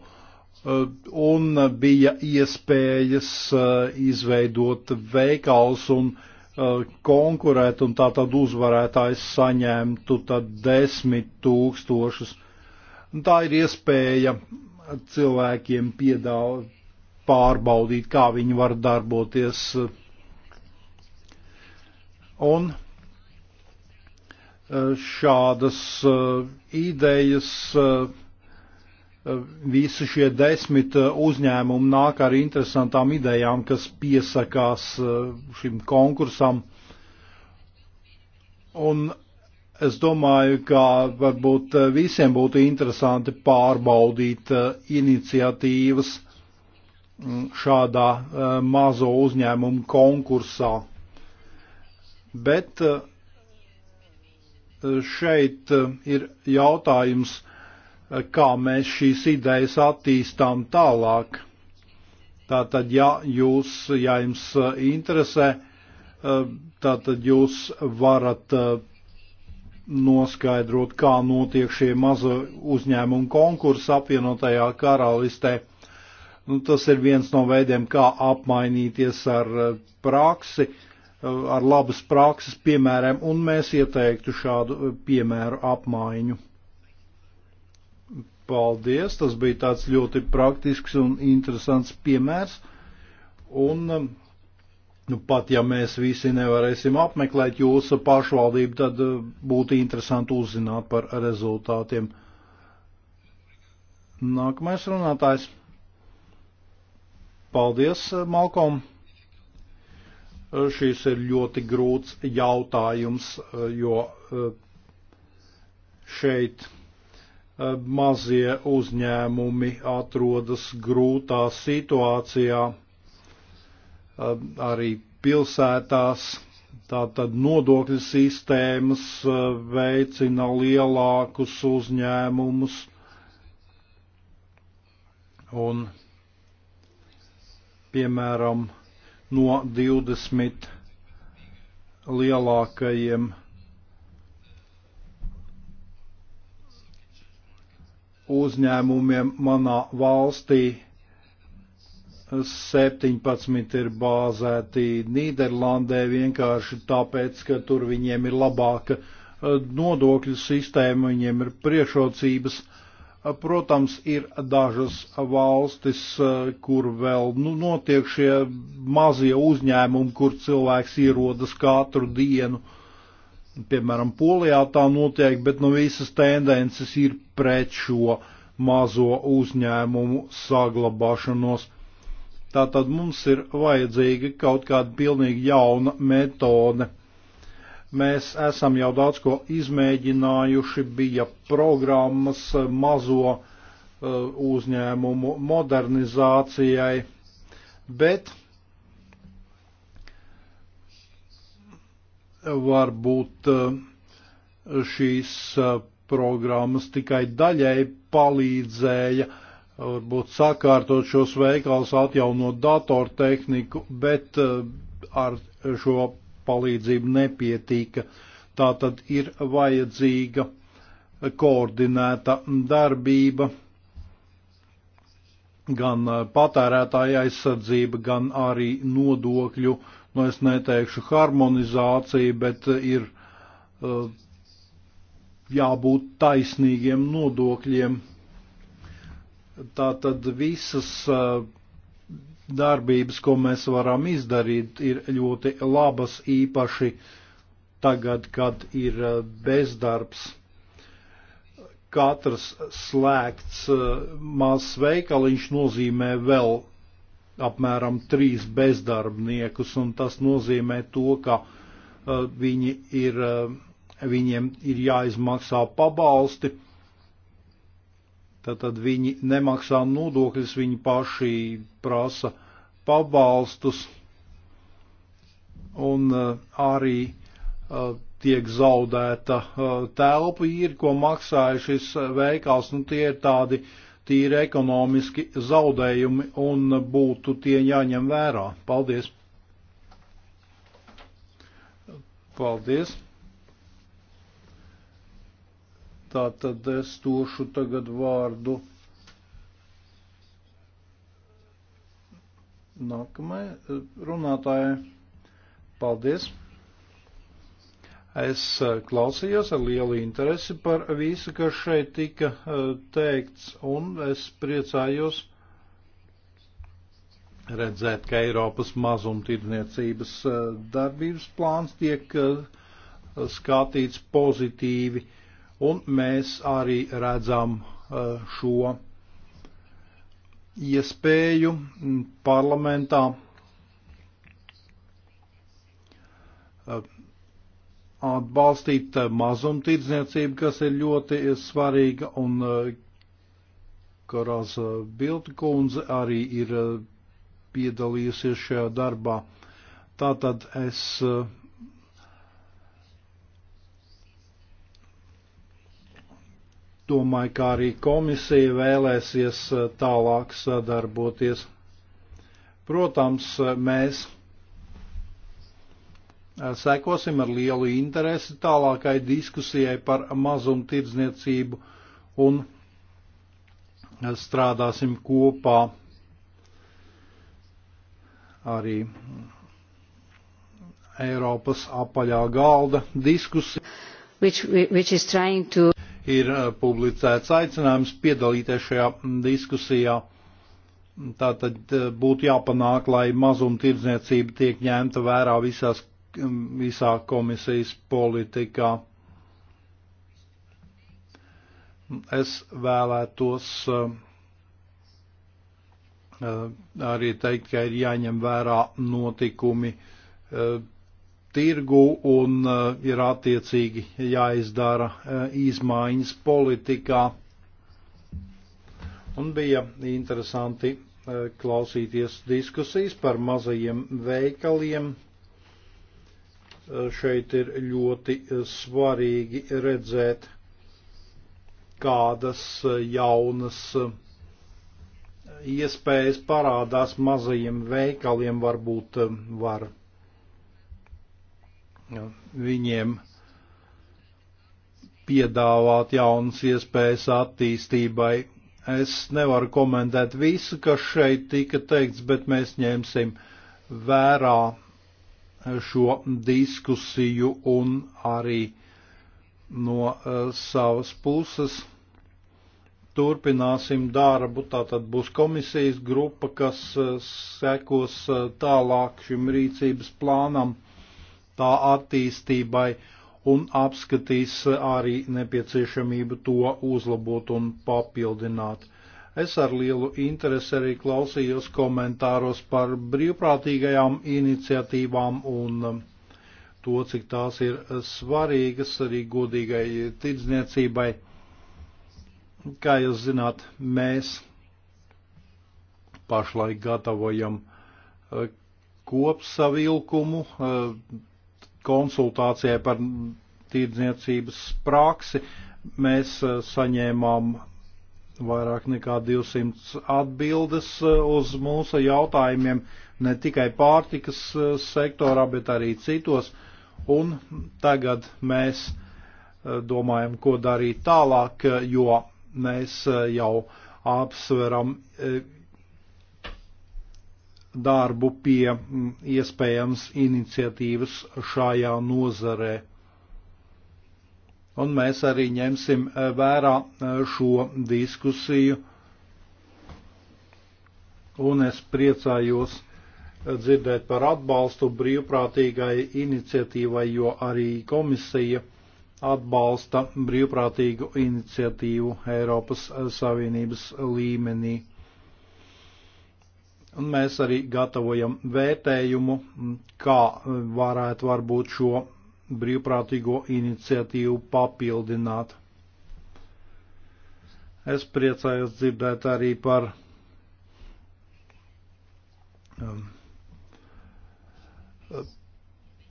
Eh, un bija iespējas eh, izveidot veikals un eh, konkurēt, un tā tad uzvarētājs saņemtu tad desmit tūkstošus. Un tā ir iespēja cilvēkiem piedāvāt, pārbaudīt, kā viņi var darboties. Un šādas idejas uh, visi šie desmit eh, uzņēmumi nāk ar interesantām idejām, kas piesakās eh, šim konkursam. Un es domāju, ka varbūt eh, visiem būtu interesanti pārbaudīt iniciatīvas mm, šādā mazo uzņēmumu konkursā. Bet šeit ir jautājums, kā mēs šīs idejas attīstām tālāk. Tātad, ja jūs, ja jums eh, interesē, eh, tātad jūs varat eh, noskaidrot, kā notiek šie mazo uzņēmumu konkursi apvienotajā karalistē. Nu, tas ir viens no veidiem, kā apmainīties ar praksi, ar labas prakses piemēriem, un mēs ieteiktu šādu piemēru apmaiņu. Paldies, tas bija tāds ļoti praktisks un interesants piemērs. Un, um, nu, pat ja mēs visi nevarēsim apmeklēt jūsu pašvaldību, tad uh, būtu interesanti uzzināt par rezultātiem. Nākamais runātājs. Paldies, uh, Malkom. Uh, šis ir ļoti grūts jautājums, jo šeit mazie uzņēmumi atrodas grūtā situācijā, eh, arī pilsētās. Tātad nodokļu sistēmas eh, veicina lielākus uzņēmumus un, piemēram, no 20 lielākajiem uzņēmumiem uzņēmumiem manā valstī 17 ir bāzēti Nīderlandē vienkārši tāpēc, ka tur viņiem ir labāka e, nodokļu sistēma, viņiem ir priekšrocības. E, protams, ir dažas valstis, e, kur vēl nu, notiek šie mazie uzņēmumi, kur cilvēks ierodas katru dienu. Piemēram, Polijā tā notiek, bet nu, visas tendences ir pret šo mazo uzņēmumu saglabāšanos. Tātad mums ir vajadzīga kaut kāda pilnīgi jauna metode. Mēs esam jau daudz ko izmēģinājuši, bija programmas mazo uh, uzņēmumu modernizācijai, bet varbūt uh, šīs uh, programmas tikai daļai palīdzēja varbūt sakārtot šos veikals, atjaunot datortehniku, bet eh, ar šo palīdzību nepietika. Tā tad ir vajadzīga koordinēta darbība, gan eh, patērētāja aizsardzība, gan arī nodokļu, nu es neteikšu harmonizācija, bet eh, ir uh, jābūt taisnīgiem nodokļiem. Tātad visas darbības, ko mēs varam izdarīt, ir ļoti labas īpaši tagad, kad ir bezdarbs. Katrs slēgts mazs veikaliņš nozīmē vēl apmēram trīs bezdarbniekus, un tas nozīmē to, ka viņi ir viņiem ir jāizmaksā pabalsti, tātad viņi nemaksā nodokļus, viņi paši prasa pabalstus un eh, arī eh, tiek zaudēta eh, telpu īri, ko maksāja šis veikals, nu tie ir tādi tīri ekonomiski zaudējumi un būtu tie jāņem vērā. Paldies! Paldies! Tā tad es došu tagad vārdu nākamajai eh, runātājai. Paldies! Es eh, klausījos ar lielu interesi par visu, kas šeit tika eh, teikts, un es priecājos redzēt, ka Eiropas mazumtirdzniecības darbības plāns tiek skatīts pozitīvi. Uh, un mēs arī redzam uh, šo iespēju parlamentā uh, atbalstīt mazumtirdzniecību, kas ir ļoti svarīga, un uh, Karās Biltkundze arī ir piedalījusies šajā darbā. Tātad es domāju, ka arī komisija vēlēsies eh, tālāk sadarboties. Protams, eh, mēs eh, sekosim ar lielu interesi tālākai diskusijai par mazumtirdzniecību un strādāsim kopā arī Eiropas apaļā galda diskusija. Which, which is trying to ir eh, publicēts aicinājums piedalīties šajā diskusijā. Tātad eh, būtu jāpanāk, lai mazumtirdzniecība tiek ņemta vērā visās, visā komisijas politikā. Es vēlētos eh, arī teikt, ka ir jāņem vērā notikumi tirgu un eh, ir attiecīgi jāizdara eh, izmaiņas politikā. Un bija interesanti eh, klausīties diskusijas par mazajiem veikaliem. Šeit ir ļoti svarīgi redzēt, kādas jaunas iespējas parādās mazajiem veikaliem, varbūt var viņiem piedāvāt jaunas iespējas attīstībai. Es nevaru komentēt visu, kas šeit tika teikts, bet mēs ņemsim vērā šo diskusiju un arī no uh, savas puses turpināsim darbu. Tātad būs komisijas grupa, kas uh, sekos uh, tālāk šim rīcības plānam tā attīstībai un apskatīs arī nepieciešamību to uzlabot un papildināt. Es ar lielu interesi arī klausījos komentāros par brīvprātīgajām iniciatīvām un um, to, cik tās ir svarīgas arī godīgai tirdzniecībai. Kā jūs zināt, mēs pašlaik gatavojam uh, kopsavilkumu uh, konsultācijai par tirdzniecības praksi mēs eh, saņēmām vairāk nekā 200 atbildes eh, uz mūsu jautājumiem, ne tikai pārtikas eh, sektorā, bet arī citos. Un tagad mēs domājam, ko darīt tālāk, jo mēs jau apsveram darbu pie mm, iespējams iniciatīvas šajā nozarē. Un mēs arī ņemsim e, vērā e, šo diskusiju. Un es priecājos e, dzirdēt par atbalstu brīvprātīgai iniciatīvai, jo arī komisija atbalsta brīvprātīgu iniciatīvu Eiropas Savienības līmenī. Un mēs arī gatavojam vērtējumu, kā varētu varbūt šo brīvprātīgo iniciatīvu papildināt. Es priecājos dzirdēt arī par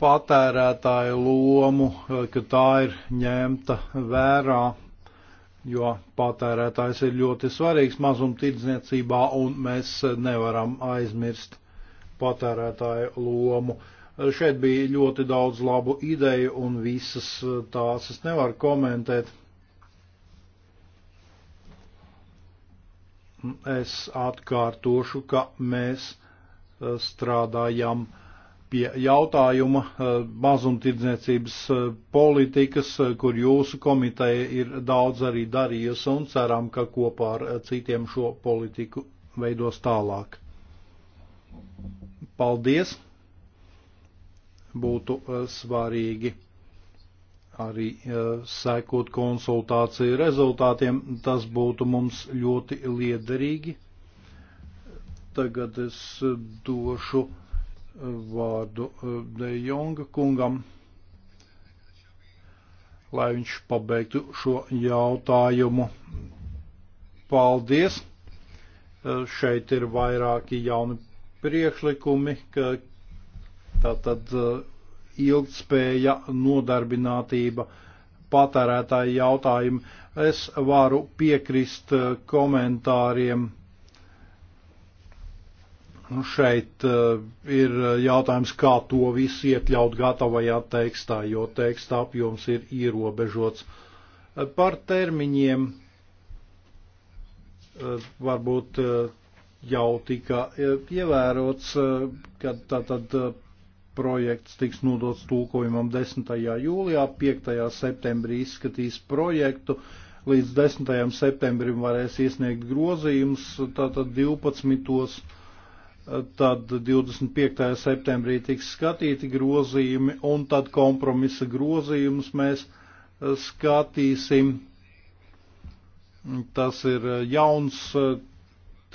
patērētāju lomu, ka tā ir ņemta vērā jo patērētājs ir ļoti svarīgs mazumtirdzniecībā, un mēs nevaram aizmirst patērētāju lomu. Šeit bija ļoti daudz labu ideju, un visas tās es nevaru komentēt. Es atkārtošu, ka mēs strādājam uh, pie jautājuma eh, mazumtirdzniecības eh, politikas, eh, kur jūsu komiteja ir daudz arī darījusi un ceram, ka kopā ar citiem šo politiku veidos tālāk. Paldies! Būtu svarīgi arī sekot konsultāciju rezultātiem. Tas būtu mums ļoti liederīgi. Tagad es došu uh, vārdu eh, De Jonga kungam, lai viņš pabeigtu šo jautājumu. Paldies! Eh, šeit ir vairāki jauni priekšlikumi, ka tātad eh, ilgtspēja, nodarbinātība, patērētāji jautājumi. Es varu piekrist komentāriem Nu, šeit eh, ir jautājums, kā to visu iekļaut gatavajā tekstā, jo teksta apjoms ir ierobežots. Eh, par termiņiem eh, varbūt jau tika ievērots, kad tātad projekts tiks nodots tulkojumam 10. jūlijā, 5. septembrī izskatīs projektu, līdz 10. septembrim varēs iesniegt grozījums, tātad 12 tad 25. septembrī tiks skatīti grozījumi, un tad kompromisa grozījumus mēs e, skatīsim. Tas ir e, jauns e,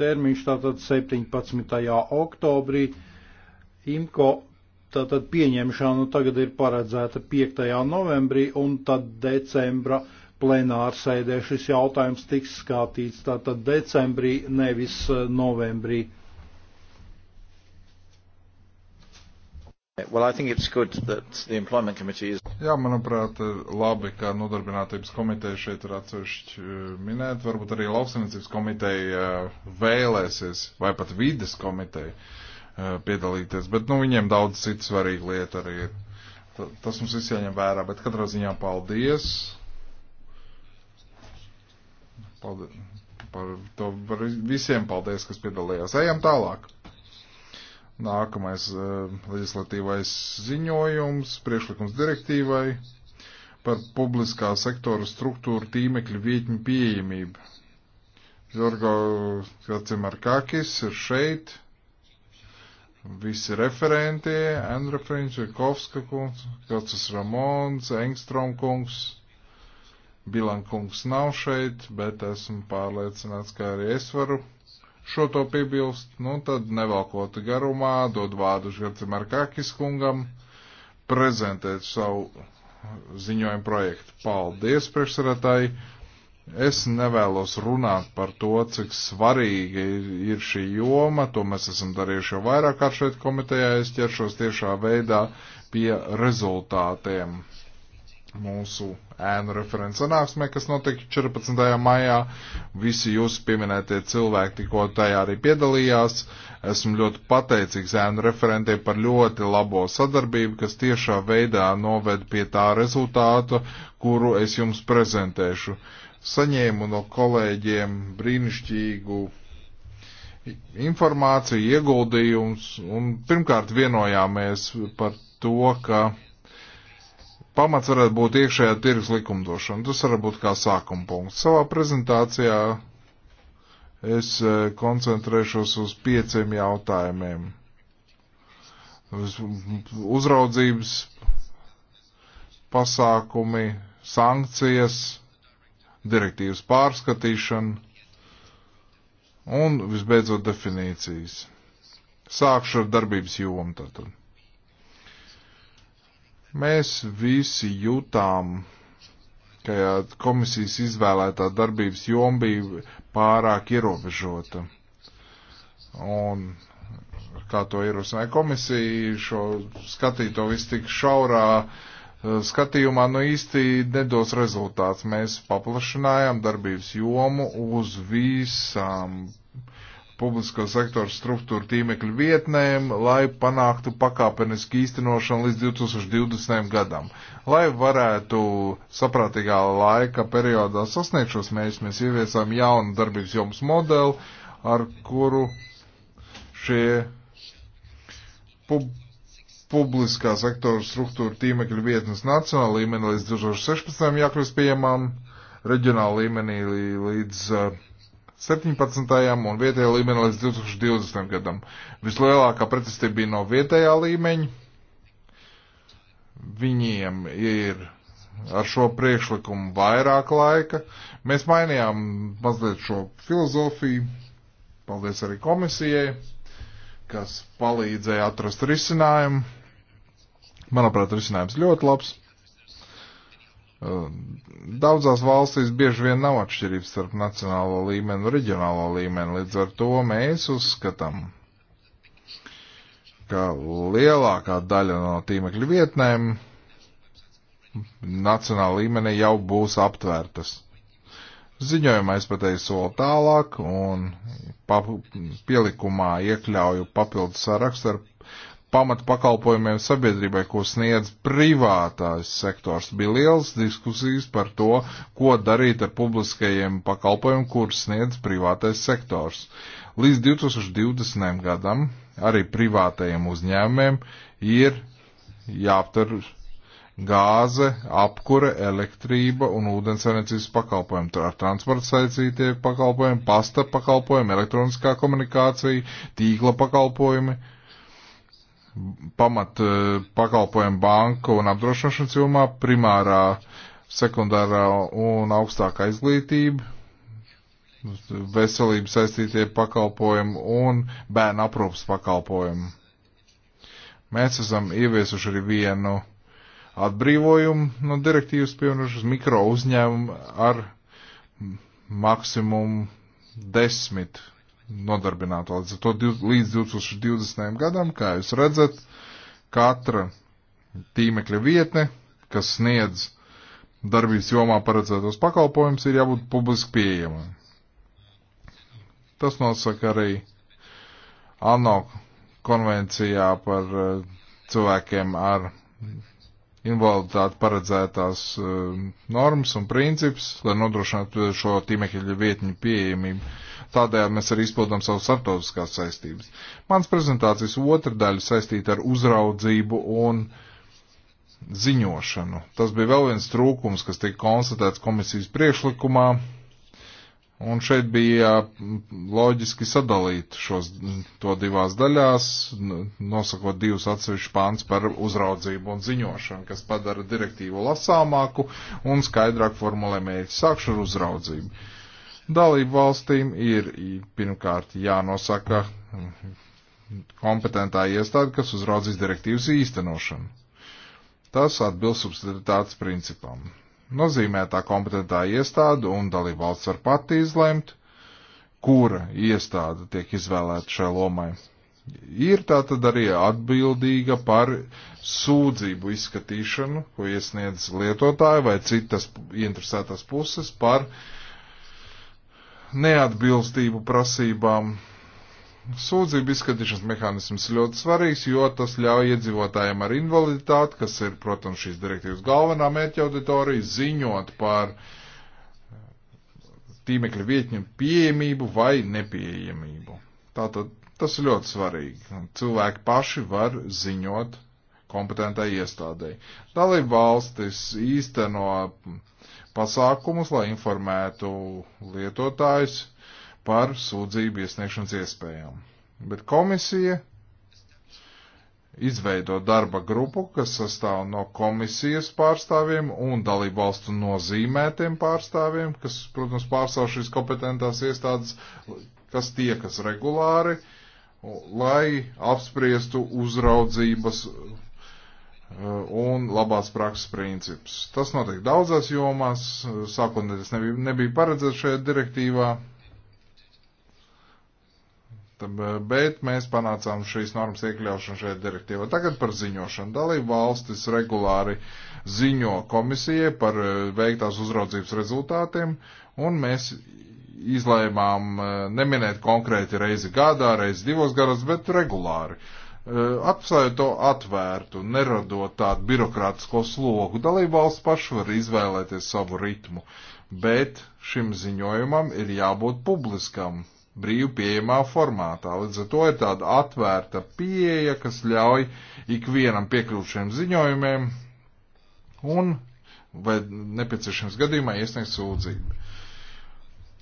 termiņš, tātad 17. oktobrī. IMCO tātad pieņemšana tagad ir paredzēta 5. novembrī, un tad decembra plenārsēdē šis jautājums tiks skatīts, tātad decembrī, nevis novembrī. Well, is... Jā, manuprāt, labi, ka nodarbinātības komiteja šeit ir atsevišķi eh, minēta. Varbūt arī lauksaimniecības komiteja eh, vēlēsies, vai pat vides komiteja eh, piedalīties. Bet, nu, viņiem daudz citu svarīgu lietu arī ir. Tas mums viss jāņem vērā, bet katrā ziņā paldies. Paldies par to par visiem paldies, kas piedalījās. Ejam tālāk. Nākamais uh, e, legislatīvais ziņojums, priekšlikums direktīvai par publiskā sektora struktūru tīmekļu vietņu pieejamību. Zorgo Kacimarkakis ir šeit, visi referenti, Andra Frinč, Vikovska kungs, Kacis Ramons, Engstrom kungs, Bilan kungs nav šeit, bet esmu pārliecināts, ka arī es varu šo to piebilst, nu tad nevalkot garumā, dod vārdu Žercimarkakis kungam prezentēt savu ziņojumu projektu. Paldies, priekšsarētāji! Es nevēlos runāt par to, cik svarīga ir šī joma, to mēs esam darījuši jau vairāk kārt šeit komitejā, es ķeršos tiešā veidā pie rezultātiem mūsu ēnu referents sanāksmē, kas notika 14. maijā. Visi jūsu pieminētie cilvēki tikko tajā arī piedalījās. Esmu ļoti pateicīgs ēnu referentiem par ļoti labo sadarbību, kas tiešā veidā noved pie tā rezultāta, kuru es jums prezentēšu. Saņēmu no kolēģiem brīnišķīgu informāciju, ieguldījums, un pirmkārt vienojāmies par to, ka pamats varētu būt iekšējā tirgus likumdošana. Tas varētu būt kā sākuma punkts. Savā prezentācijā es e, koncentrēšos uz pieciem jautājumiem. Uzraudzības pasākumi, sankcijas, direktīvas pārskatīšana un visbeidzot definīcijas. Sākšu ar darbības jomu tātad. Mēs visi jutām, ka komisijas izvēlētā darbības joma bija pārāk ierobežota. Un kā to ierosināja komisija, šo skatīto visu tik šaurā eh, skatījumā nu īsti nedos rezultāts. Mēs paplašinājām darbības jomu uz visām publisko sektoru struktūru tīmekļu vietnēm, lai panāktu pakāpenisku īstenošanu līdz 2020. gadam. Lai varētu saprātīgā laika periodā sasniegt šos mērķus, mēs ieviesām jaunu darbības jomas modeli, ar kuru šie pub publiskā sektora struktūra tīmekļu vietnes nacionāla līmenī līdz 2016. jākļūst pieejamām, reģionāla līmenī līdz uh, 17. un vietējā līmenī līdz 2020. gadam. Vislielākā pretestība bija no vietējā līmeņa. Viņiem ir ar šo priekšlikumu vairāk laika. Mēs mainījām mazliet šo filozofiju. Paldies arī komisijai, kas palīdzēja atrast risinājumu. Manuprāt, risinājums ļoti labs. Daudzās valstīs bieži vien nav atšķirības starp nacionālo līmeni un reģionālo līmeni, līdz ar to mēs uzskatām, ka lielākā daļa no tīmekļa vietnēm nacionāla līmenī jau būs aptvērtas. Ziņojumā es pateicu soli tālāk un pielikumā iekļauju papildu sarakstu ar pamatpakalpojumiem sabiedrībai, ko sniedz privātās sektors. Bija liels diskusijas par to, ko darīt ar publiskajiem pakalpojumiem, kur sniedz privātais sektors. Līdz 2020. gadam arī privātajiem uzņēmumiem ir jāaptver gāze, apkure, elektrība un ūdensvērniecības pakalpojumi, ar transporta saicītie pakalpojumi, pasta pakalpojumi, elektroniskā komunikācija, tīkla pakalpojumi pamat eh, pakalpojumu banku un apdrošināšanas jomā, primārā, sekundārā un augstākā izglītība, veselības saistītie pakalpojumi un bērnu aprūpas pakalpojumi. Mēs esam ieviesuši arī vienu atbrīvojumu no direktīvas pievienošanas mikro uzņēmumu ar maksimumu desmit nodarbināto. Līdz, to, līdz 2020. gadam, kā jūs redzat, katra tīmekļa vietne, kas sniedz darbības jomā paredzētos pakalpojumus, ir jābūt publiski pieejama. Tas nosaka arī ANO konvencijā par eh, cilvēkiem ar invaliditāti paredzētās uh, normas un princips, lai nodrošinātu šo tīmekļa vietņu pieejamību. Tādējādi mēs arī izpildām savas starptautiskās saistības. Mans prezentācijas otra daļa saistīta ar uzraudzību un ziņošanu. Tas bija vēl viens trūkums, kas tika konstatēts komisijas priekšlikumā, Un šeit bija loģiski sadalīt šos to divās daļās, nosakot divus atsevišķus pāns par uzraudzību un ziņošanu, kas padara direktīvu lasāmāku un skaidrāk formulē mērķi. Sākšu ar uzraudzību. Dalību valstīm ir pirmkārt jānosaka kompetentā iestāde, kas uzraudzīs direktīvas īstenošanu. Tas atbilst subsidiaritātes principam nozīmētā kompetentā iestāde un dalība valsts var pati izlemt, kura iestāde tiek izvēlēta šai lomai. Ir tātad arī atbildīga par sūdzību izskatīšanu, ko iesniedz lietotāji vai citas interesētās puses par neatbilstību prasībām Sūdzību izskatīšanas mehānisms ir ļoti svarīgs, jo tas ļauj iedzīvotājiem ar invaliditāti, kas ir, protams, šīs direktīvas galvenā mērķa auditorija, ziņot par eh, tīmekļa vietņu pieejamību vai nepieejamību. Tātad tas ir ļoti svarīgi. Cilvēki paši var ziņot kompetentai iestādēji. Dalība valstis īsteno pasākumus, lai informētu lietotājus par sūdzību iesniegšanas iespējām. Bet komisija izveido darba grupu, kas sastāv no komisijas pārstāvjiem un dalību valstu nozīmētiem pārstāvjiem, kas, protams, pārstāv šīs kompetentās iestādes, kas tiekas regulāri, lai apspriestu uzraudzības uh, un labās prakses principus. Tas notiek daudzās jomās, sākotnēji tas nebija, nebija paredzēts šajā direktīvā, Eh, bet mēs panācām šīs normas iekļaušanu šajā direktīvā. Tagad par ziņošanu. Dalība valstis regulāri ziņo komisijai par eh, veiktās uzraudzības rezultātiem, un mēs izlēmām eh, neminēt konkrēti reizi gadā, reizi divos gados, bet regulāri. Atstāju to atvērtu, neradot tādu birokrātisko slogu. Dalība valsts paši var izvēlēties savu ritmu, bet šim ziņojumam ir jābūt publiskam brīvi pieejamā formātā. Līdz ar to ir tāda atvērta pieeja, kas ļauj ikvienam piekļūt šiem ziņojumiem un, vai nepieciešams gadījumā, iesniegt sūdzību.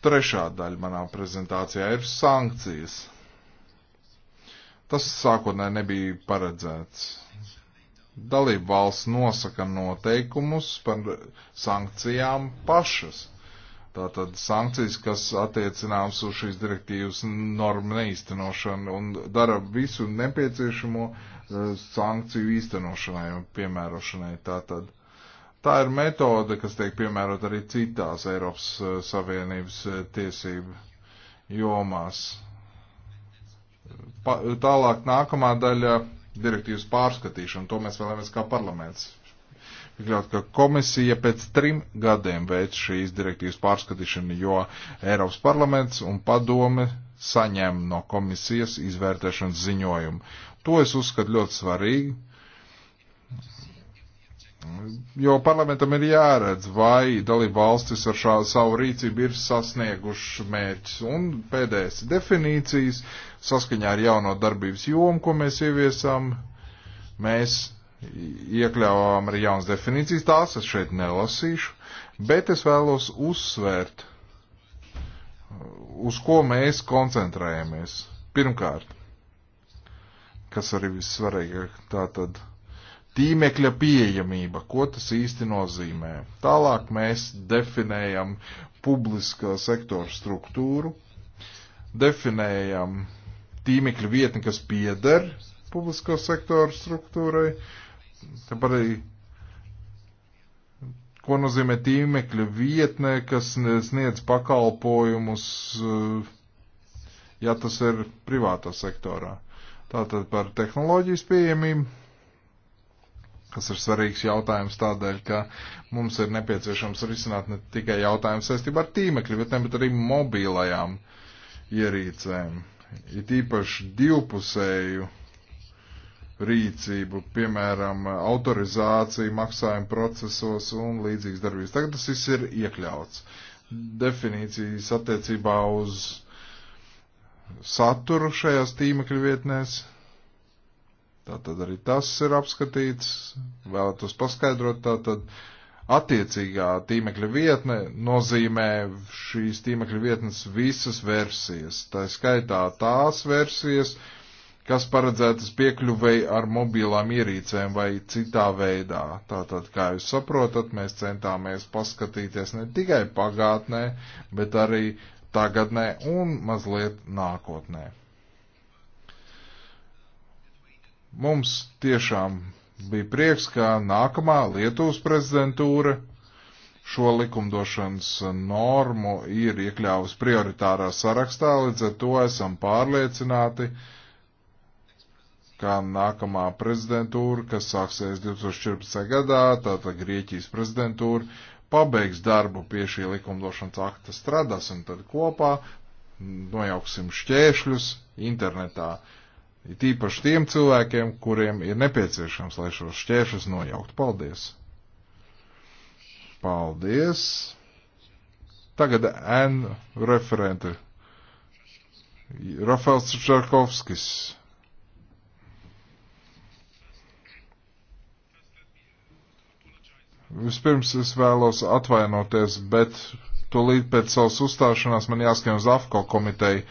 Trešā daļa manā prezentācijā ir sankcijas. Tas sākotnēji nebija paredzēts. Dalība valsts nosaka noteikumus par sankcijām pašas Tātad sankcijas, kas attiecināms uz šīs direktīvas normu neīstenošanu un dara visu nepieciešamo e, sankciju īstenošanai un piemērošanai. Tātad tā ir metode, kas tiek piemērot arī citās Eiropas e, Savienības e, tiesību jomās. Pa, tālāk nākamā daļa direktīvas pārskatīšana. To mēs vēlamies kā parlaments iekļaut, ka komisija pēc trim gadiem veic šīs direktīvas pārskatīšanu, jo Eiropas parlaments un padome saņem no komisijas izvērtēšanas ziņojumu. To es uzskatu ļoti svarīgi, jo parlamentam ir jāredz, vai dalība valstis ar šā, savu rīcību ir sasnieguši mērķis un pēdējais definīcijas saskaņā ar jauno darbības jomu, ko mēs ieviesam. Mēs iekļāvām arī jaunas definīcijas, tās es šeit nelasīšu, bet es vēlos uzsvērt, uz ko mēs koncentrējamies. Pirmkārt, kas arī vissvarīgāk, tā tad tīmekļa pieejamība, ko tas īsti nozīmē. Tālāk mēs definējam publiskā sektora struktūru, definējam tīmekļa vietni, kas pieder publiskā sektora struktūrai, uh, Tāpat arī, ko nozīmē tīmekļa vietne, kas sniedz pakalpojumus, eh, ja tas ir privātā sektorā. Tātad par tehnoloģijas pieejamību kas ir svarīgs jautājums tādēļ, ka mums ir nepieciešams risināt ne tikai jautājumu saistībā ar tīmekļu vietnēm, bet arī mobilajām ierīcēm. Ir īpaši divpusēju rīcību, piemēram, autorizāciju maksājumu procesos un līdzīgas darbības. Tagad tas viss ir iekļauts. Definīcijas attiecībā uz saturu šajās tīmekļa vietnēs. Tātad arī tas ir apskatīts, vēlētos paskaidrot, tātad attiecīgā tīmekļa vietne nozīmē šīs tīmekļa vietnes visas versijas, tā skaitā tās versijas, uh, kas paredzētas piekļuvei ar mobilām ierīcēm vai citā veidā. Tātad, kā jūs saprotat, mēs centāmies paskatīties ne tikai pagātnē, bet arī tagadnē un mazliet nākotnē. Mums tiešām bija prieks, ka nākamā Lietuvas prezidentūra šo likumdošanas normu ir iekļāvusi prioritārā sarakstā, līdz ar to esam pārliecināti, ka kā nākamā prezidentūra, kas sāksies 2014. gadā, tātad Grieķijas prezidentūra, pabeigs darbu pie šī likumdošanas akta, strādāsim tad kopā, nojauksim šķēršļus internetā. It īpaši tiem cilvēkiem, kuriem ir nepieciešams, lai šos šķēršļus nojaukt. Paldies! Paldies! Tagad N referente. Rafals Čarkovskis. Vispirms es vēlos atvainoties, bet tūlīt pēc savas uzstāšanās man jāskan uz AFCO komiteju,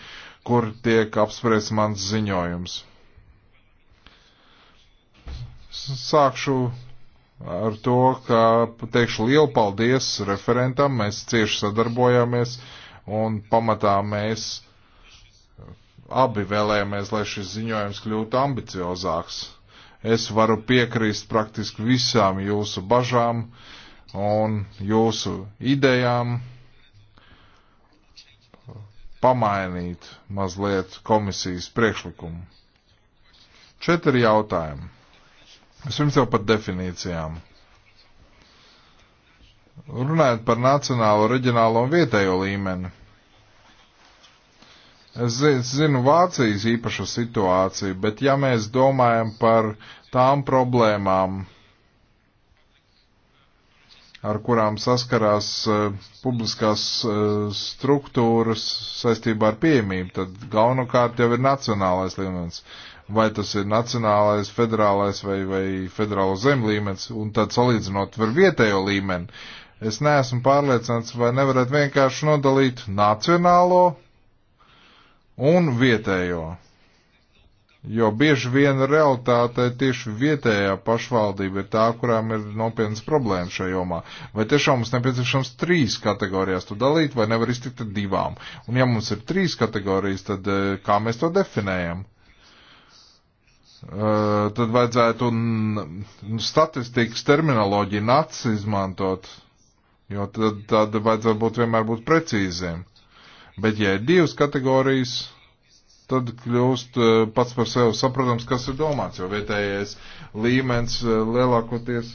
kur tiek apspriests mans ziņojums. Sākšu ar to, ka teikšu lielu paldies referentam, mēs cieši sadarbojāmies un pamatā mēs abi vēlējāmies, lai šis ziņojums kļūtu ambiciozāks Es varu piekrist praktiski visām jūsu bažām un jūsu idejām pamainīt mazliet komisijas priekšlikumu. Četri jautājumi. Es jums jau pat definīcijām. Runājot par nacionālo, reģionālo un vietējo līmeni Es zinu Vācijas īpašo situāciju, bet ja mēs domājam par tām problēmām, ar kurām saskarās uh, publiskās uh, struktūras saistībā ar pieejamību, tad galvenokārt jau ir nacionālais līmenis. Vai tas ir nacionālais, federālais vai, vai federālo zem līmenis, un tad salīdzinot ar vietējo līmeni. Es neesmu pārliecināts, vai nevarētu vienkārši nodalīt nacionālo un vietējo. Jo bieži vien realitāte tieši vietējā pašvaldība ir tā, kurām ir nopietnas problēmas šajā jomā. Vai tiešām mums nepieciešams trīs kategorijās to dalīt, vai nevar iztikt ar divām? Un ja mums ir trīs kategorijas, tad eh, kā mēs to definējam? Uh, tad vajadzētu statistikas terminoloģiju nats izmantot, jo tad, tad vajadzētu būt vienmēr būt precīziem. Bet, ja ir divas kategorijas, tad kļūst eh, pats par sevi saprotams, kas ir domāts, jo vietējais līmenis eh, lielākoties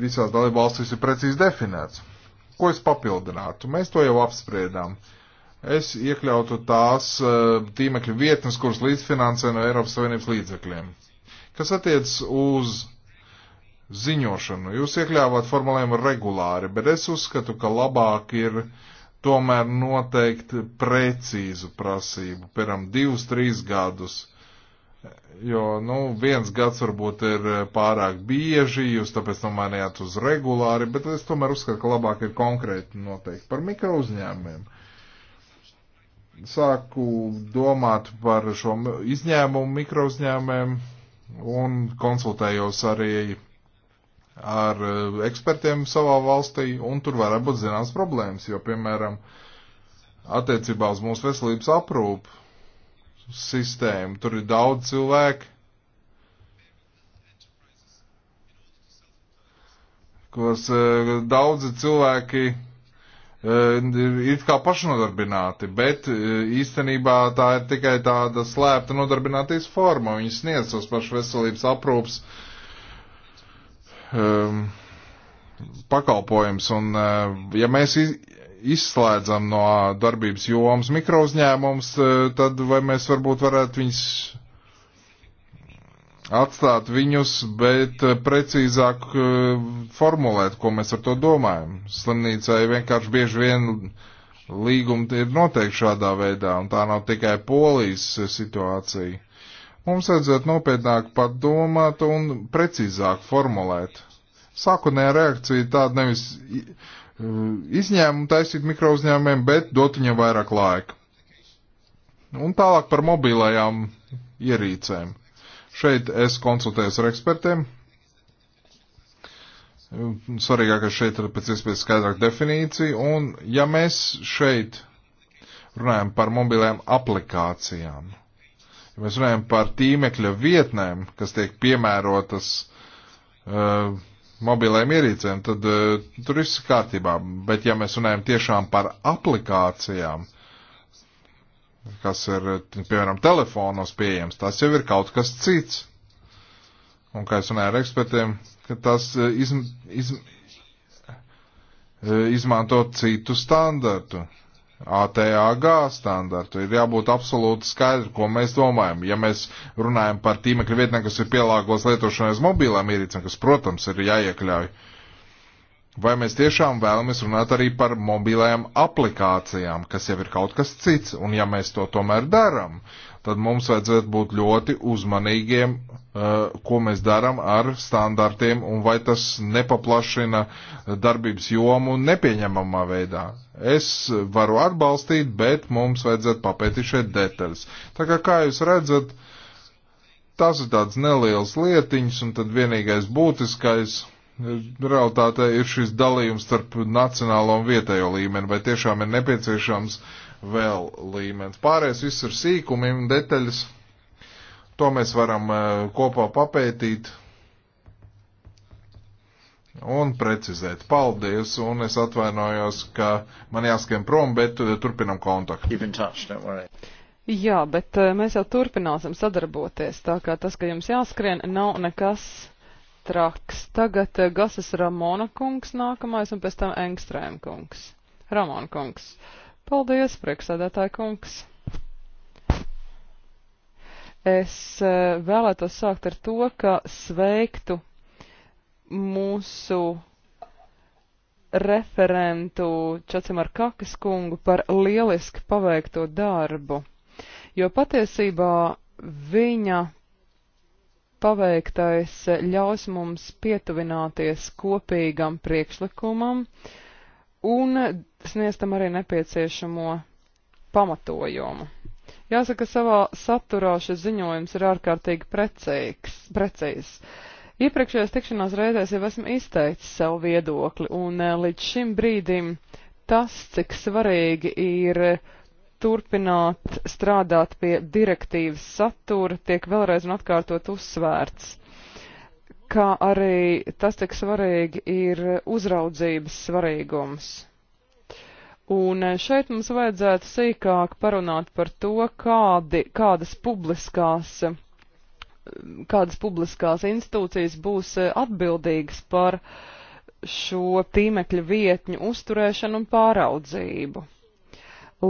visās dalībvalstīs ir precīzi definēts. Ko es papildinātu? Mēs to jau apspriedām. Es iekļautu tās eh, tīmekļa vietnes, kuras līdzfinansē no Eiropas Savienības līdzekļiem. Kas attiec uz ziņošanu, jūs iekļāvāt formulējumu regulāri, bet es uzskatu, ka labāk ir uh, tomēr noteikt precīzu prasību, piemēram, divus, trīs gadus. Jo, nu, viens gads varbūt ir pārāk bieži, jūs tāpēc nomainījāt uz regulāri, bet es tomēr uzskatu, ka labāk ir konkrēti noteikti par mikro uzņēmumiem. Sāku domāt par šo izņēmumu mikro uzņēmumiem un konsultējos arī ar eh, ekspertiem savā valstī, un tur var būt zināmas problēmas, jo, piemēram, attiecībā uz mūsu veselības aprūpu sistēmu, tur ir daudz cilvēku, kuras eh, daudzi cilvēki eh, ir kā pašnodarbināti, bet īstenībā tā ir tikai tāda slēpta nodarbinātīs forma, viņas sniedz tos pašu veselības aprūpas uh, um, pakalpojums. Un, uh, ja mēs izslēdzam no darbības jomas mikrouzņēmums, uh, tad vai mēs varbūt varētu viņus atstāt viņus, bet uh, precīzāk formulēt, ko mēs ar to domājam. Slimnīcai vienkārši bieži vien līgumi ir noteikti šādā veidā, un tā nav tikai polijas situācija. Mums vajadzētu nopietnāk padomāt un precīzāk formulēt. Sākotnējā reakcija tāda nevis eh, izņēmumu taisīt mikro uzņēmumiem, bet dot viņam vairāk laika. Un tālāk par mobilajām ierīcēm. Šeit es konsultējos ar ekspertiem. Svarīgākais šeit ir pēc iespējas skaidrāk definīcija. Un ja mēs šeit runājam par mobilajām aplikācijām, Mēs runājam par tīmekļa vietnēm, kas tiek piemērotas uh, mobilēm ierīcēm, tad uh, tur viss ir kārtībā. Bet ja mēs runājam tiešām par aplikācijām, kas ir, uh, piemēram, telefonos pieejams, tas jau ir kaut kas cits. Un kā es runāju ar ekspertiem, ka tas uh, izm, izm, uh, izmanto citu standartu. ATAG standartu. Ir jābūt absolūti skaidru, ko mēs domājam. Ja mēs runājam par tīmekļa vietnēm, kas ir pielāgots lietošanai uz mobilām ierīcēm, kas, protams, ir jāiekļauj. Vai mēs tiešām vēlamies runāt arī par mobilajām aplikācijām, kas jau ir kaut kas cits, un ja mēs to tomēr darām, uh, tad mums vajadzētu būt ļoti uzmanīgiem, eh, ko mēs darām ar standartiem un vai tas nepaplašina darbības jomu nepieņemamā veidā. Es varu atbalstīt, bet mums vajadzētu papētīt šeit detaļas. Tā kā, kā jūs redzat, tas ir tāds neliels lietiņš un tad vienīgais būtiskais eh, realitāte ir šis dalījums starp nacionālo un vietējo līmeni, vai tiešām ir nepieciešams vēl līmenis. Pārējais viss ir sīkumi un detaļas. To mēs varam eh, kopā papētīt un precizēt. Paldies, un es atvainojos, ka man jāskiem prom, bet eh, turpinam kontaktu. Jā, bet eh, mēs jau turpināsim sadarboties, tā kā tas, ka jums jāskrien, nav nekas traks. Tagad Gasas Ramona kungs nākamais un pēc tam Engstrēm kungs. Ramona kungs. Paldies, priekšsēdētāji kungs! Es eh, vēlētos sākt ar to, ka sveiktu mūsu referentu Čacimar Kakas kungu par lieliski paveikto darbu, jo patiesībā viņa paveiktais ļaus mums pietuvināties kopīgam priekšlikumam, uh, un sniedzam arī nepieciešamo pamatojumu. Jāsaka, savā saturā šis ziņojums ir ārkārtīgi precīgs. precīgs. Iepriekšējās tikšanās reizēs jau esmu izteicis savu viedokli, un eh, līdz šim brīdim tas, cik svarīgi ir turpināt strādāt pie direktīvas satura, tiek vēlreiz un atkārtot uzsvērts kā arī tas, cik svarīgi ir uzraudzības svarīgums. Un šeit mums vajadzētu sīkāk parunāt par to, kādi, kādas publiskās kādas publiskās institūcijas būs atbildīgas par šo tīmekļa vietņu uzturēšanu un pāraudzību,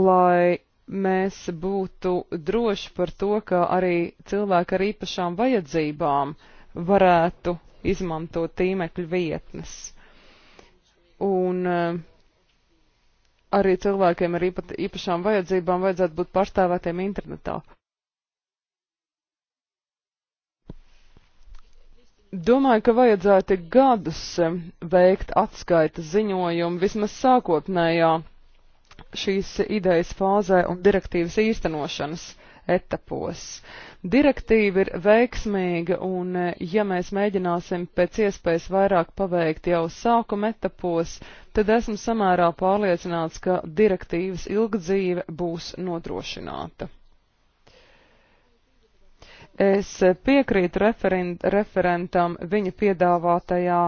lai mēs būtu droši par to, ka arī cilvēki ar īpašām vajadzībām uh, varētu izmantot tīmekļu vietnes. Un eh, arī cilvēkiem ar īpa, īpašām vajadzībām vajadzētu būt pārstāvētiem internetā. Domāju, ka vajadzētu gadus eh, veikt atskaita ziņojumu vismaz sākotnējā šīs idejas fāzē un direktīvas īstenošanas etapos. Direktīva ir veiksmīga, un eh, ja mēs mēģināsim pēc iespējas vairāk paveikt jau sākuma etapos, tad esmu samērā pārliecināts, ka direktīvas ilgdzīve būs nodrošināta. Es piekrītu referentam viņa piedāvātajā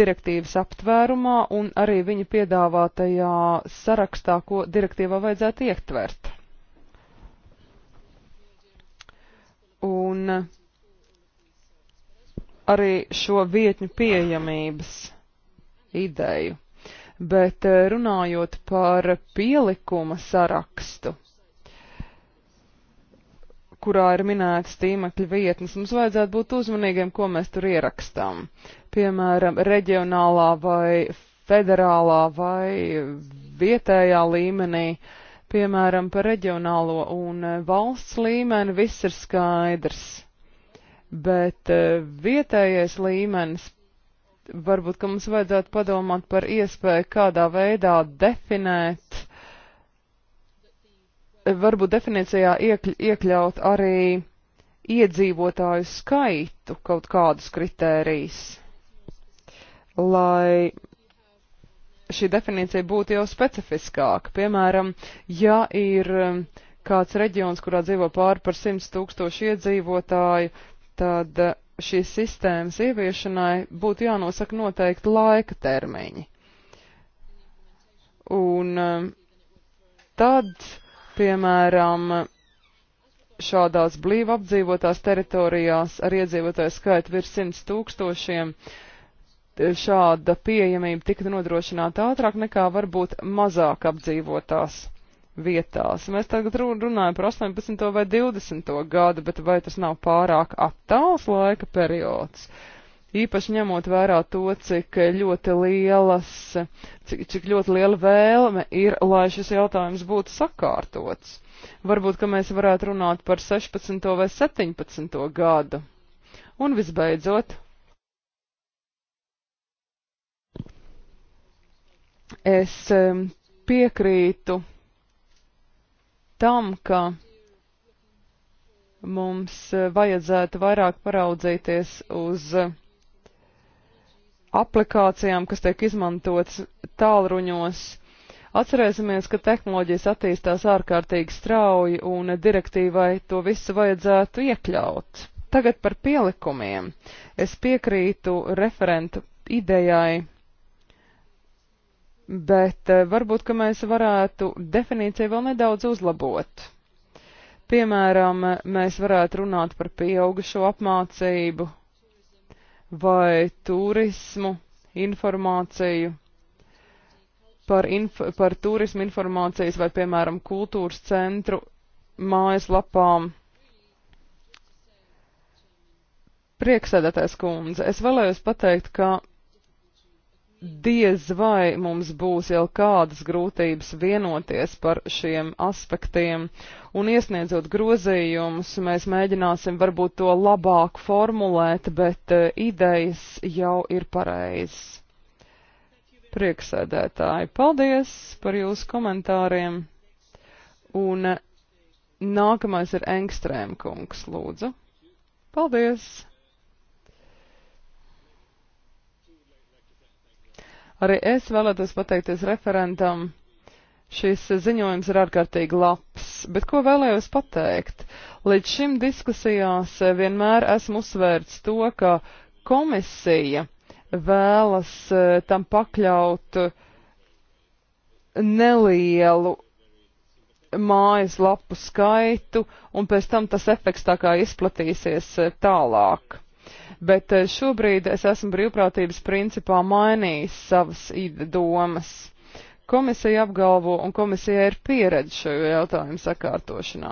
direktīvas aptvērumā un arī viņa piedāvātajā sarakstā, ko direktīvā vajadzētu ietvert. un arī šo vietņu pieejamības ideju. Bet eh, runājot par pielikuma sarakstu, kurā ir minētas tīmekļa vietnes, mums vajadzētu būt uzmanīgiem, ko mēs tur ierakstām. Piemēram, reģionālā vai federālā vai vietējā līmenī. Uh, Piemēram, par reģionālo un e, valsts līmeni viss ir skaidrs, bet e, vietējais līmenis varbūt, ka mums vajadzētu padomāt par iespēju kādā veidā definēt, e, varbūt definīcijā iekļ, iekļaut arī iedzīvotāju skaitu kaut kādus kritērijus, lai šī definīcija būtu jau specifiskāka. Piemēram, ja ir um, kāds reģions, kurā dzīvo pāri par 100 tūkstošu iedzīvotāju, tad uh, šīs sistēmas ieviešanai būtu jānosaka noteikti laika termiņi. Un um, tad, piemēram, šādās blīvi apdzīvotās teritorijās ar iedzīvotāju skaitu virs 100 tūkstošiem, uh, šāda pieejamība tiktu nodrošināta ātrāk nekā varbūt mazāk apdzīvotās vietās. Mēs tagad runājam par 18. vai 20. gadu, bet vai tas nav pārāk attāls laika periods? Īpaši ņemot vērā to, cik ļoti, lielas, cik, cik ļoti liela vēlme ir, lai šis jautājums būtu sakārtots. Varbūt, ka mēs varētu runāt par 16. vai 17. gadu. Un visbeidzot, Es piekrītu tam, ka mums eh, vajadzētu vairāk paraudzīties uz eh, aplikācijām, kas tiek izmantotas tālruņos. Atcerēsimies, ka tehnoloģijas attīstās ārkārtīgi strauji un direktīvai to visu vajadzētu iekļaut. Tagad par pielikumiem. Es piekrītu referentu idejai bet eh, varbūt, ka mēs varētu definīciju vēl nedaudz uzlabot. Piemēram, mēs varētu runāt par pieaugušo apmācību vai turismu informāciju, par, inf par turismu informācijas vai, piemēram, kultūras centru mājaslapām. Prieksēdētais kundze, es vēlējos pateikt, ka diez vai mums būs jau kādas grūtības vienoties par šiem aspektiem, un iesniedzot grozījumus, mēs mēģināsim varbūt to labāk formulēt, bet eh, idejas jau ir pareizas. Prieksēdētāji, paldies par jūsu komentāriem, un eh, nākamais ir Engstrēm kungs, lūdzu. Paldies! Arī es vēlētos pateikties referentam. Šis ziņojums ir ārkārtīgi labs, bet ko vēlējos pateikt? Līdz šim diskusijās vienmēr esmu uzsvērts to, ka komisija vēlas eh, tam pakļaut eh, nelielu mājas lapu skaitu, un pēc tam tas efekts tā kā izplatīsies eh, tālāk bet eh, šobrīd es esmu brīvprātības principā mainījis savas domas. Komisija apgalvo, un komisija ir pieredze šajā jautājumu sakārtošanā.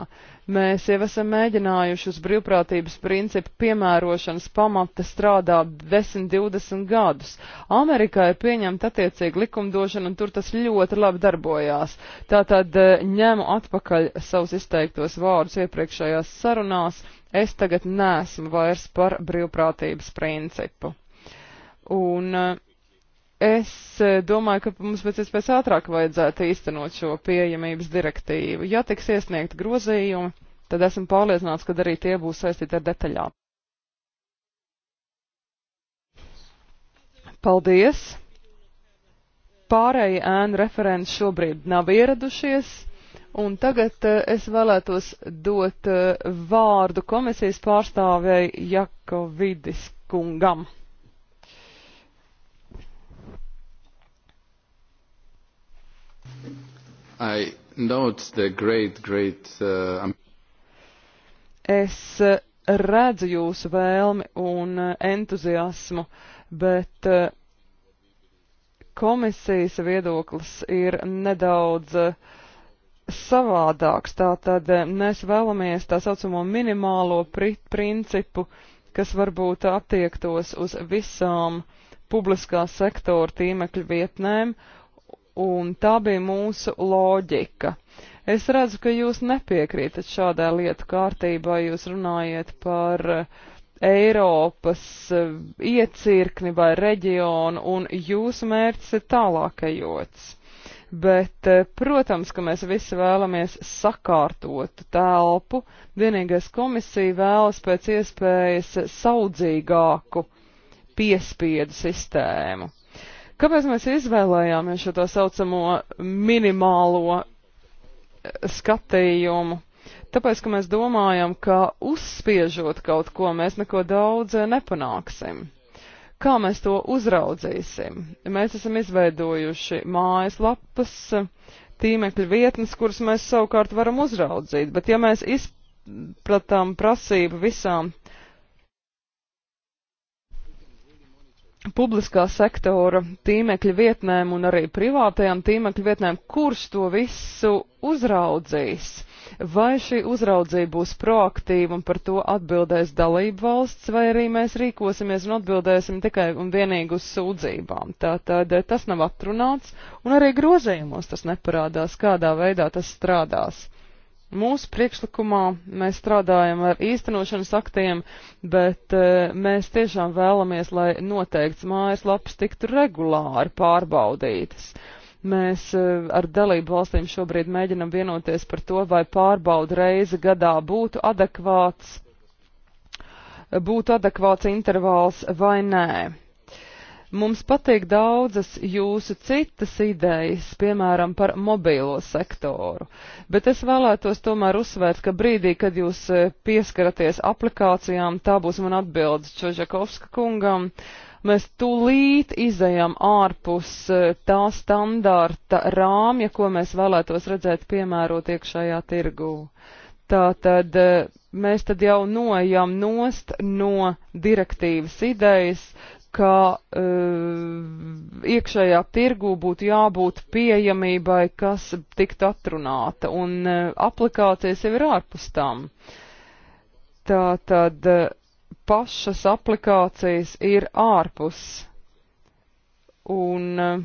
Mēs jau esam mēģinājuši uz brīvprātības principu piemērošanas pamata strādāt 10-20 gadus. Amerikā ir pieņemta attiecīga likumdošana, un tur tas ļoti labi darbojās. Tātad eh, ņemu atpakaļ savus izteiktos vārdus iepriekšējās sarunās. Es tagad nesmu vairs par brīvprātības principu. Un, uh, Es eh, domāju, ka mums pēc iespējas ātrāk vajadzētu īstenot šo pieejamības direktīvu. Ja tiks iesniegt grozījumi, tad esmu pārliecināts, ka arī tie būs saistīti ar detaļām. Paldies! Pārējie ēnu referenti šobrīd nav ieradušies, un tagad eh, es vēlētos dot eh, vārdu komisijas pārstāvēji Jakovidis kungam. I note the great, great, uh, es uh, redzu jūsu vēlmi un uh, entuziasmu, bet uh, komisijas viedoklis ir nedaudz savādāks. Tātad mēs vēlamies tā saucamo minimālo principu, kas varbūt attiektos uz visām publiskā sektora tīmekļa vietnēm, uh, un tā bija mūsu loģika. Es redzu, ka jūs nepiekrītat šādai lietu kārtībai, jūs runājat par eh, Eiropas eh, iecirkni vai reģionu, un jūsu mērķis ir tālākajots. Bet, eh, protams, ka mēs visi vēlamies sakārtotu telpu, vienīgais komisija vēlas pēc iespējas saudzīgāku piespiedu sistēmu. Kāpēc mēs izvēlējāmies šo tā saucamo minimālo eh, skatījumu? Tāpēc, ka mēs domājam, ka uzspiežot kaut ko, mēs neko daudz eh, nepanāksim kā mēs to uzraudzīsim. Mēs esam izveidojuši mājaslapas, tīmekļa vietnes, kuras mēs savukārt varam uzraudzīt, bet ja mēs izplatām prasību visām publiskā sektora tīmekļa vietnēm un arī privātajām tīmekļa vietnēm, kurš to visu uzraudzīs. Vai šī uzraudzība būs proaktīva un par to atbildēs dalību valsts, vai arī mēs rīkosimies un atbildēsim tikai un vienīgi uz sūdzībām. Tātad eh, tas nav atrunāts, un arī grozījumos tas neparādās, kādā veidā tas strādās. Mūsu priekšlikumā mēs strādājam ar īstenošanas aktiem, bet e, mēs tiešām vēlamies, lai noteikts mājaslapas tiktu regulāri pārbaudītas. Mēs e, ar dalību valstīm šobrīd mēģinam vienoties par to, vai pārbauda reize gadā būtu adekvāts, būtu adekvāts intervāls vai nē Mums patīk daudzas jūsu citas idejas, piemēram, par mobīlo sektoru, bet es vēlētos tomēr uzsvērt, ka brīdī, kad jūs eh, pieskaraties aplikācijām, tā būs man atbildes Čožakovska kungam, mēs tūlīt izējām ārpus eh, tā standarta rāmja, ko mēs vēlētos redzēt piemērot iekšējā tirgū. Tā tad eh, mēs tad jau noejam nost no direktīvas idejas, ka uh, iekšējā tirgū būtu jābūt pieejamībai, kas tiktu atrunāta, un uh, aplikācijas jau ir ārpus tam. Tā tad uh, pašas aplikācijas ir ārpus. Un uh,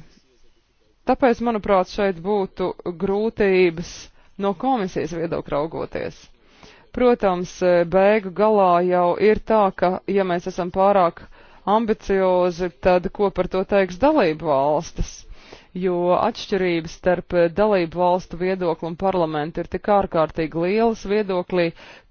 tāpēc, manuprāt, šeit būtu grūtības no komisijas viedokļa raugoties. Protams, beigu galā jau ir tā, ka, ja mēs esam pārāk ambiciozi, tad ko par to teiks dalību valstis? Jo atšķirības starp dalību valstu viedokli un parlamentu ir tik ārkārtīgi lielas viedoklī,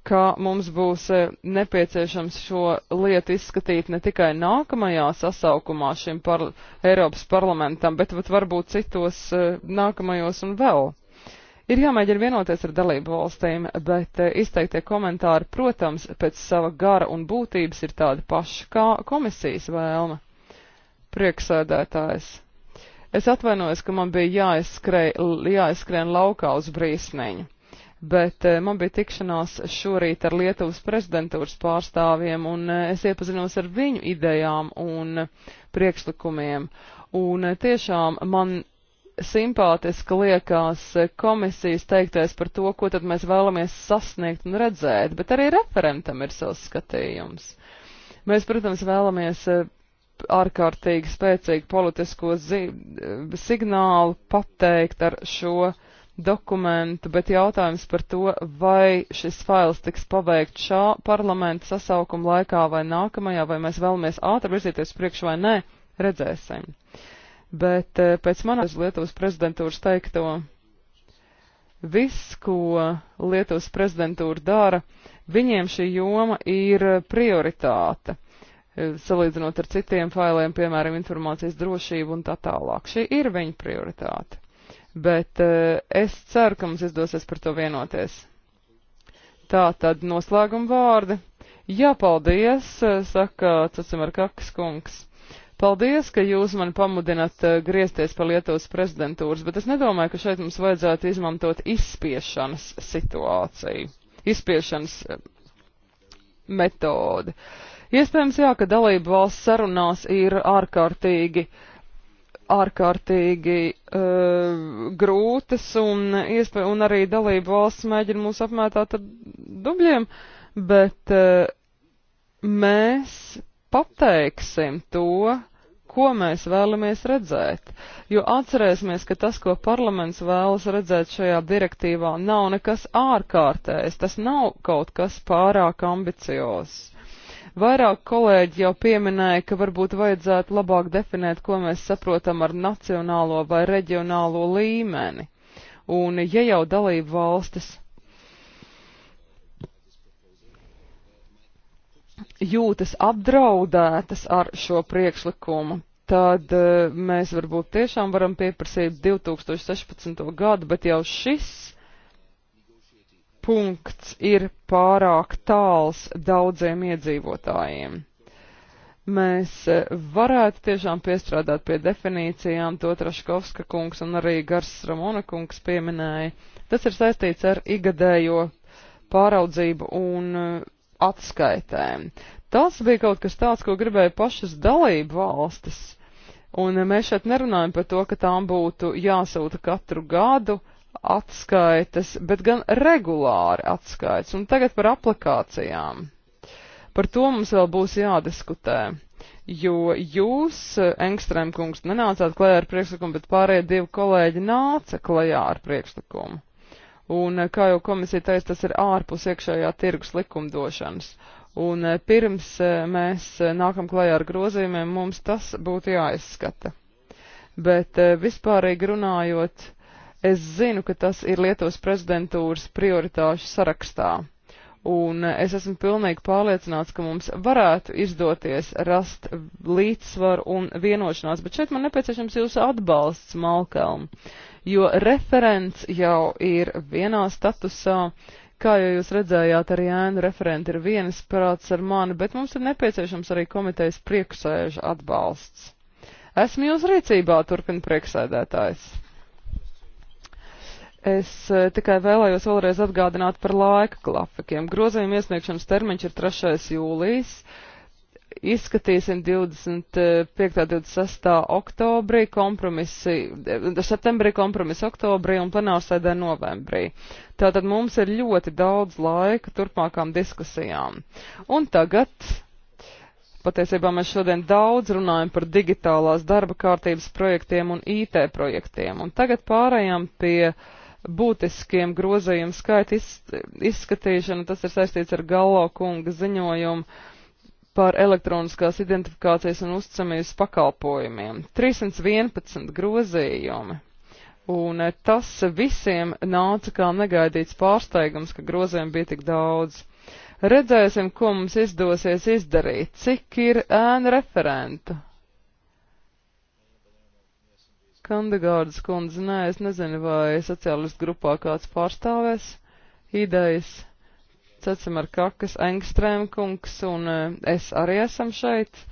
ka mums būs eh, nepieciešams šo lietu izskatīt ne tikai nākamajā sasaukumā šim par Eiropas parlamentam, bet varbūt citos eh, nākamajos un vēl. Ir jāmēģina vienoties ar dalību valstīm, bet eh, izteiktie komentāri, protams, pēc sava gara un būtības ir tādi paši kā komisijas vēlme. Prieksēdētājs. Es atvainojos, ka man bija jāizskrien laukā uz brīsniņu, bet eh, man bija tikšanās šorīt ar Lietuvas prezidentūras pārstāvjiem, un eh, es iepazinos ar viņu idejām un priekšlikumiem. Un tiešām man simpātiski liekas komisijas teiktais par to, ko tad mēs vēlamies sasniegt un redzēt, bet arī referentam ir savs skatījums. Mēs, protams, vēlamies eh, ārkārtīgi spēcīgu politisko eh, signālu pateikt ar šo dokumentu, bet jautājums par to, vai šis fails tiks paveikt šā parlamenta sasaukuma laikā vai nākamajā, vai mēs vēlamies ātri virzīties priekš vai nē, redzēsim. Uh, bet eh, pēc manas Lietuvas prezidentūras teikto, viss, ko Lietuvas prezidentūra dara, viņiem šī joma ir prioritāte, eh, salīdzinot ar citiem failiem, piemēram, informācijas drošību un tā tālāk. Šī ir viņa prioritāte, bet eh, es ceru, ka mums izdosies par to vienoties. Tā tad noslēguma vārdi. Jā, paldies, saka Cecimar Kakas kungs. Paldies, ka jūs mani pamudinat eh, griezties pa Lietuvas prezidentūras, bet es nedomāju, ka šeit mums vajadzētu izmantot izspiešanas situāciju, izspiešanas eh, metodi. Iespējams, jā, ka dalību valsts sarunās ir ārkārtīgi uh, ārkārtīgi uh, grūtas un, iespēj, un arī dalību valsts mēģina mūs apmētāt ar dubļiem, bet uh, mēs pateiksim to, ko mēs vēlamies redzēt. Jo atcerēsimies, ka tas, ko parlaments vēlas redzēt šajā direktīvā, nav nekas ārkārtējs, tas nav kaut kas pārāk ambiciozs. Vairāk kolēģi jau pieminēja, ka varbūt vajadzētu labāk definēt, ko mēs saprotam ar nacionālo vai reģionālo līmeni. Un ja jau dalību valstis jūtas apdraudētas ar šo priekšlikumu, tad e, mēs varbūt tiešām varam pieprasīt 2016. gadu, bet jau šis punkts ir pārāk tāls daudziem iedzīvotājiem. Mēs e, varētu tiešām piestrādāt pie definīcijām, to Traškovska kungs un arī Gars Ramona kungs pieminēja. Tas ir saistīts ar igadējo pāraudzību un e, atskaitēm. Tas bija kaut kas tāds, ko gribēja pašas dalību valstis. Un mēs šeit nerunājam par to, ka tām būtu jāsūta katru gadu atskaites, bet gan regulāri atskaites. Un tagad par aplikācijām. Par to mums vēl būs jādiskutē jo jūs, Engstrēm kungs, nenācāt klajā ar priekšlikumu, bet pārējie divi kolēģi nāca klajā ar priekšlikumu. Un, eh, kā jau komisija teica, tas ir ārpus iekšējā tirgus likumdošanas. Un eh, pirms eh, mēs nākam klajā ar grozījumiem, mums tas būtu jāizskata. Bet vispārīgi runājot, es zinu, ka tas ir Lietuvas prezidentūras prioritāšu sarakstā un es esmu pilnīgi pārliecināts, ka mums varētu izdoties rast līdzsvaru un vienošanās, bet šeit man nepieciešams jūsu atbalsts, Malkalm jo referents jau ir vienā statusā. Kā jau jūs redzējāt, arī ēnu referenti ir vienas prāts ar mani, bet mums ir nepieciešams arī komitejas priekšsēža atbalsts. Esmu jūs rīcībā, turpina priekšsēdētājs. Es eh, tikai vēlējos vēlreiz atgādināt par laika grafikiem. Grozījuma iesniegšanas termiņš ir 3. jūlijas. Uh, izskatīsim 25. 26. oktobrī kompromisi, eh, septembrī kompromisi oktobrī un plenārsēdē novembrī. Tātad mums ir ļoti daudz laika turpmākām diskusijām. Un tagad. Patiesībā mēs šodien daudz runājam par digitālās darba kārtības projektiem un IT projektiem, un tagad pārējām pie būtiskiem grozījumu skaita izskatīšanu, tas ir saistīts ar Galo kunga ziņojumu par elektroniskās identifikācijas un uzticamības pakalpojumiem. 311 grozījumi. Un eh, tas visiem nāca kā negaidīts pārsteigums, ka grozījumi bija tik daudz. Redzēsim, ko mums izdosies izdarīt, cik ir ēnu referentu. Kandegārdas kundze, nē, es nezinu, vai sociālistu grupā kāds pārstāvēs idejas. Cecimarkakas, Engstrēmkungs un eh, es arī esam šeit.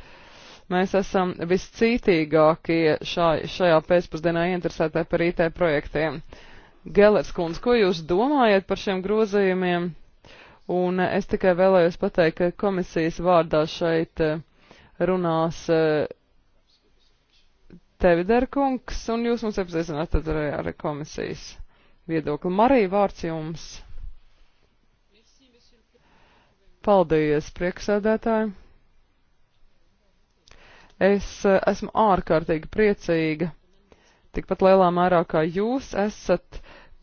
Mēs esam viscītīgākie šā, šajā pēcpusdienā interesētāji par IT projektiem. Gelers kundz, ko jūs domājat par šiem grozījumiem? Un eh, es tikai vēlējos pateikt, ka komisijas vārdā šeit eh, runās Teviderkungs, un jūs mums iepazīstināt tad arī ar komisijas viedokli. Marija, vārds jums! Paldies, prieksēdētāji! Es eh, esmu ārkārtīgi priecīga, tikpat lielā mērā kā jūs esat,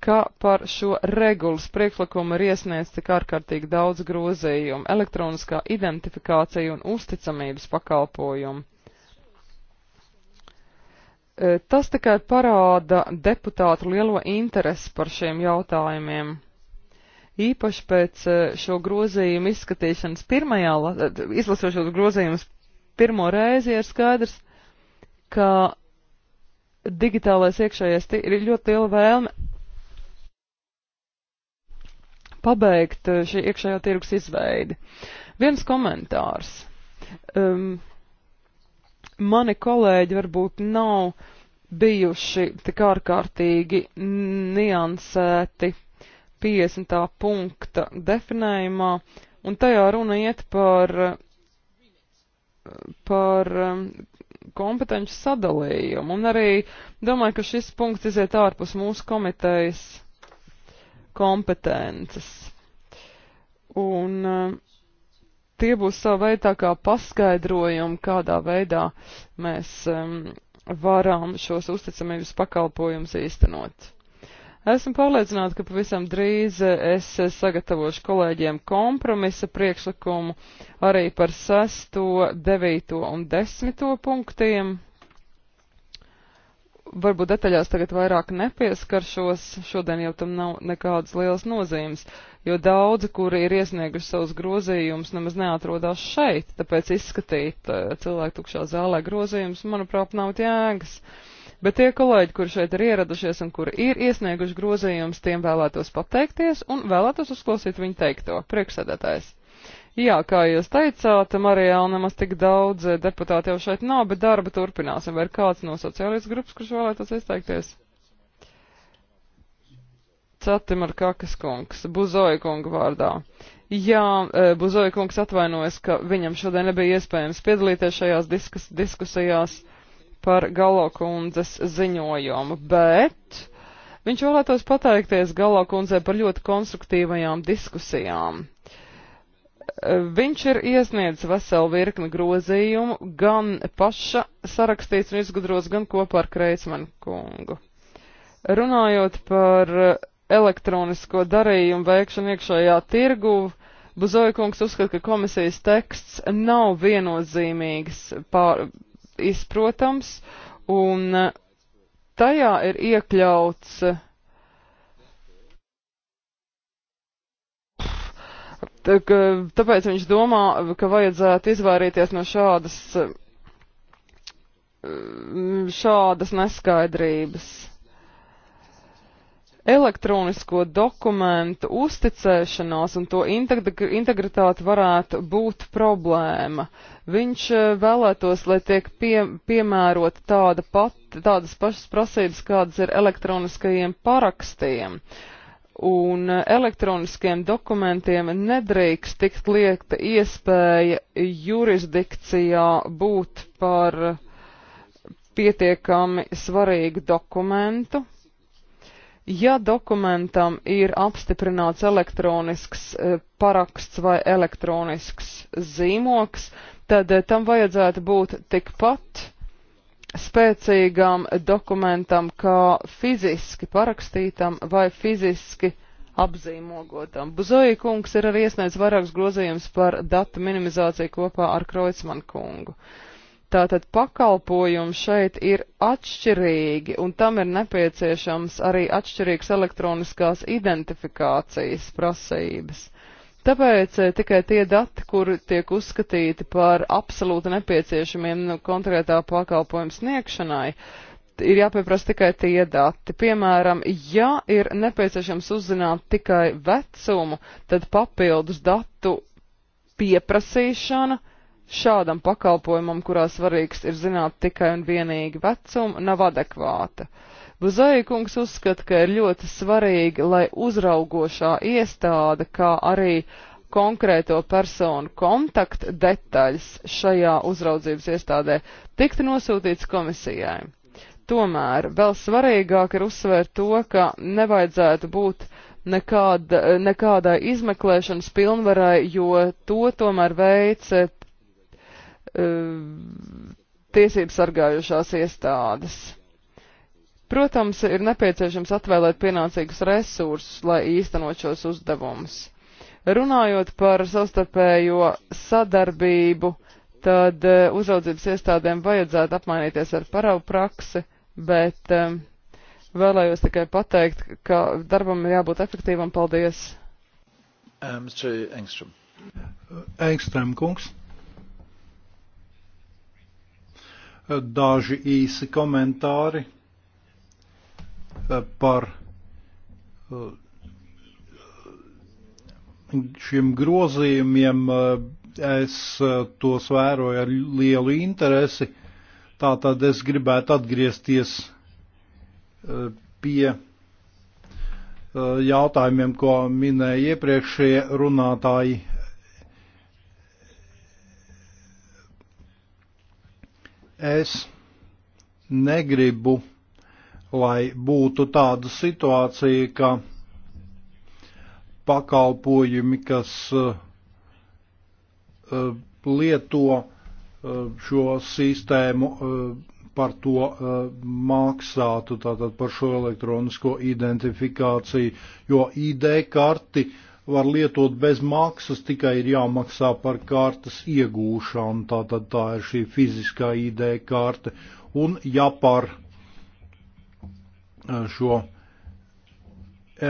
ka par šo regulas priekšlikumu ir iesniegts tik ārkārtīgi daudz grozījumu - elektroniskā identifikācija un uzticamības pakalpojumu. Eh, tas tikai parāda deputātu lielo interesi par šiem jautājumiem īpaši pēc eh, šo grozījumu izskatīšanas pirmajā, eh, izlasot šo grozījumus pirmo reizi, ir skaidrs, ka digitālais iekšējais ir ļoti liela vēlme pabeigt eh, šī iekšējā tirgus izveidi. Viens komentārs. Um, mani kolēģi varbūt nav bijuši tik ārkārtīgi niansēti 50. punkta definējumā, un tajā runa iet par, par um, kompetenci sadalījumu, un arī domāju, ka šis punkts iziet ārpus mūsu komitejas kompetences. Un um, tie būs savu veidā kā paskaidrojumi, kādā veidā mēs um, varam šos uzticamības pakalpojumus īstenot. Esmu pārliecināta, ka pavisam drīz eh, es eh, sagatavošu kolēģiem kompromisa priekšlikumu arī par 6, 9 un 10 punktiem. Varbūt detaļās tagad vairāk nepieskaršos, šodien jau tam nav nekādas lielas nozīmes, jo daudzi, kuri ir iesnieguši savus grozījumus, nemaz neatrodās šeit, tāpēc izskatīt eh, cilvēku tukšā zālē grozījumus, manuprāt, nav jēgas. Uh, bet tie kolēģi, kur šeit ir ieradušies un kur ir iesnieguši grozījums, tiem vēlētos pateikties un vēlētos uzklausīt viņu teikto. Priekšsēdētājs. Jā, kā jūs teicāt, Marijāla nemaz tik daudz deputāti jau šeit nav, bet darba turpināsim. Vai ir kāds no sociālistu grupas, kurš vēlētos izteikties? Cetimar Kakas kungs, Buzoja kunga vārdā. Jā, e, Buzoja kungs atvainojas, ka viņam šodien nebija iespējams piedalīties šajās diskus, diskusijās. Uh, par Galokundzes ziņojumu, bet viņš vēlētos pateikties Galokundzei par ļoti konstruktīvajām diskusijām. Viņš ir iesniedzis veselu virkni grozījumu, gan paša sarakstīts un izgudros, gan kopā ar Kreismanu kungu. Runājot par elektronisko darījumu veikšanu iekšējā tirgu, Buzoja kungs uzskata, ka komisijas teksts nav viennozīmīgs pār, izprotams, un tajā ir iekļauts Tāpēc viņš domā, ka vajadzētu izvairīties no šādas, šādas neskaidrības elektronisko dokumentu uzticēšanās un to integritāti varētu būt problēma. Viņš e, vēlētos, lai tiek pie, piemērota tāda pat, tādas pašas prasības, kādas ir elektroniskajiem parakstiem. Un e, elektroniskiem dokumentiem nedrīkst tikt liekta iespēja jurisdikcijā būt par pietiekami svarīgu dokumentu, Ja dokumentam ir apstiprināts elektronisks eh, paraksts vai elektronisks zīmoks, tad eh, tam vajadzētu būt tikpat spēcīgam dokumentam, kā fiziski parakstītam vai fiziski apzīmogotam. Buzoja kungs ir arī iesniedz vairākus grozījumus par datu minimizāciju kopā ar Kreutzmann kungu. Uh, Tātad pakalpojumi šeit ir atšķirīgi, un tam ir nepieciešams arī atšķirīgs elektroniskās identifikācijas prasības. Tāpēc eh, tikai tie dati, kuri tiek uzskatīti par absolūti nepieciešamiem nu, konkrētā pakalpojuma sniegšanai, ir jāpieprasa tikai tie dati. Piemēram, ja ir nepieciešams uzzināt tikai vecumu, tad papildus datu pieprasīšana šādam pakalpojumam, kurā svarīgs ir zināt tikai un vienīgi vecumu, nav adekvāta. Buzaikungs uzskata, ka ir ļoti svarīgi, lai uzraugošā iestāde, kā arī konkrēto personu kontakta detaļas šajā uzraudzības iestādē tiktu nosūtīts komisijai. Tomēr vēl svarīgāk ir uzsvērt to, ka nevajadzētu būt nekāda, nekādai izmeklēšanas pilnvarai, jo to tomēr veica Eh, tiesības sargājušās iestādes. Protams, ir nepieciešams atvēlēt pienācīgus resursus, lai īstenot šos uzdevumus. Runājot par savstarpējo sadarbību, tad eh, uzraudzības iestādēm vajadzētu apmainīties ar paraugu praksi, bet um, vēlējos tikai pateikt, ka darbam ir jābūt efektīvam. Paldies! Um, Engström kungs. daži īsi komentāri eh, par eh, šiem grozījumiem. Eh, es tos vēroju ar lielu interesi. Tātad es gribētu atgriezties pie jautājumiem, ko minēja iepriekšējie runātāji Es negribu, lai būtu tāda situācija, ka pakalpojumi, kas eh, lieto eh, šo sistēmu, eh, par to maksātu, tātad par šo elektronisko identifikāciju, jo ID karti uh, var lietot bez maksas, tikai ir jāmaksā par kartas iegūšanu. Tātad tā ir šī fiziskā ID karte. Un ja par eh, šo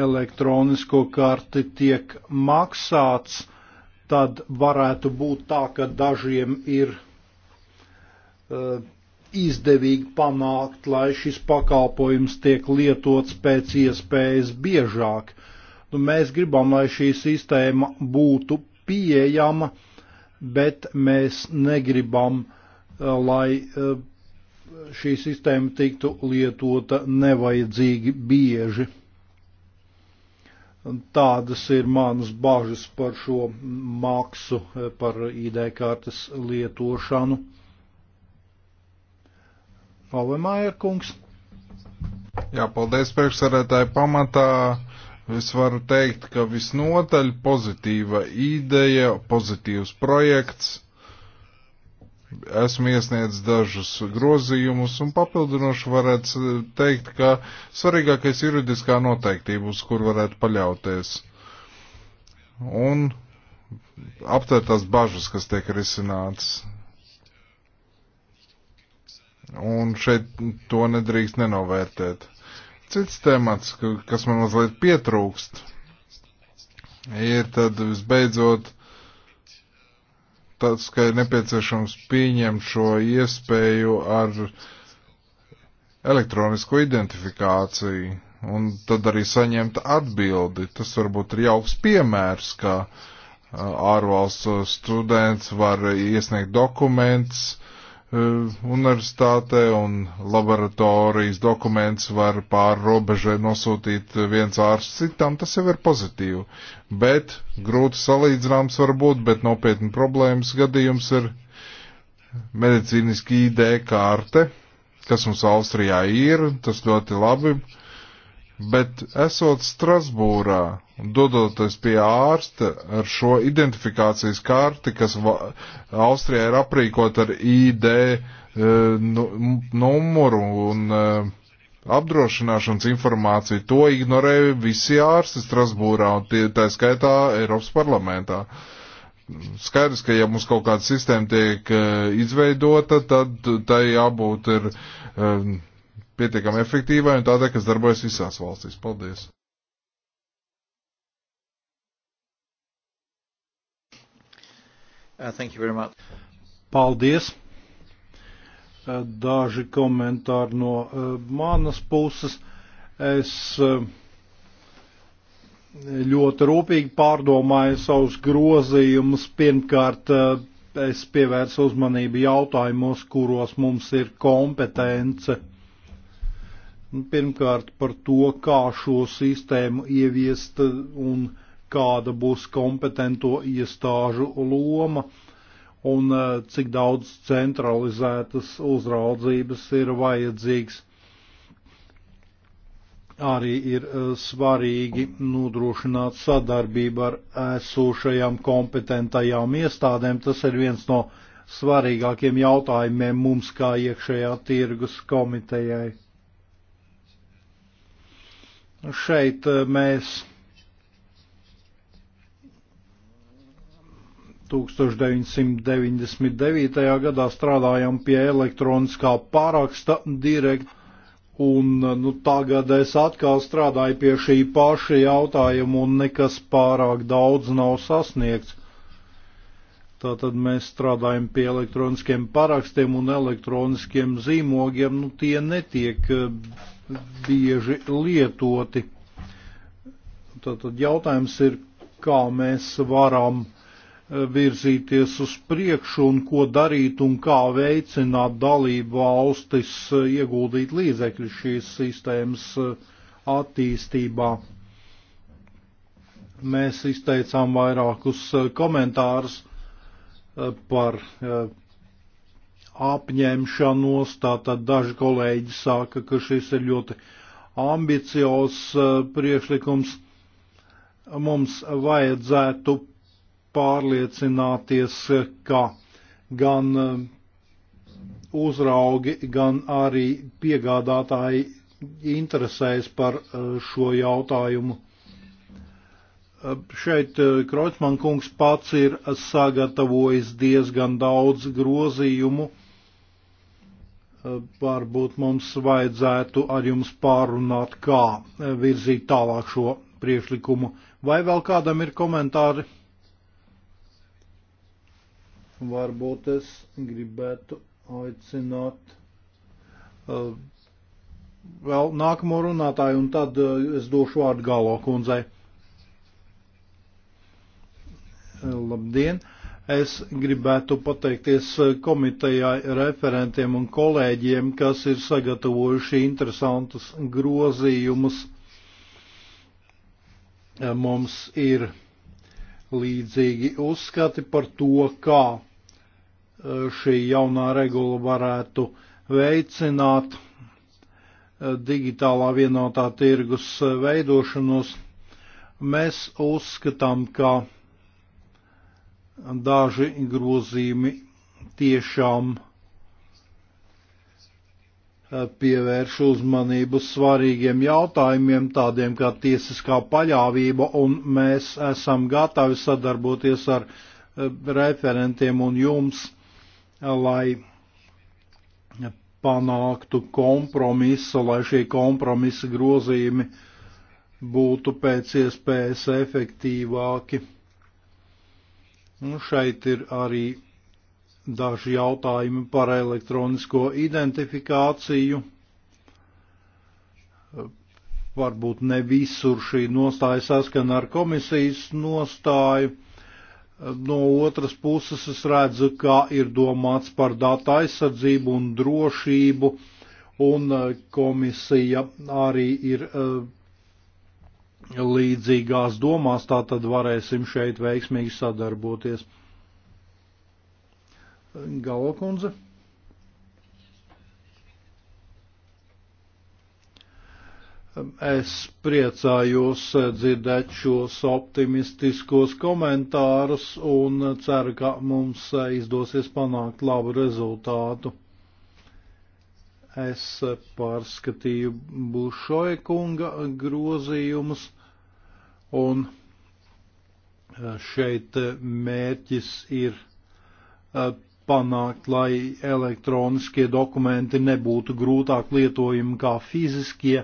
elektronisko karti tiek maksāts, tad varētu būt tā, ka dažiem ir uh, izdevīgi panākt, lai šis pakalpojums tiek lietots pēc iespējas biežāk. Uh, Nu, mēs gribam, lai šī sistēma būtu pieejama, bet mēs negribam, eh, lai eh, šī sistēma tiktu lietota nevajadzīgi bieži. Tādas ir manas bažas par šo maksu, eh, par ID kartes lietošanu. Pavemājer kungs. Jā, paldies priekšsarētāji pamatā Es varu teikt, ka visnotaļ pozitīva ideja, pozitīvs projekts. Esmu iesniedzis dažus grozījumus un papildinoši varētu teikt, ka svarīgākais ir juridiskā noteiktība, uz kur varētu paļauties. Un aptvērt tās bažas, kas tiek risināts. Un šeit to nedrīkst nenovērtēt. Cits temats, kas man mazliet pietrūkst, ir tad visbeidzot tāds, ka ir nepieciešams pieņemt šo iespēju ar elektronisko identifikāciju un tad arī saņemt atbildi. Tas varbūt ir jauks piemērs, ka ārvalstu students var iesniegt dokumentus, Eh, universitāte un laboratorijas dokuments var pār robežai nosūtīt viens ārsts citam, tas jau ir pozitīvi. Bet grūti salīdzināms var būt, bet nopietni problēmas gadījums ir medicīniski ID kārte, kas mums Austrijā ir, tas ļoti labi, bet esot Strasbūrā, dodoties pie ārsta ar šo identifikācijas karti, kas Austrijā ir aprīkot ar ID e, eh, nu, numuru un e, apdrošināšanas informāciju, to ignorēja visi ārsti Strasbūrā un tie, tā skaitā Eiropas parlamentā. Skaidrs, ka ja mums kaut kāda sistēma tiek e, izveidota, tad tai jābūt ir pietiekami efektīvai un tādai, kas darbojas visās valstīs. Paldies! Uh, thank you very much. Paldies. Uh, daži komentāri no uh, manas puses. Es uh, ļoti rūpīgi pārdomāju savus grozījumus. Pirmkārt, es pievērsu uzmanību jautājumos, kuros mums ir kompetence. Pirmkārt, par to, kā šo sistēmu ieviest un ieviest kāda būs kompetento iestāžu loma un e, cik daudz centralizētas uzraudzības ir vajadzīgs. Arī ir e, svarīgi nodrošināt sadarbību ar esošajām kompetentajām iestādēm. Tas ir viens no svarīgākiem jautājumiem mums kā iekšējā tirgus komitejai. Šeit e, mēs 1999. gadā strādājām pie elektroniskā paraksta direkt, un nu, tagad es atkal strādāju pie šī paša jautājuma, un nekas pārāk daudz nav sasniegts. Tātad mēs strādājam pie elektroniskiem parakstiem un elektroniskiem zīmogiem, nu tie netiek eh, bieži lietoti. Tātad jautājums ir, kā mēs varam virzīties uz priekšu un ko darīt un kā veicināt dalību valstis eh, ieguldīt līdzekļu šīs sistēmas eh, attīstībā. Mēs izteicām vairākus eh, komentārus par apņemšanos, tātad daži kolēģi saka, ka šis ir ļoti ambiciozs priekšlikums. Mums vajadzētu pārliecināties, ka gan um, uzraugi, gan arī piegādātāji interesēs par uh, šo jautājumu. Uh, šeit uh, Kreutzmann kungs pats ir sagatavojis diezgan daudz grozījumu. Varbūt mums vajadzētu ar jums pārunāt, kā virzīt tālāk šo priekšlikumu. Vai vēl kādam ir komentāri? Varbūt es gribētu aicināt uh, vēl nākamo runātāju, un tad uh, es došu vārdu Galo kundzei. Uh, labdien! Es gribētu pateikties uh, komitejai referentiem un kolēģiem, kas ir sagatavojuši interesantus grozījumus. Uh, mums ir līdzīgi uzskati par to, kā e, šī jaunā regula varētu veicināt e, digitālā vienotā tirgus veidošanos. Mēs uzskatām, ka daži grozījumi tiešām Eh, pievērš uzmanību svarīgiem jautājumiem, tādiem kā tiesiskā paļāvība, un mēs esam gatavi sadarboties ar eh, referentiem un jums, eh, lai panāktu kompromisu, lai šie kompromisa grozījumi būtu pēc iespējas efektīvāki. Un šeit ir arī daži jautājumi par elektronisko identifikāciju. Varbūt ne visur šī nostāja saskana ar komisijas nostāju. No otras puses es redzu, kā ir domāts par data aizsardzību un drošību, un e, komisija arī ir e, līdzīgās domās, tā tad varēsim šeit veiksmīgi sadarboties. Galo kundze. Es priecājos dzirdēt šos optimistiskos komentārus un ceru, ka mums izdosies panākt labu rezultātu. Es pārskatīju Bušoja kunga grozījumus un šeit mērķis ir panākt, lai elektroniskie dokumenti nebūtu grūtāk lietojami kā fiziskie,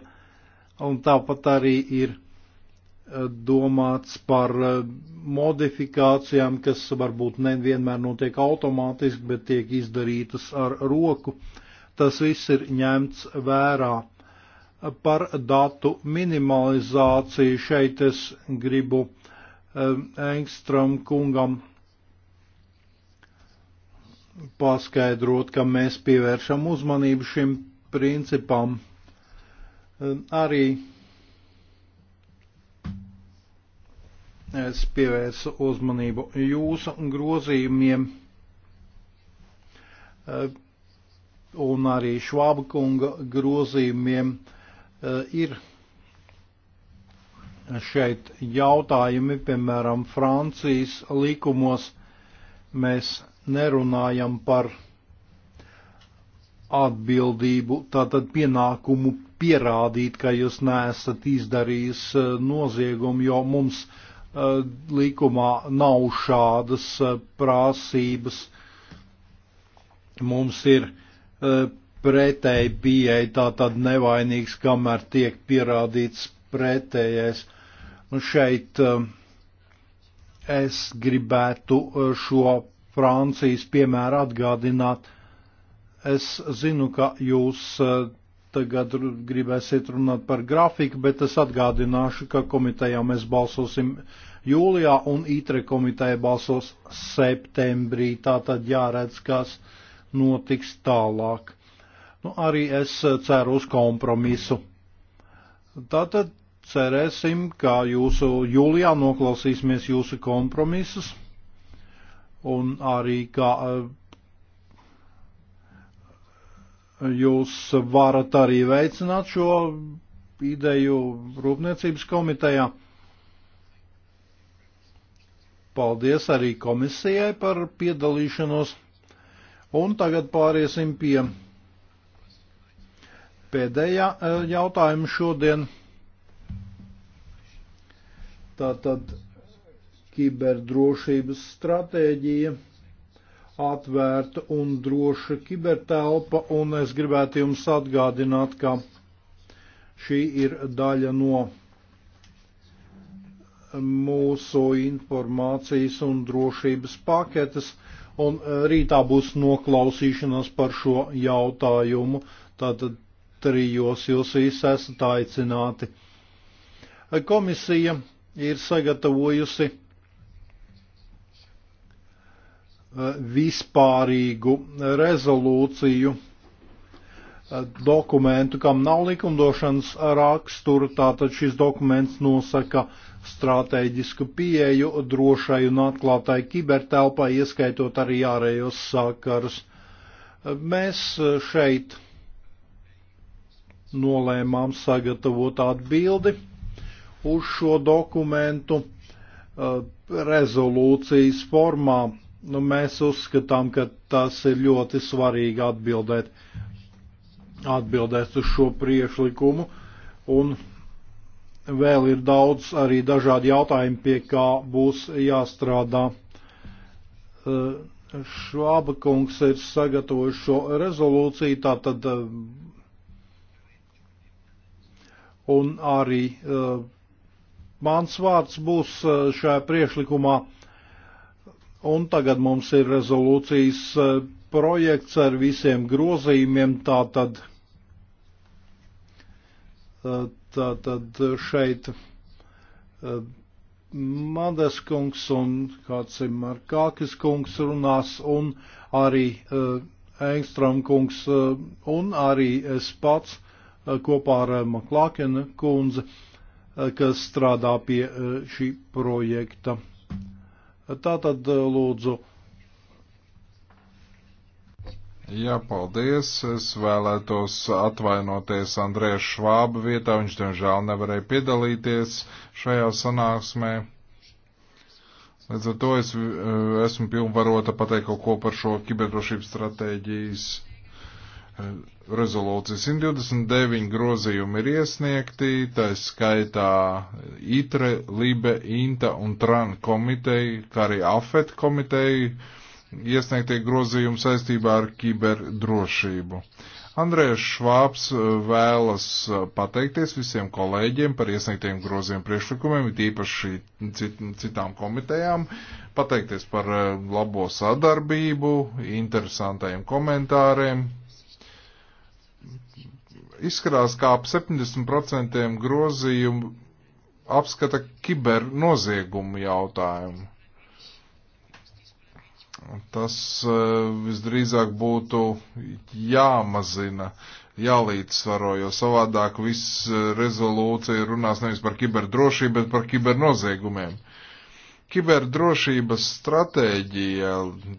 un tāpat arī ir eh, domāts par eh, modifikācijām, kas varbūt nevienmēr notiek automātiski, bet tiek izdarītas ar roku. Tas viss ir ņemts vērā. Par datu minimalizāciju šeit es gribu eh, Engstram kungam paskaidrot, ka mēs pievēršam uzmanību šim principam. Arī es pievērsu uzmanību jūsu grozījumiem un arī Švābkunga grozījumiem ir šeit jautājumi, piemēram, Francijas likumos mēs nerunājam par atbildību, tātad pienākumu pierādīt, ka jūs neesat izdarījis eh, noziegumu, jo mums eh, likumā nav šādas eh, prasības. Mums ir pretēji pieeja, tātad nevainīgs, kamēr tiek pierādīts pretējais. Un šeit es gribētu šo Francijas piemēru atgādināt. Es zinu, ka jūs eh, tagad gribēsiet runāt par grafiku, bet es atgādināšu, ka komitejā mēs balsosim jūlijā un ITRE komiteja balsos septembrī. Tātad jāredz, kas notiks tālāk. Nu, arī es eh, ceru uz kompromisu. Tātad cerēsim, ka jūsu jūlijā noklausīsimies jūsu kompromisus un arī kā eh, jūs varat arī veicināt šo ideju Rūpniecības komitejā. Paldies arī komisijai par piedalīšanos. Un tagad pāriesim pie pēdējā eh, jautājuma šodien. Tātad kiberdrošības stratēģija, atvērta un droša kibertelpa, un es gribētu jums atgādināt, ka šī ir daļa no mūsu informācijas un drošības paketes, un rītā būs noklausīšanās par šo jautājumu, tātad trijos jūs visi esat aicināti. Komisija ir sagatavojusi vispārīgu rezolūciju eh, dokumentu, kam nav likumdošanas rakstura, tātad šis dokuments nosaka stratēģisku pieeju drošai un atklātai kibertelpai, ieskaitot arī ārējos sakarus. Eh, mēs eh, šeit nolēmām sagatavot atbildi uz šo dokumentu rezolūcijas formā Nu, mēs uzskatām, ka tas ir ļoti svarīgi atbildēt, atbildēt uz šo priešlikumu. Un vēl ir daudz arī dažādi jautājumi, pie kā būs jāstrādā. Eh, Švāba kungs ir sagatavojis šo rezolūciju, tātad eh, un arī eh, mans vārds būs šajā priešlikumā Un tagad mums ir rezolūcijas e, projekts ar visiem grozījumiem, tātad, e, tātad šeit e, Mades kungs un kāds ir Markākis kungs runās un arī Engstrom kungs un arī es pats kopā ar Maklākena kundzi, kas strādā pie šī projekta. Tā tad eh, lūdzu. Jā, paldies. Es vēlētos atvainoties Andrēs Švāba vietā. Viņš, diemžēl, nevarēja piedalīties šajā sanāksmē. Līdz ar to es eh, esmu pilnvarota pateikt kaut ko par šo kiberdrošības stratēģijas Eh, rezolūcija 129 grozījumi ir iesniegti, tā skaitā ITRE, LIBE, INTA un TRAN komiteja, kā arī AFET komiteja iesniegtie grozījumi saistībā ar kiberdrošību. Andrēs Švāps eh, vēlas eh, pateikties visiem kolēģiem par iesniegtiem grozījiem priekšlikumiem, it īpaši cit, citām komitejām, pateikties par labo sadarbību, interesantajiem komentāriem, Izskatās, kā ap 70% grozījumu apskata kibernoziegumu jautājumu. Tas e, visdrīzāk būtu jāmazina, jālīdzsvaro, jo savādāk viss e, rezolūcija runās nevis par kiberdrošību, bet par kibernoziegumiem. Uh, Kiberdrošības stratēģija,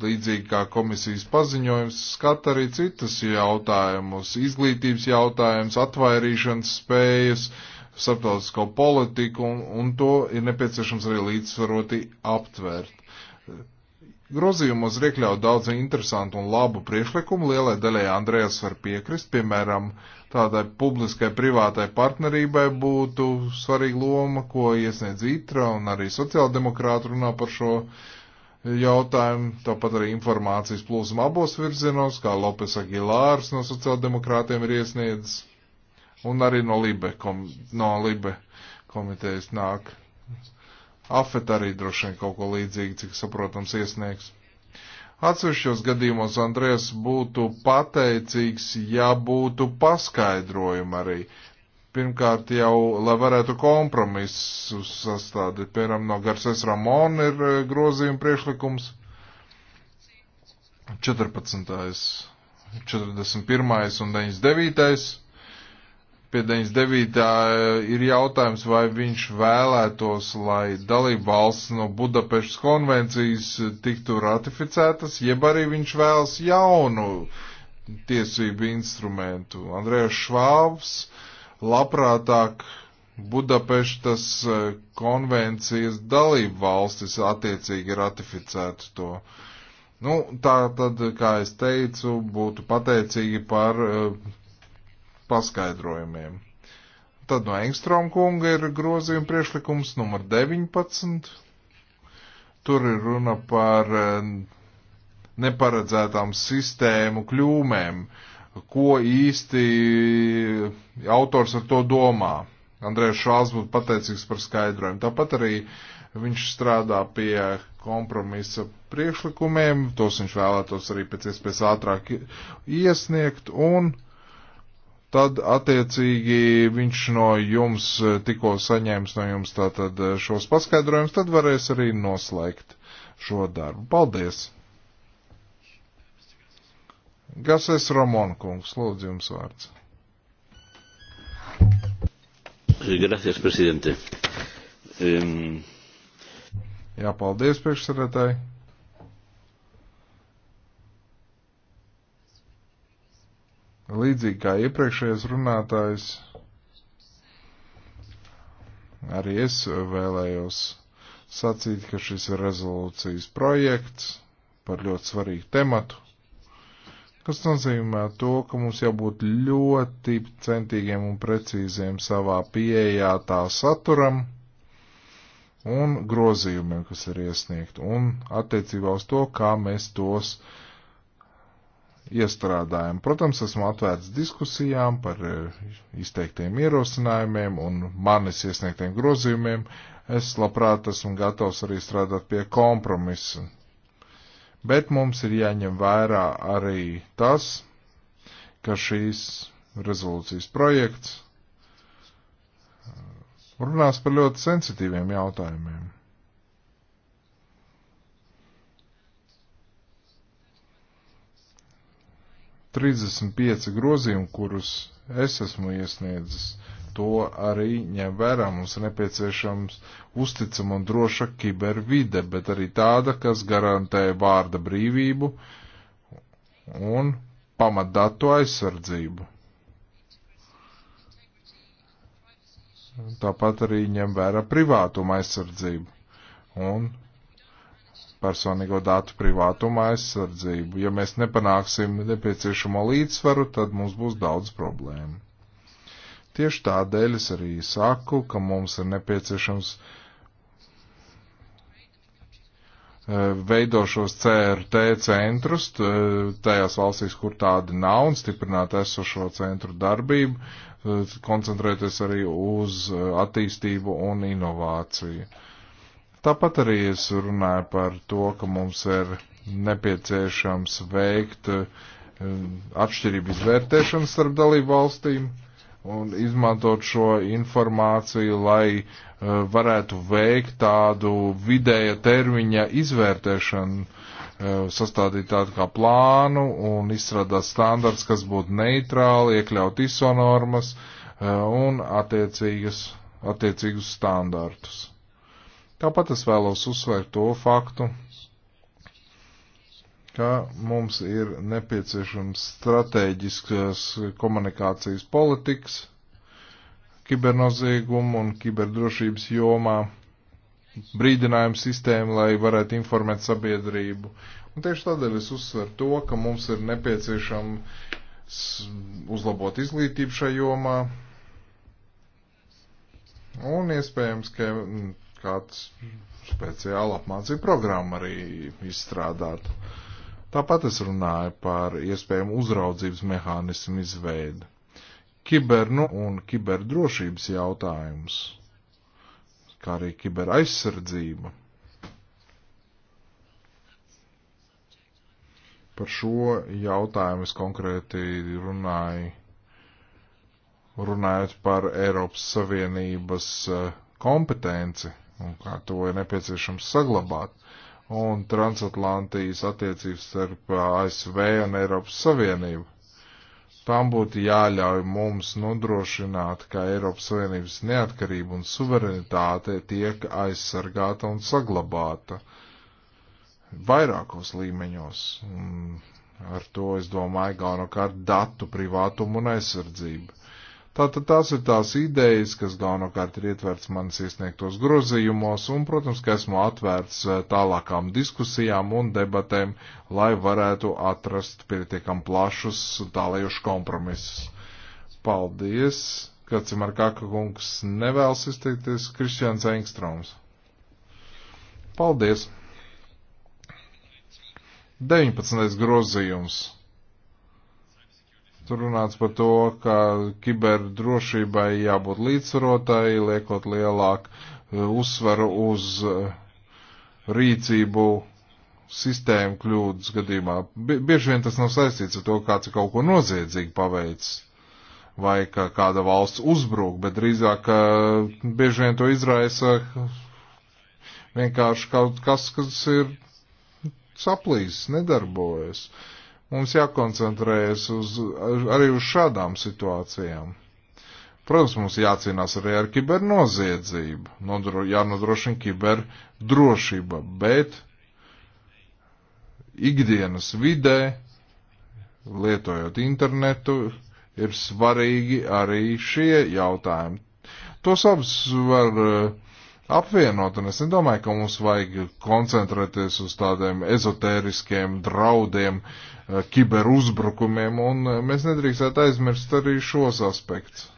līdzīgi kā komisijas paziņojums, skata arī citas jautājumus - izglītības jautājums, atvairīšanas spējas, starptautisko politiku, un, un to ir nepieciešams arī līdzsvaroti aptvērt. Grozījumos ir iekļaut daudz interesantu un labu priekšlikumu, lielai daļai Andrējas var piekrist, piemēram, uh, tādai publiskai privātai partnerībai būtu svarīga loma, ko iesniedz ITRA un arī sociāldemokrāti runā par šo jautājumu. Tāpat arī informācijas plūsma abos virzienos, kā Lopes Agilārs no sociāldemokrātiem ir iesniedzis un arī no Libe, kom, no Libe komitejas nāk. Afet arī droši vien kaut ko līdzīgu, cik saprotams, iesniegs. Atsevišķos gadījumos Andrēs būtu pateicīgs, ja būtu paskaidrojumi arī. Pirmkārt jau, lai varētu kompromisus sastādīt, piemēram, no Garces Ramon ir e, grozījuma priekšlikums 14. 41. un 99 pie 99. ir jautājums, vai viņš vēlētos, lai dalība valsts no Budapeštas konvencijas tiktu ratificētas, jeb arī viņš vēlas jaunu tiesību instrumentu. Andrēs Švābs labprātāk Budapeštas konvencijas dalību valstis attiecīgi ratificētu to. Nu, tā tad, kā es teicu, būtu pateicīgi par uh, paskaidrojumiem. Tad no Engstrom kunga ir grozījuma priešlikums numur 19. Tur ir runa par eh, neparedzētām sistēmu kļūmēm, ko īsti autors ar to domā. Andrēs Šāls būtu pateicīgs par skaidrojumu. Tāpat arī viņš strādā pie kompromisa priekšlikumiem, tos viņš vēlētos arī pēc iespējas ātrāk iesniegt, un tad attiecīgi viņš no jums eh, tikko saņēmis no jums tātad eh, šos paskaidrojumus, tad varēs arī noslēgt šo darbu. Paldies! Gases Ramonkungs, lūdzu jums vārds. Gracias, presidente. Um... Jā, paldies priekšsarētāji. Līdzīgi kā iepriekšējais runātājs, arī es vēlējos sacīt, ka šis ir rezolūcijas projekts par ļoti svarīgu tematu, kas nozīmē to, ka mums jābūt ļoti centīgiem un precīziem savā pieejā tā saturam un grozījumiem, kas ir iesniegt, un attiecībā uz to, kā mēs tos uh, iestrādājumu. Protams, esmu atvērts diskusijām par eh, izteiktiem ierosinājumiem un manis iesniegtiem grozījumiem. Es labprāt esmu gatavs arī strādāt pie kompromisa. Bet mums ir jāņem vērā arī tas, ka šīs rezolūcijas projekts eh, runās par ļoti sensitīviem jautājumiem. 35 grozījumi, kurus es esmu iesniedzis, to arī ņem vērā. Mums ir nepieciešams uzticama un droša kibervide, bet arī tāda, kas garantē vārda brīvību un pamatdatu aizsardzību. Tāpat arī ņem vērā privātuma aizsardzību un personīgo datu privātuma aizsardzību. Ja mēs nepanāksim nepieciešamo līdzsvaru, tad mums būs daudz problēmu. Tieši tādēļ es arī saku, ka mums ir nepieciešams e, veidošos CRT centrus tajās valstīs, kur tādi nav, un stiprināt esošo centru darbību, e, koncentrēties arī uz e, attīstību un inovāciju. Uh, Tāpat arī es runāju par to, ka mums ir nepieciešams veikt um, atšķirību izvērtēšanu starp dalību valstīm un izmantot šo informāciju, lai uh, varētu veikt tādu vidēja termiņa izvērtēšanu, uh, sastādīt tādu kā plānu un izstrādāt standarts, kas būtu neitrāli, iekļaut ISO normas uh, un attiecīgas, attiecīgus standartus. Tāpat es vēlos uzsvērt to faktu, ka mums ir nepieciešams strateģiskas komunikācijas politikas kibernozīgumu un kiberdrošības jomā, brīdinājumu sistēmu, lai varētu informēt sabiedrību. Un tieši tādēļ es uzsveru to, ka mums ir nepieciešams uzlabot izglītību šajā jomā. Un iespējams, ka kāds speciāla apmācība programma arī izstrādāt. Tāpat es runāju par iespējamu uzraudzības mehānismu izveidi. Kibernu un kiberdrošības jautājums, kā arī kiberaizsardzība. Par šo jautājumu es konkrēti runāju, runājot par Eiropas Savienības eh, kompetenci un kā to ir nepieciešams saglabāt. Un transatlantijas attiecības starp ASV un Eiropas Savienību. Tām būtu jāļauj mums nodrošināt, ka Eiropas Savienības neatkarība un suverenitāte tiek aizsargāta un saglabāta vairākos līmeņos. Un ar to, es domāju, galvenokārt datu privātumu un aizsardzību Tātad tās ir tās idejas, kas galvenokārt ir ietverts manis iesniegtos grozījumos, un, protams, ka esmu atvērts eh, tālākām diskusijām un debatēm, lai varētu atrast pietiekam plašus tālējuši kompromisus. Paldies, ka Cimarkāka kungs nevēlas izteikties, Kristians Engstroms. Paldies! 19. grozījums Tur runāts par to, ka kiberdrošībai jābūt līdzsvarotai, liekot lielāku uh, uzsvaru uz uh, rīcību sistēmu kļūdas gadījumā. Bieži vien tas nav saistīts ar to, kāds ir kaut ko noziedzīgi paveicis vai ka kāda valsts uzbruk, bet drīzāk uh, bieži vien to izraisa vienkārši kaut kas, kas ir saplīs, nedarbojas. Uh, Mums jākoncentrējas uz, arī uz šādām situācijām. Protams, mums jācīnās arī ar kibernoziedzību, nodro, jānodrošina kiberdrošība, bet ikdienas vidē, lietojot internetu, ir svarīgi arī šie jautājumi. Tos abus var uh, apvienot, un es nedomāju, ka mums vajag koncentrēties uz tādiem ezotēriskiem draudiem, eh, kiberuzbrukumiem, un eh, mēs nedrīkstētu aizmirst arī šos aspektus.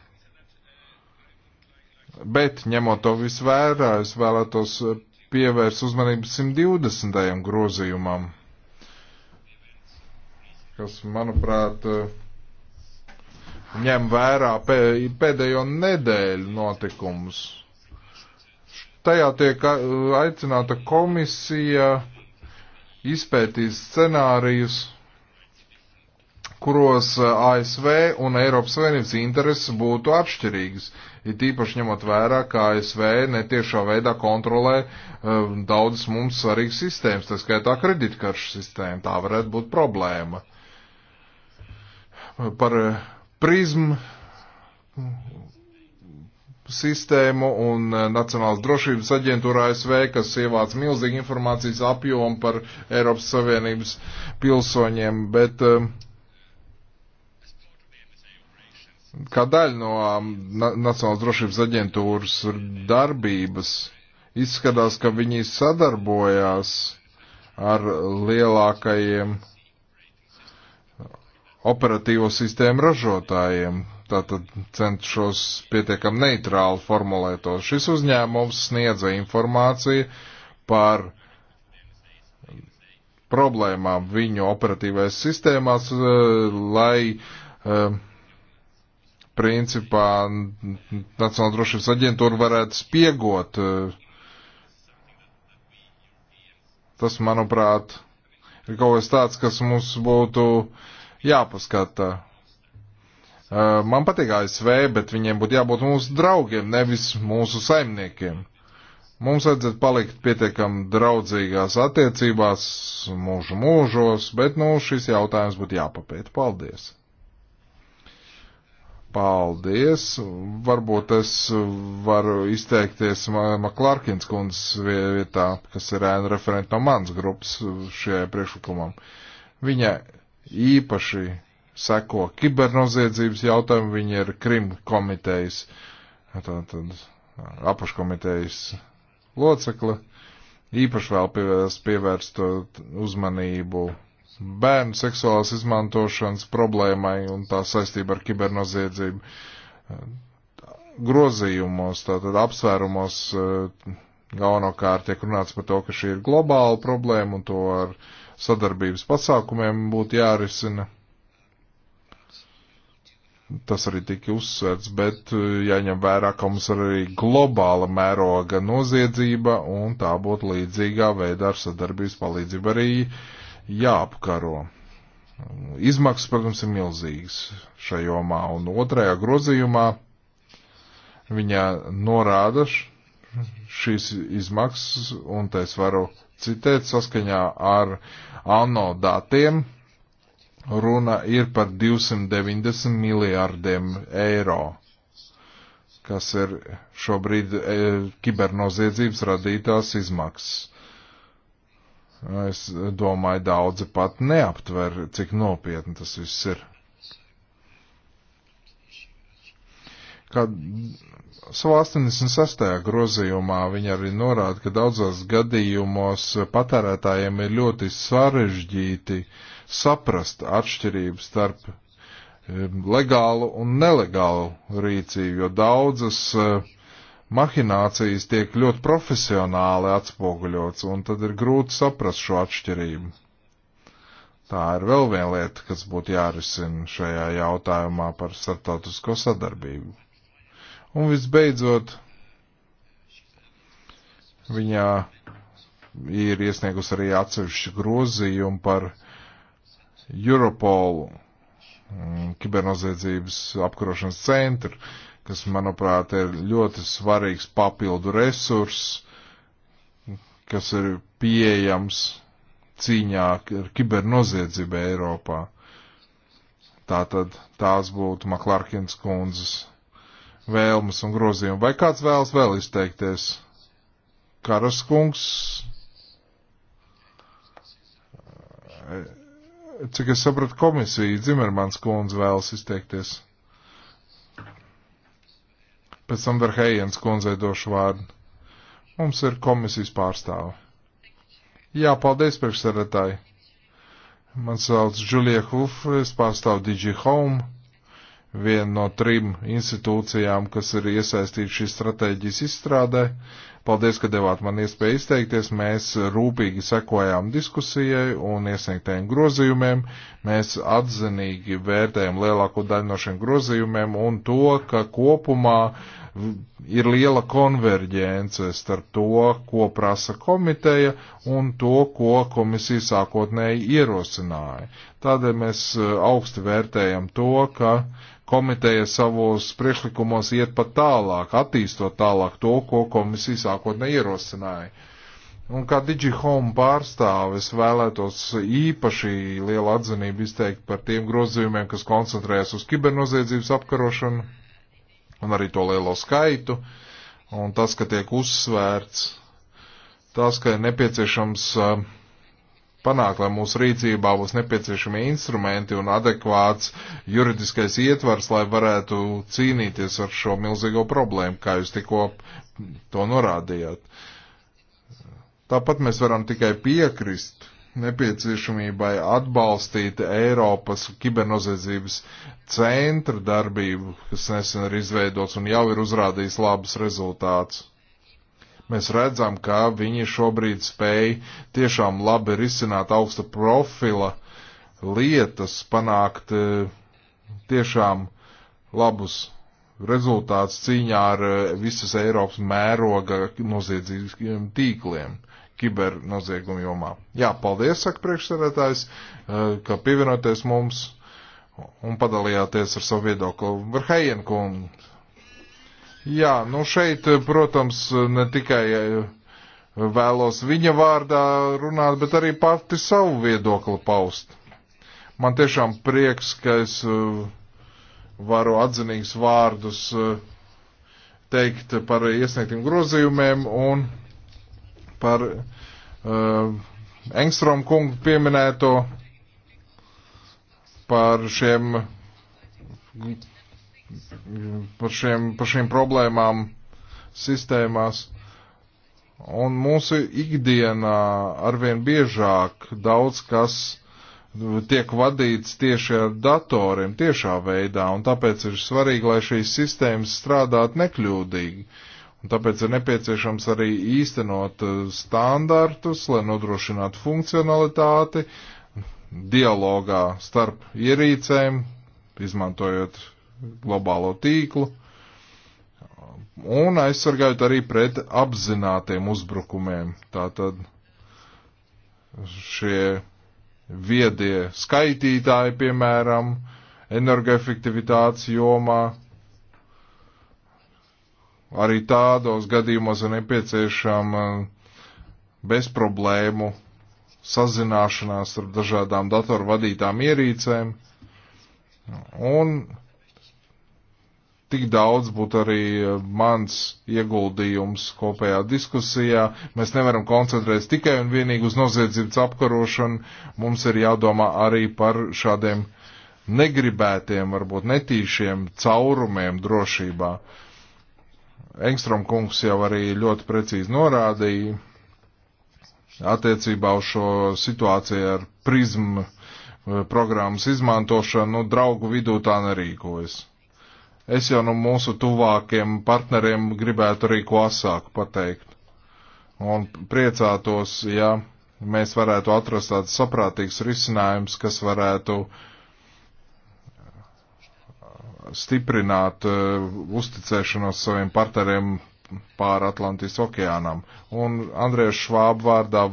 Bet, ņemot to visu vērā, es vēlētos eh, pievērst uzmanību 120. grozījumam, kas, manuprāt, ņem vērā pēdējo nedēļu notikumus Tajā tiek aicināta komisija izpētīt scenārijus, kuros ASV un Eiropas Savienības intereses būtu atšķirīgas. Ir tīpaši ņemot vērā, ka ASV netiešā veidā kontrolē um, daudzas mums svarīgas sistēmas, tā skaitā kreditkaršu sistēma. Tā varētu būt problēma. Par prizmu sistēmu un eh, Nacionālas drošības aģentūra ASV, kas ievāc milzīgi informācijas apjomu par Eiropas Savienības pilsoņiem, bet eh, kā daļa no um, Nacionālas drošības aģentūras darbības izskatās, ka viņi sadarbojās ar lielākajiem operatīvo sistēmu ražotājiem, tātad centšos pietiekam neitrāli formulēt to. Šis uzņēmums sniedza informāciju par problēmām viņu operatīvais sistēmās, e, lai e, principā Nacionāla drošības aģentūra varētu spiegot. E, tas, manuprāt, ir kaut kas tāds, kas mums būtu jāpaskata Man patīk ASV, bet viņiem būtu jābūt mūsu draugiem, nevis mūsu saimniekiem. Mums vajadzētu palikt pietiekami draudzīgās attiecībās, mūžu mūžos, bet nu šis jautājums būtu jāpapēta. Paldies! Paldies! Varbūt es varu izteikties Maklārkins kundzes vietā, kas ir ēna referenta no mans grupas šajā priekšlikumam. Viņa īpaši seko kibernoziedzības jautājumu, viņi ir Krim komitejas, tātad apakškomitejas locekli. Īpaši vēl pievērst, pievērst uzmanību bērnu seksuālās izmantošanas problēmai un tā saistība ar kibernoziedzību grozījumos, tātad apsvērumos galvenokārt tiek runāts par to, ka šī ir globāla problēma un to ar sadarbības pasākumiem būtu jārisina tas arī tika uzsvērts, bet eh, jāņem vērā, ka mums ir arī globāla mēroga noziedzība un tā būtu līdzīgā veidā ar sadarbības palīdzību arī jāapkaro. Izmaksas, protams, ir milzīgas šajā jomā un otrajā grozījumā viņa norāda šīs izmaksas un tā es varu citēt saskaņā ar ANO datiem Runa ir par 290 miljārdiem eiro, kas ir šobrīd e, kibernoziedzības radītās izmaksas. Es domāju, daudzi pat neaptver, cik nopietni tas viss ir. Kad savā 86. grozījumā viņi arī norāda, ka daudzos gadījumos patērētājiem ir ļoti sarežģīti uh, saprast atšķirību starp legālu un nelegālu rīcību, jo daudzas eh, mahinācijas tiek ļoti profesionāli atspoguļots, un tad ir grūti saprast šo atšķirību. Tā ir vēl viena lieta, kas būtu jārisina šajā jautājumā par starptautisko sadarbību. Un visbeidzot, viņā ir iesniegus arī atsevišķi grozījumi par uh, Europolu, mm, kibernoziedzības apkarošanas centru, kas, manuprāt, ir ļoti svarīgs papildu resurs, kas ir pieejams cīņā ar kibernoziedzību Eiropā. Tātad tās būtu Maklārkins kundzes vēlmes un grozījumi. Vai kāds vēlas vēl izteikties? Karas kungs? Cik es sapratu, komisija Zimermans kundze vēlas izteikties. Pēc tam Verheijens kundzei došu vārdu. Mums ir komisijas pārstāve. Jā, paldies priekšsēdētāji. Man sauc Julija Huf, es pārstāvu DG Home, vienu no trim institūcijām, kas ir iesaistīti šīs stratēģijas izstrādē. Paldies, ka devāt man iespēju izteikties. Mēs rūpīgi sekojām diskusijai un iesniegtajiem grozījumiem. Mēs atzinīgi vērtējam lielāko daļu no šiem grozījumiem un to, ka kopumā ir liela konverģence starp to, ko prasa komiteja un to, ko komisija sākotnēji ierosināja. Tādēļ mēs eh, augsti vērtējam to, ka komiteja savos priekšlikumos iet pat tālāk, attīstot tālāk to, ko komisija sākotnēji ierosināja. Un kā DigiHome pārstāvis vēlētos īpaši lielu atzinību izteikt par tiem grozījumiem, kas koncentrējas uz kibernoziedzības apkarošanu un arī to lielo skaitu. Un tas, ka tiek uzsvērts tas, ka ir nepieciešams uh, panākt, lai mūsu rīcībā būs nepieciešami instrumenti un adekvāts juridiskais ietvars, lai varētu cīnīties ar šo milzīgo problēmu, kā jūs tikko to norādījāt. Tāpat mēs varam tikai piekrist nepieciešamībai atbalstīt Eiropas kibernoziedzības centra darbību, kas nesen ir izveidots un jau ir uzrādījis labus rezultātus. Mēs redzam, ka viņi šobrīd spēj tiešām labi risināt augsta profila lietas, panākt eh, tiešām labus rezultāts cīņā ar eh, visas Eiropas mēroga noziedzīgiem tīkliem kibernozieguma jomā. Jā, paldies, saka priekšsēdētājs, eh, ka pievienoties mums un padalījāties ar savu viedokli. Varhejen kundze. Jā, nu šeit, eh, protams, ne tikai eh, vēlos viņa vārdā runāt, bet arī pati savu viedokli paust. Man tiešām prieks, ka es eh, varu atzinīgs vārdus teikt par iesniegtiem grozījumiem un par uh, Engstrom kungu pieminēto par šiem par, šiem, par šīm problēmām sistēmās. Un mūsu ikdienā arvien biežāk daudz kas tiek vadīts tieši ar datoriem, tiešā veidā, un tāpēc ir svarīgi, lai šīs sistēmas strādātu nekļūdīgi. Un tāpēc ir nepieciešams arī īstenot eh, standartus, lai nodrošinātu funkcionalitāti dialogā starp ierīcēm, izmantojot globālo tīklu un aizsargājot arī pret apzinātiem uzbrukumiem. Tātad šie viedie skaitītāji, piemēram, energoefektivitātes jomā. Arī tādos gadījumos ir nepieciešama bez problēmu sazināšanās ar dažādām datoru vadītām ierīcēm. Un Tik daudz būtu arī eh, mans ieguldījums kopējā diskusijā. Mēs nevaram koncentrēties tikai un vienīgi uz noziedzības apkarošanu. Mums ir jādomā arī par šādiem negribētiem, varbūt netīšiem caurumiem drošībā. Engstrom kungs jau arī ļoti precīzi norādīja attiecībā uz šo situāciju ar prizmu eh, programmas izmantošanu, nu, draugu vidū tā nerīkojas. Es jau no mūsu tuvākiem partneriem gribētu arī ko asāku pateikt. Un priecātos, ja mēs varētu atrast tāds saprātīgs risinājums, kas varētu stiprināt uh, uzticēšanos saviem partneriem pāri Atlantijas okeānam. Un Andrēs Švāb vārdā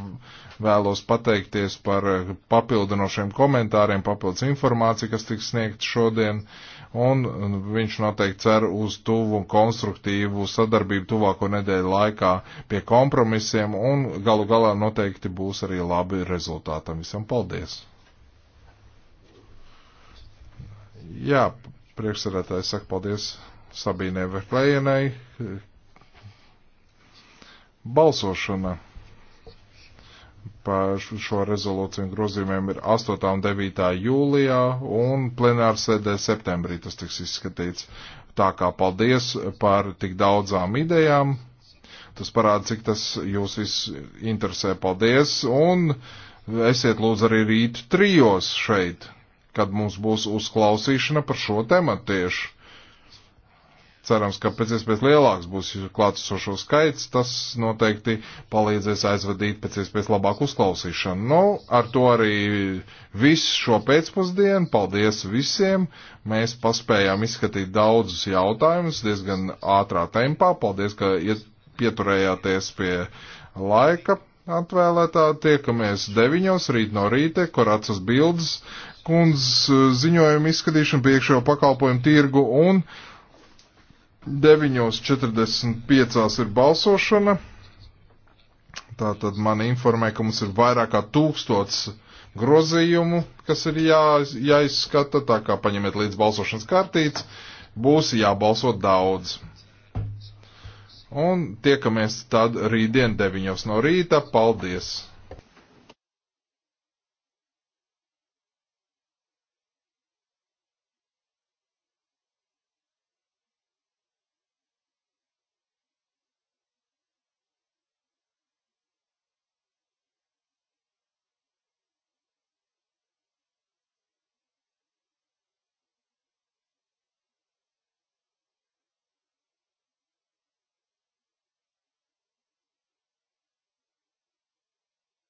vēlos pateikties par uh, papildinošiem komentāriem, papildus informāciju, kas tiks sniegt šodien. Uh, un viņš noteikti cer uz tuvu un konstruktīvu sadarbību tuvāko nedēļu laikā pie kompromisiem, un galu galā noteikti būs arī labi rezultātam. Visam paldies! Jā, priekšsarētājs saka paldies Sabīnai Veklējienai. Balsošana par šo rezolūciju un grozījumiem ir 8. un 9. jūlijā un plenārsēdē septembrī tas tiks izskatīts. Tā kā paldies par tik daudzām idejām. Tas parāda, cik tas jūs viss interesē. Paldies! Un esiet lūdzu arī rīt trijos šeit, kad mums būs uzklausīšana par šo tematu tieši. Cerams, ka pēc iespējas lielāks būs klātesošo skaits, tas noteikti palīdzēs aizvadīt pēc iespējas labāku uzklausīšanu. Nu, ar to arī visu šo pēcpusdienu. Paldies visiem! Mēs paspējām izskatīt daudzus jautājumus diezgan ātrā tempā. Paldies, ka pieturējāties pie laika atvēlētā. Tiekamies deviņos rīt no rīta, kur atsas bildes kundzes ziņojumu izskatīšanu, piekšējo pakalpojumu tirgu un 9.45 ir balsošana. Tātad man informē, ka mums ir vairāk kā tūkstots grozījumu, kas ir jā, jāizskata, tā kā paņemiet līdz balsošanas kartītes, būs jābalso daudz. Un tiekamies tad rītdien 9 no rīta. Paldies!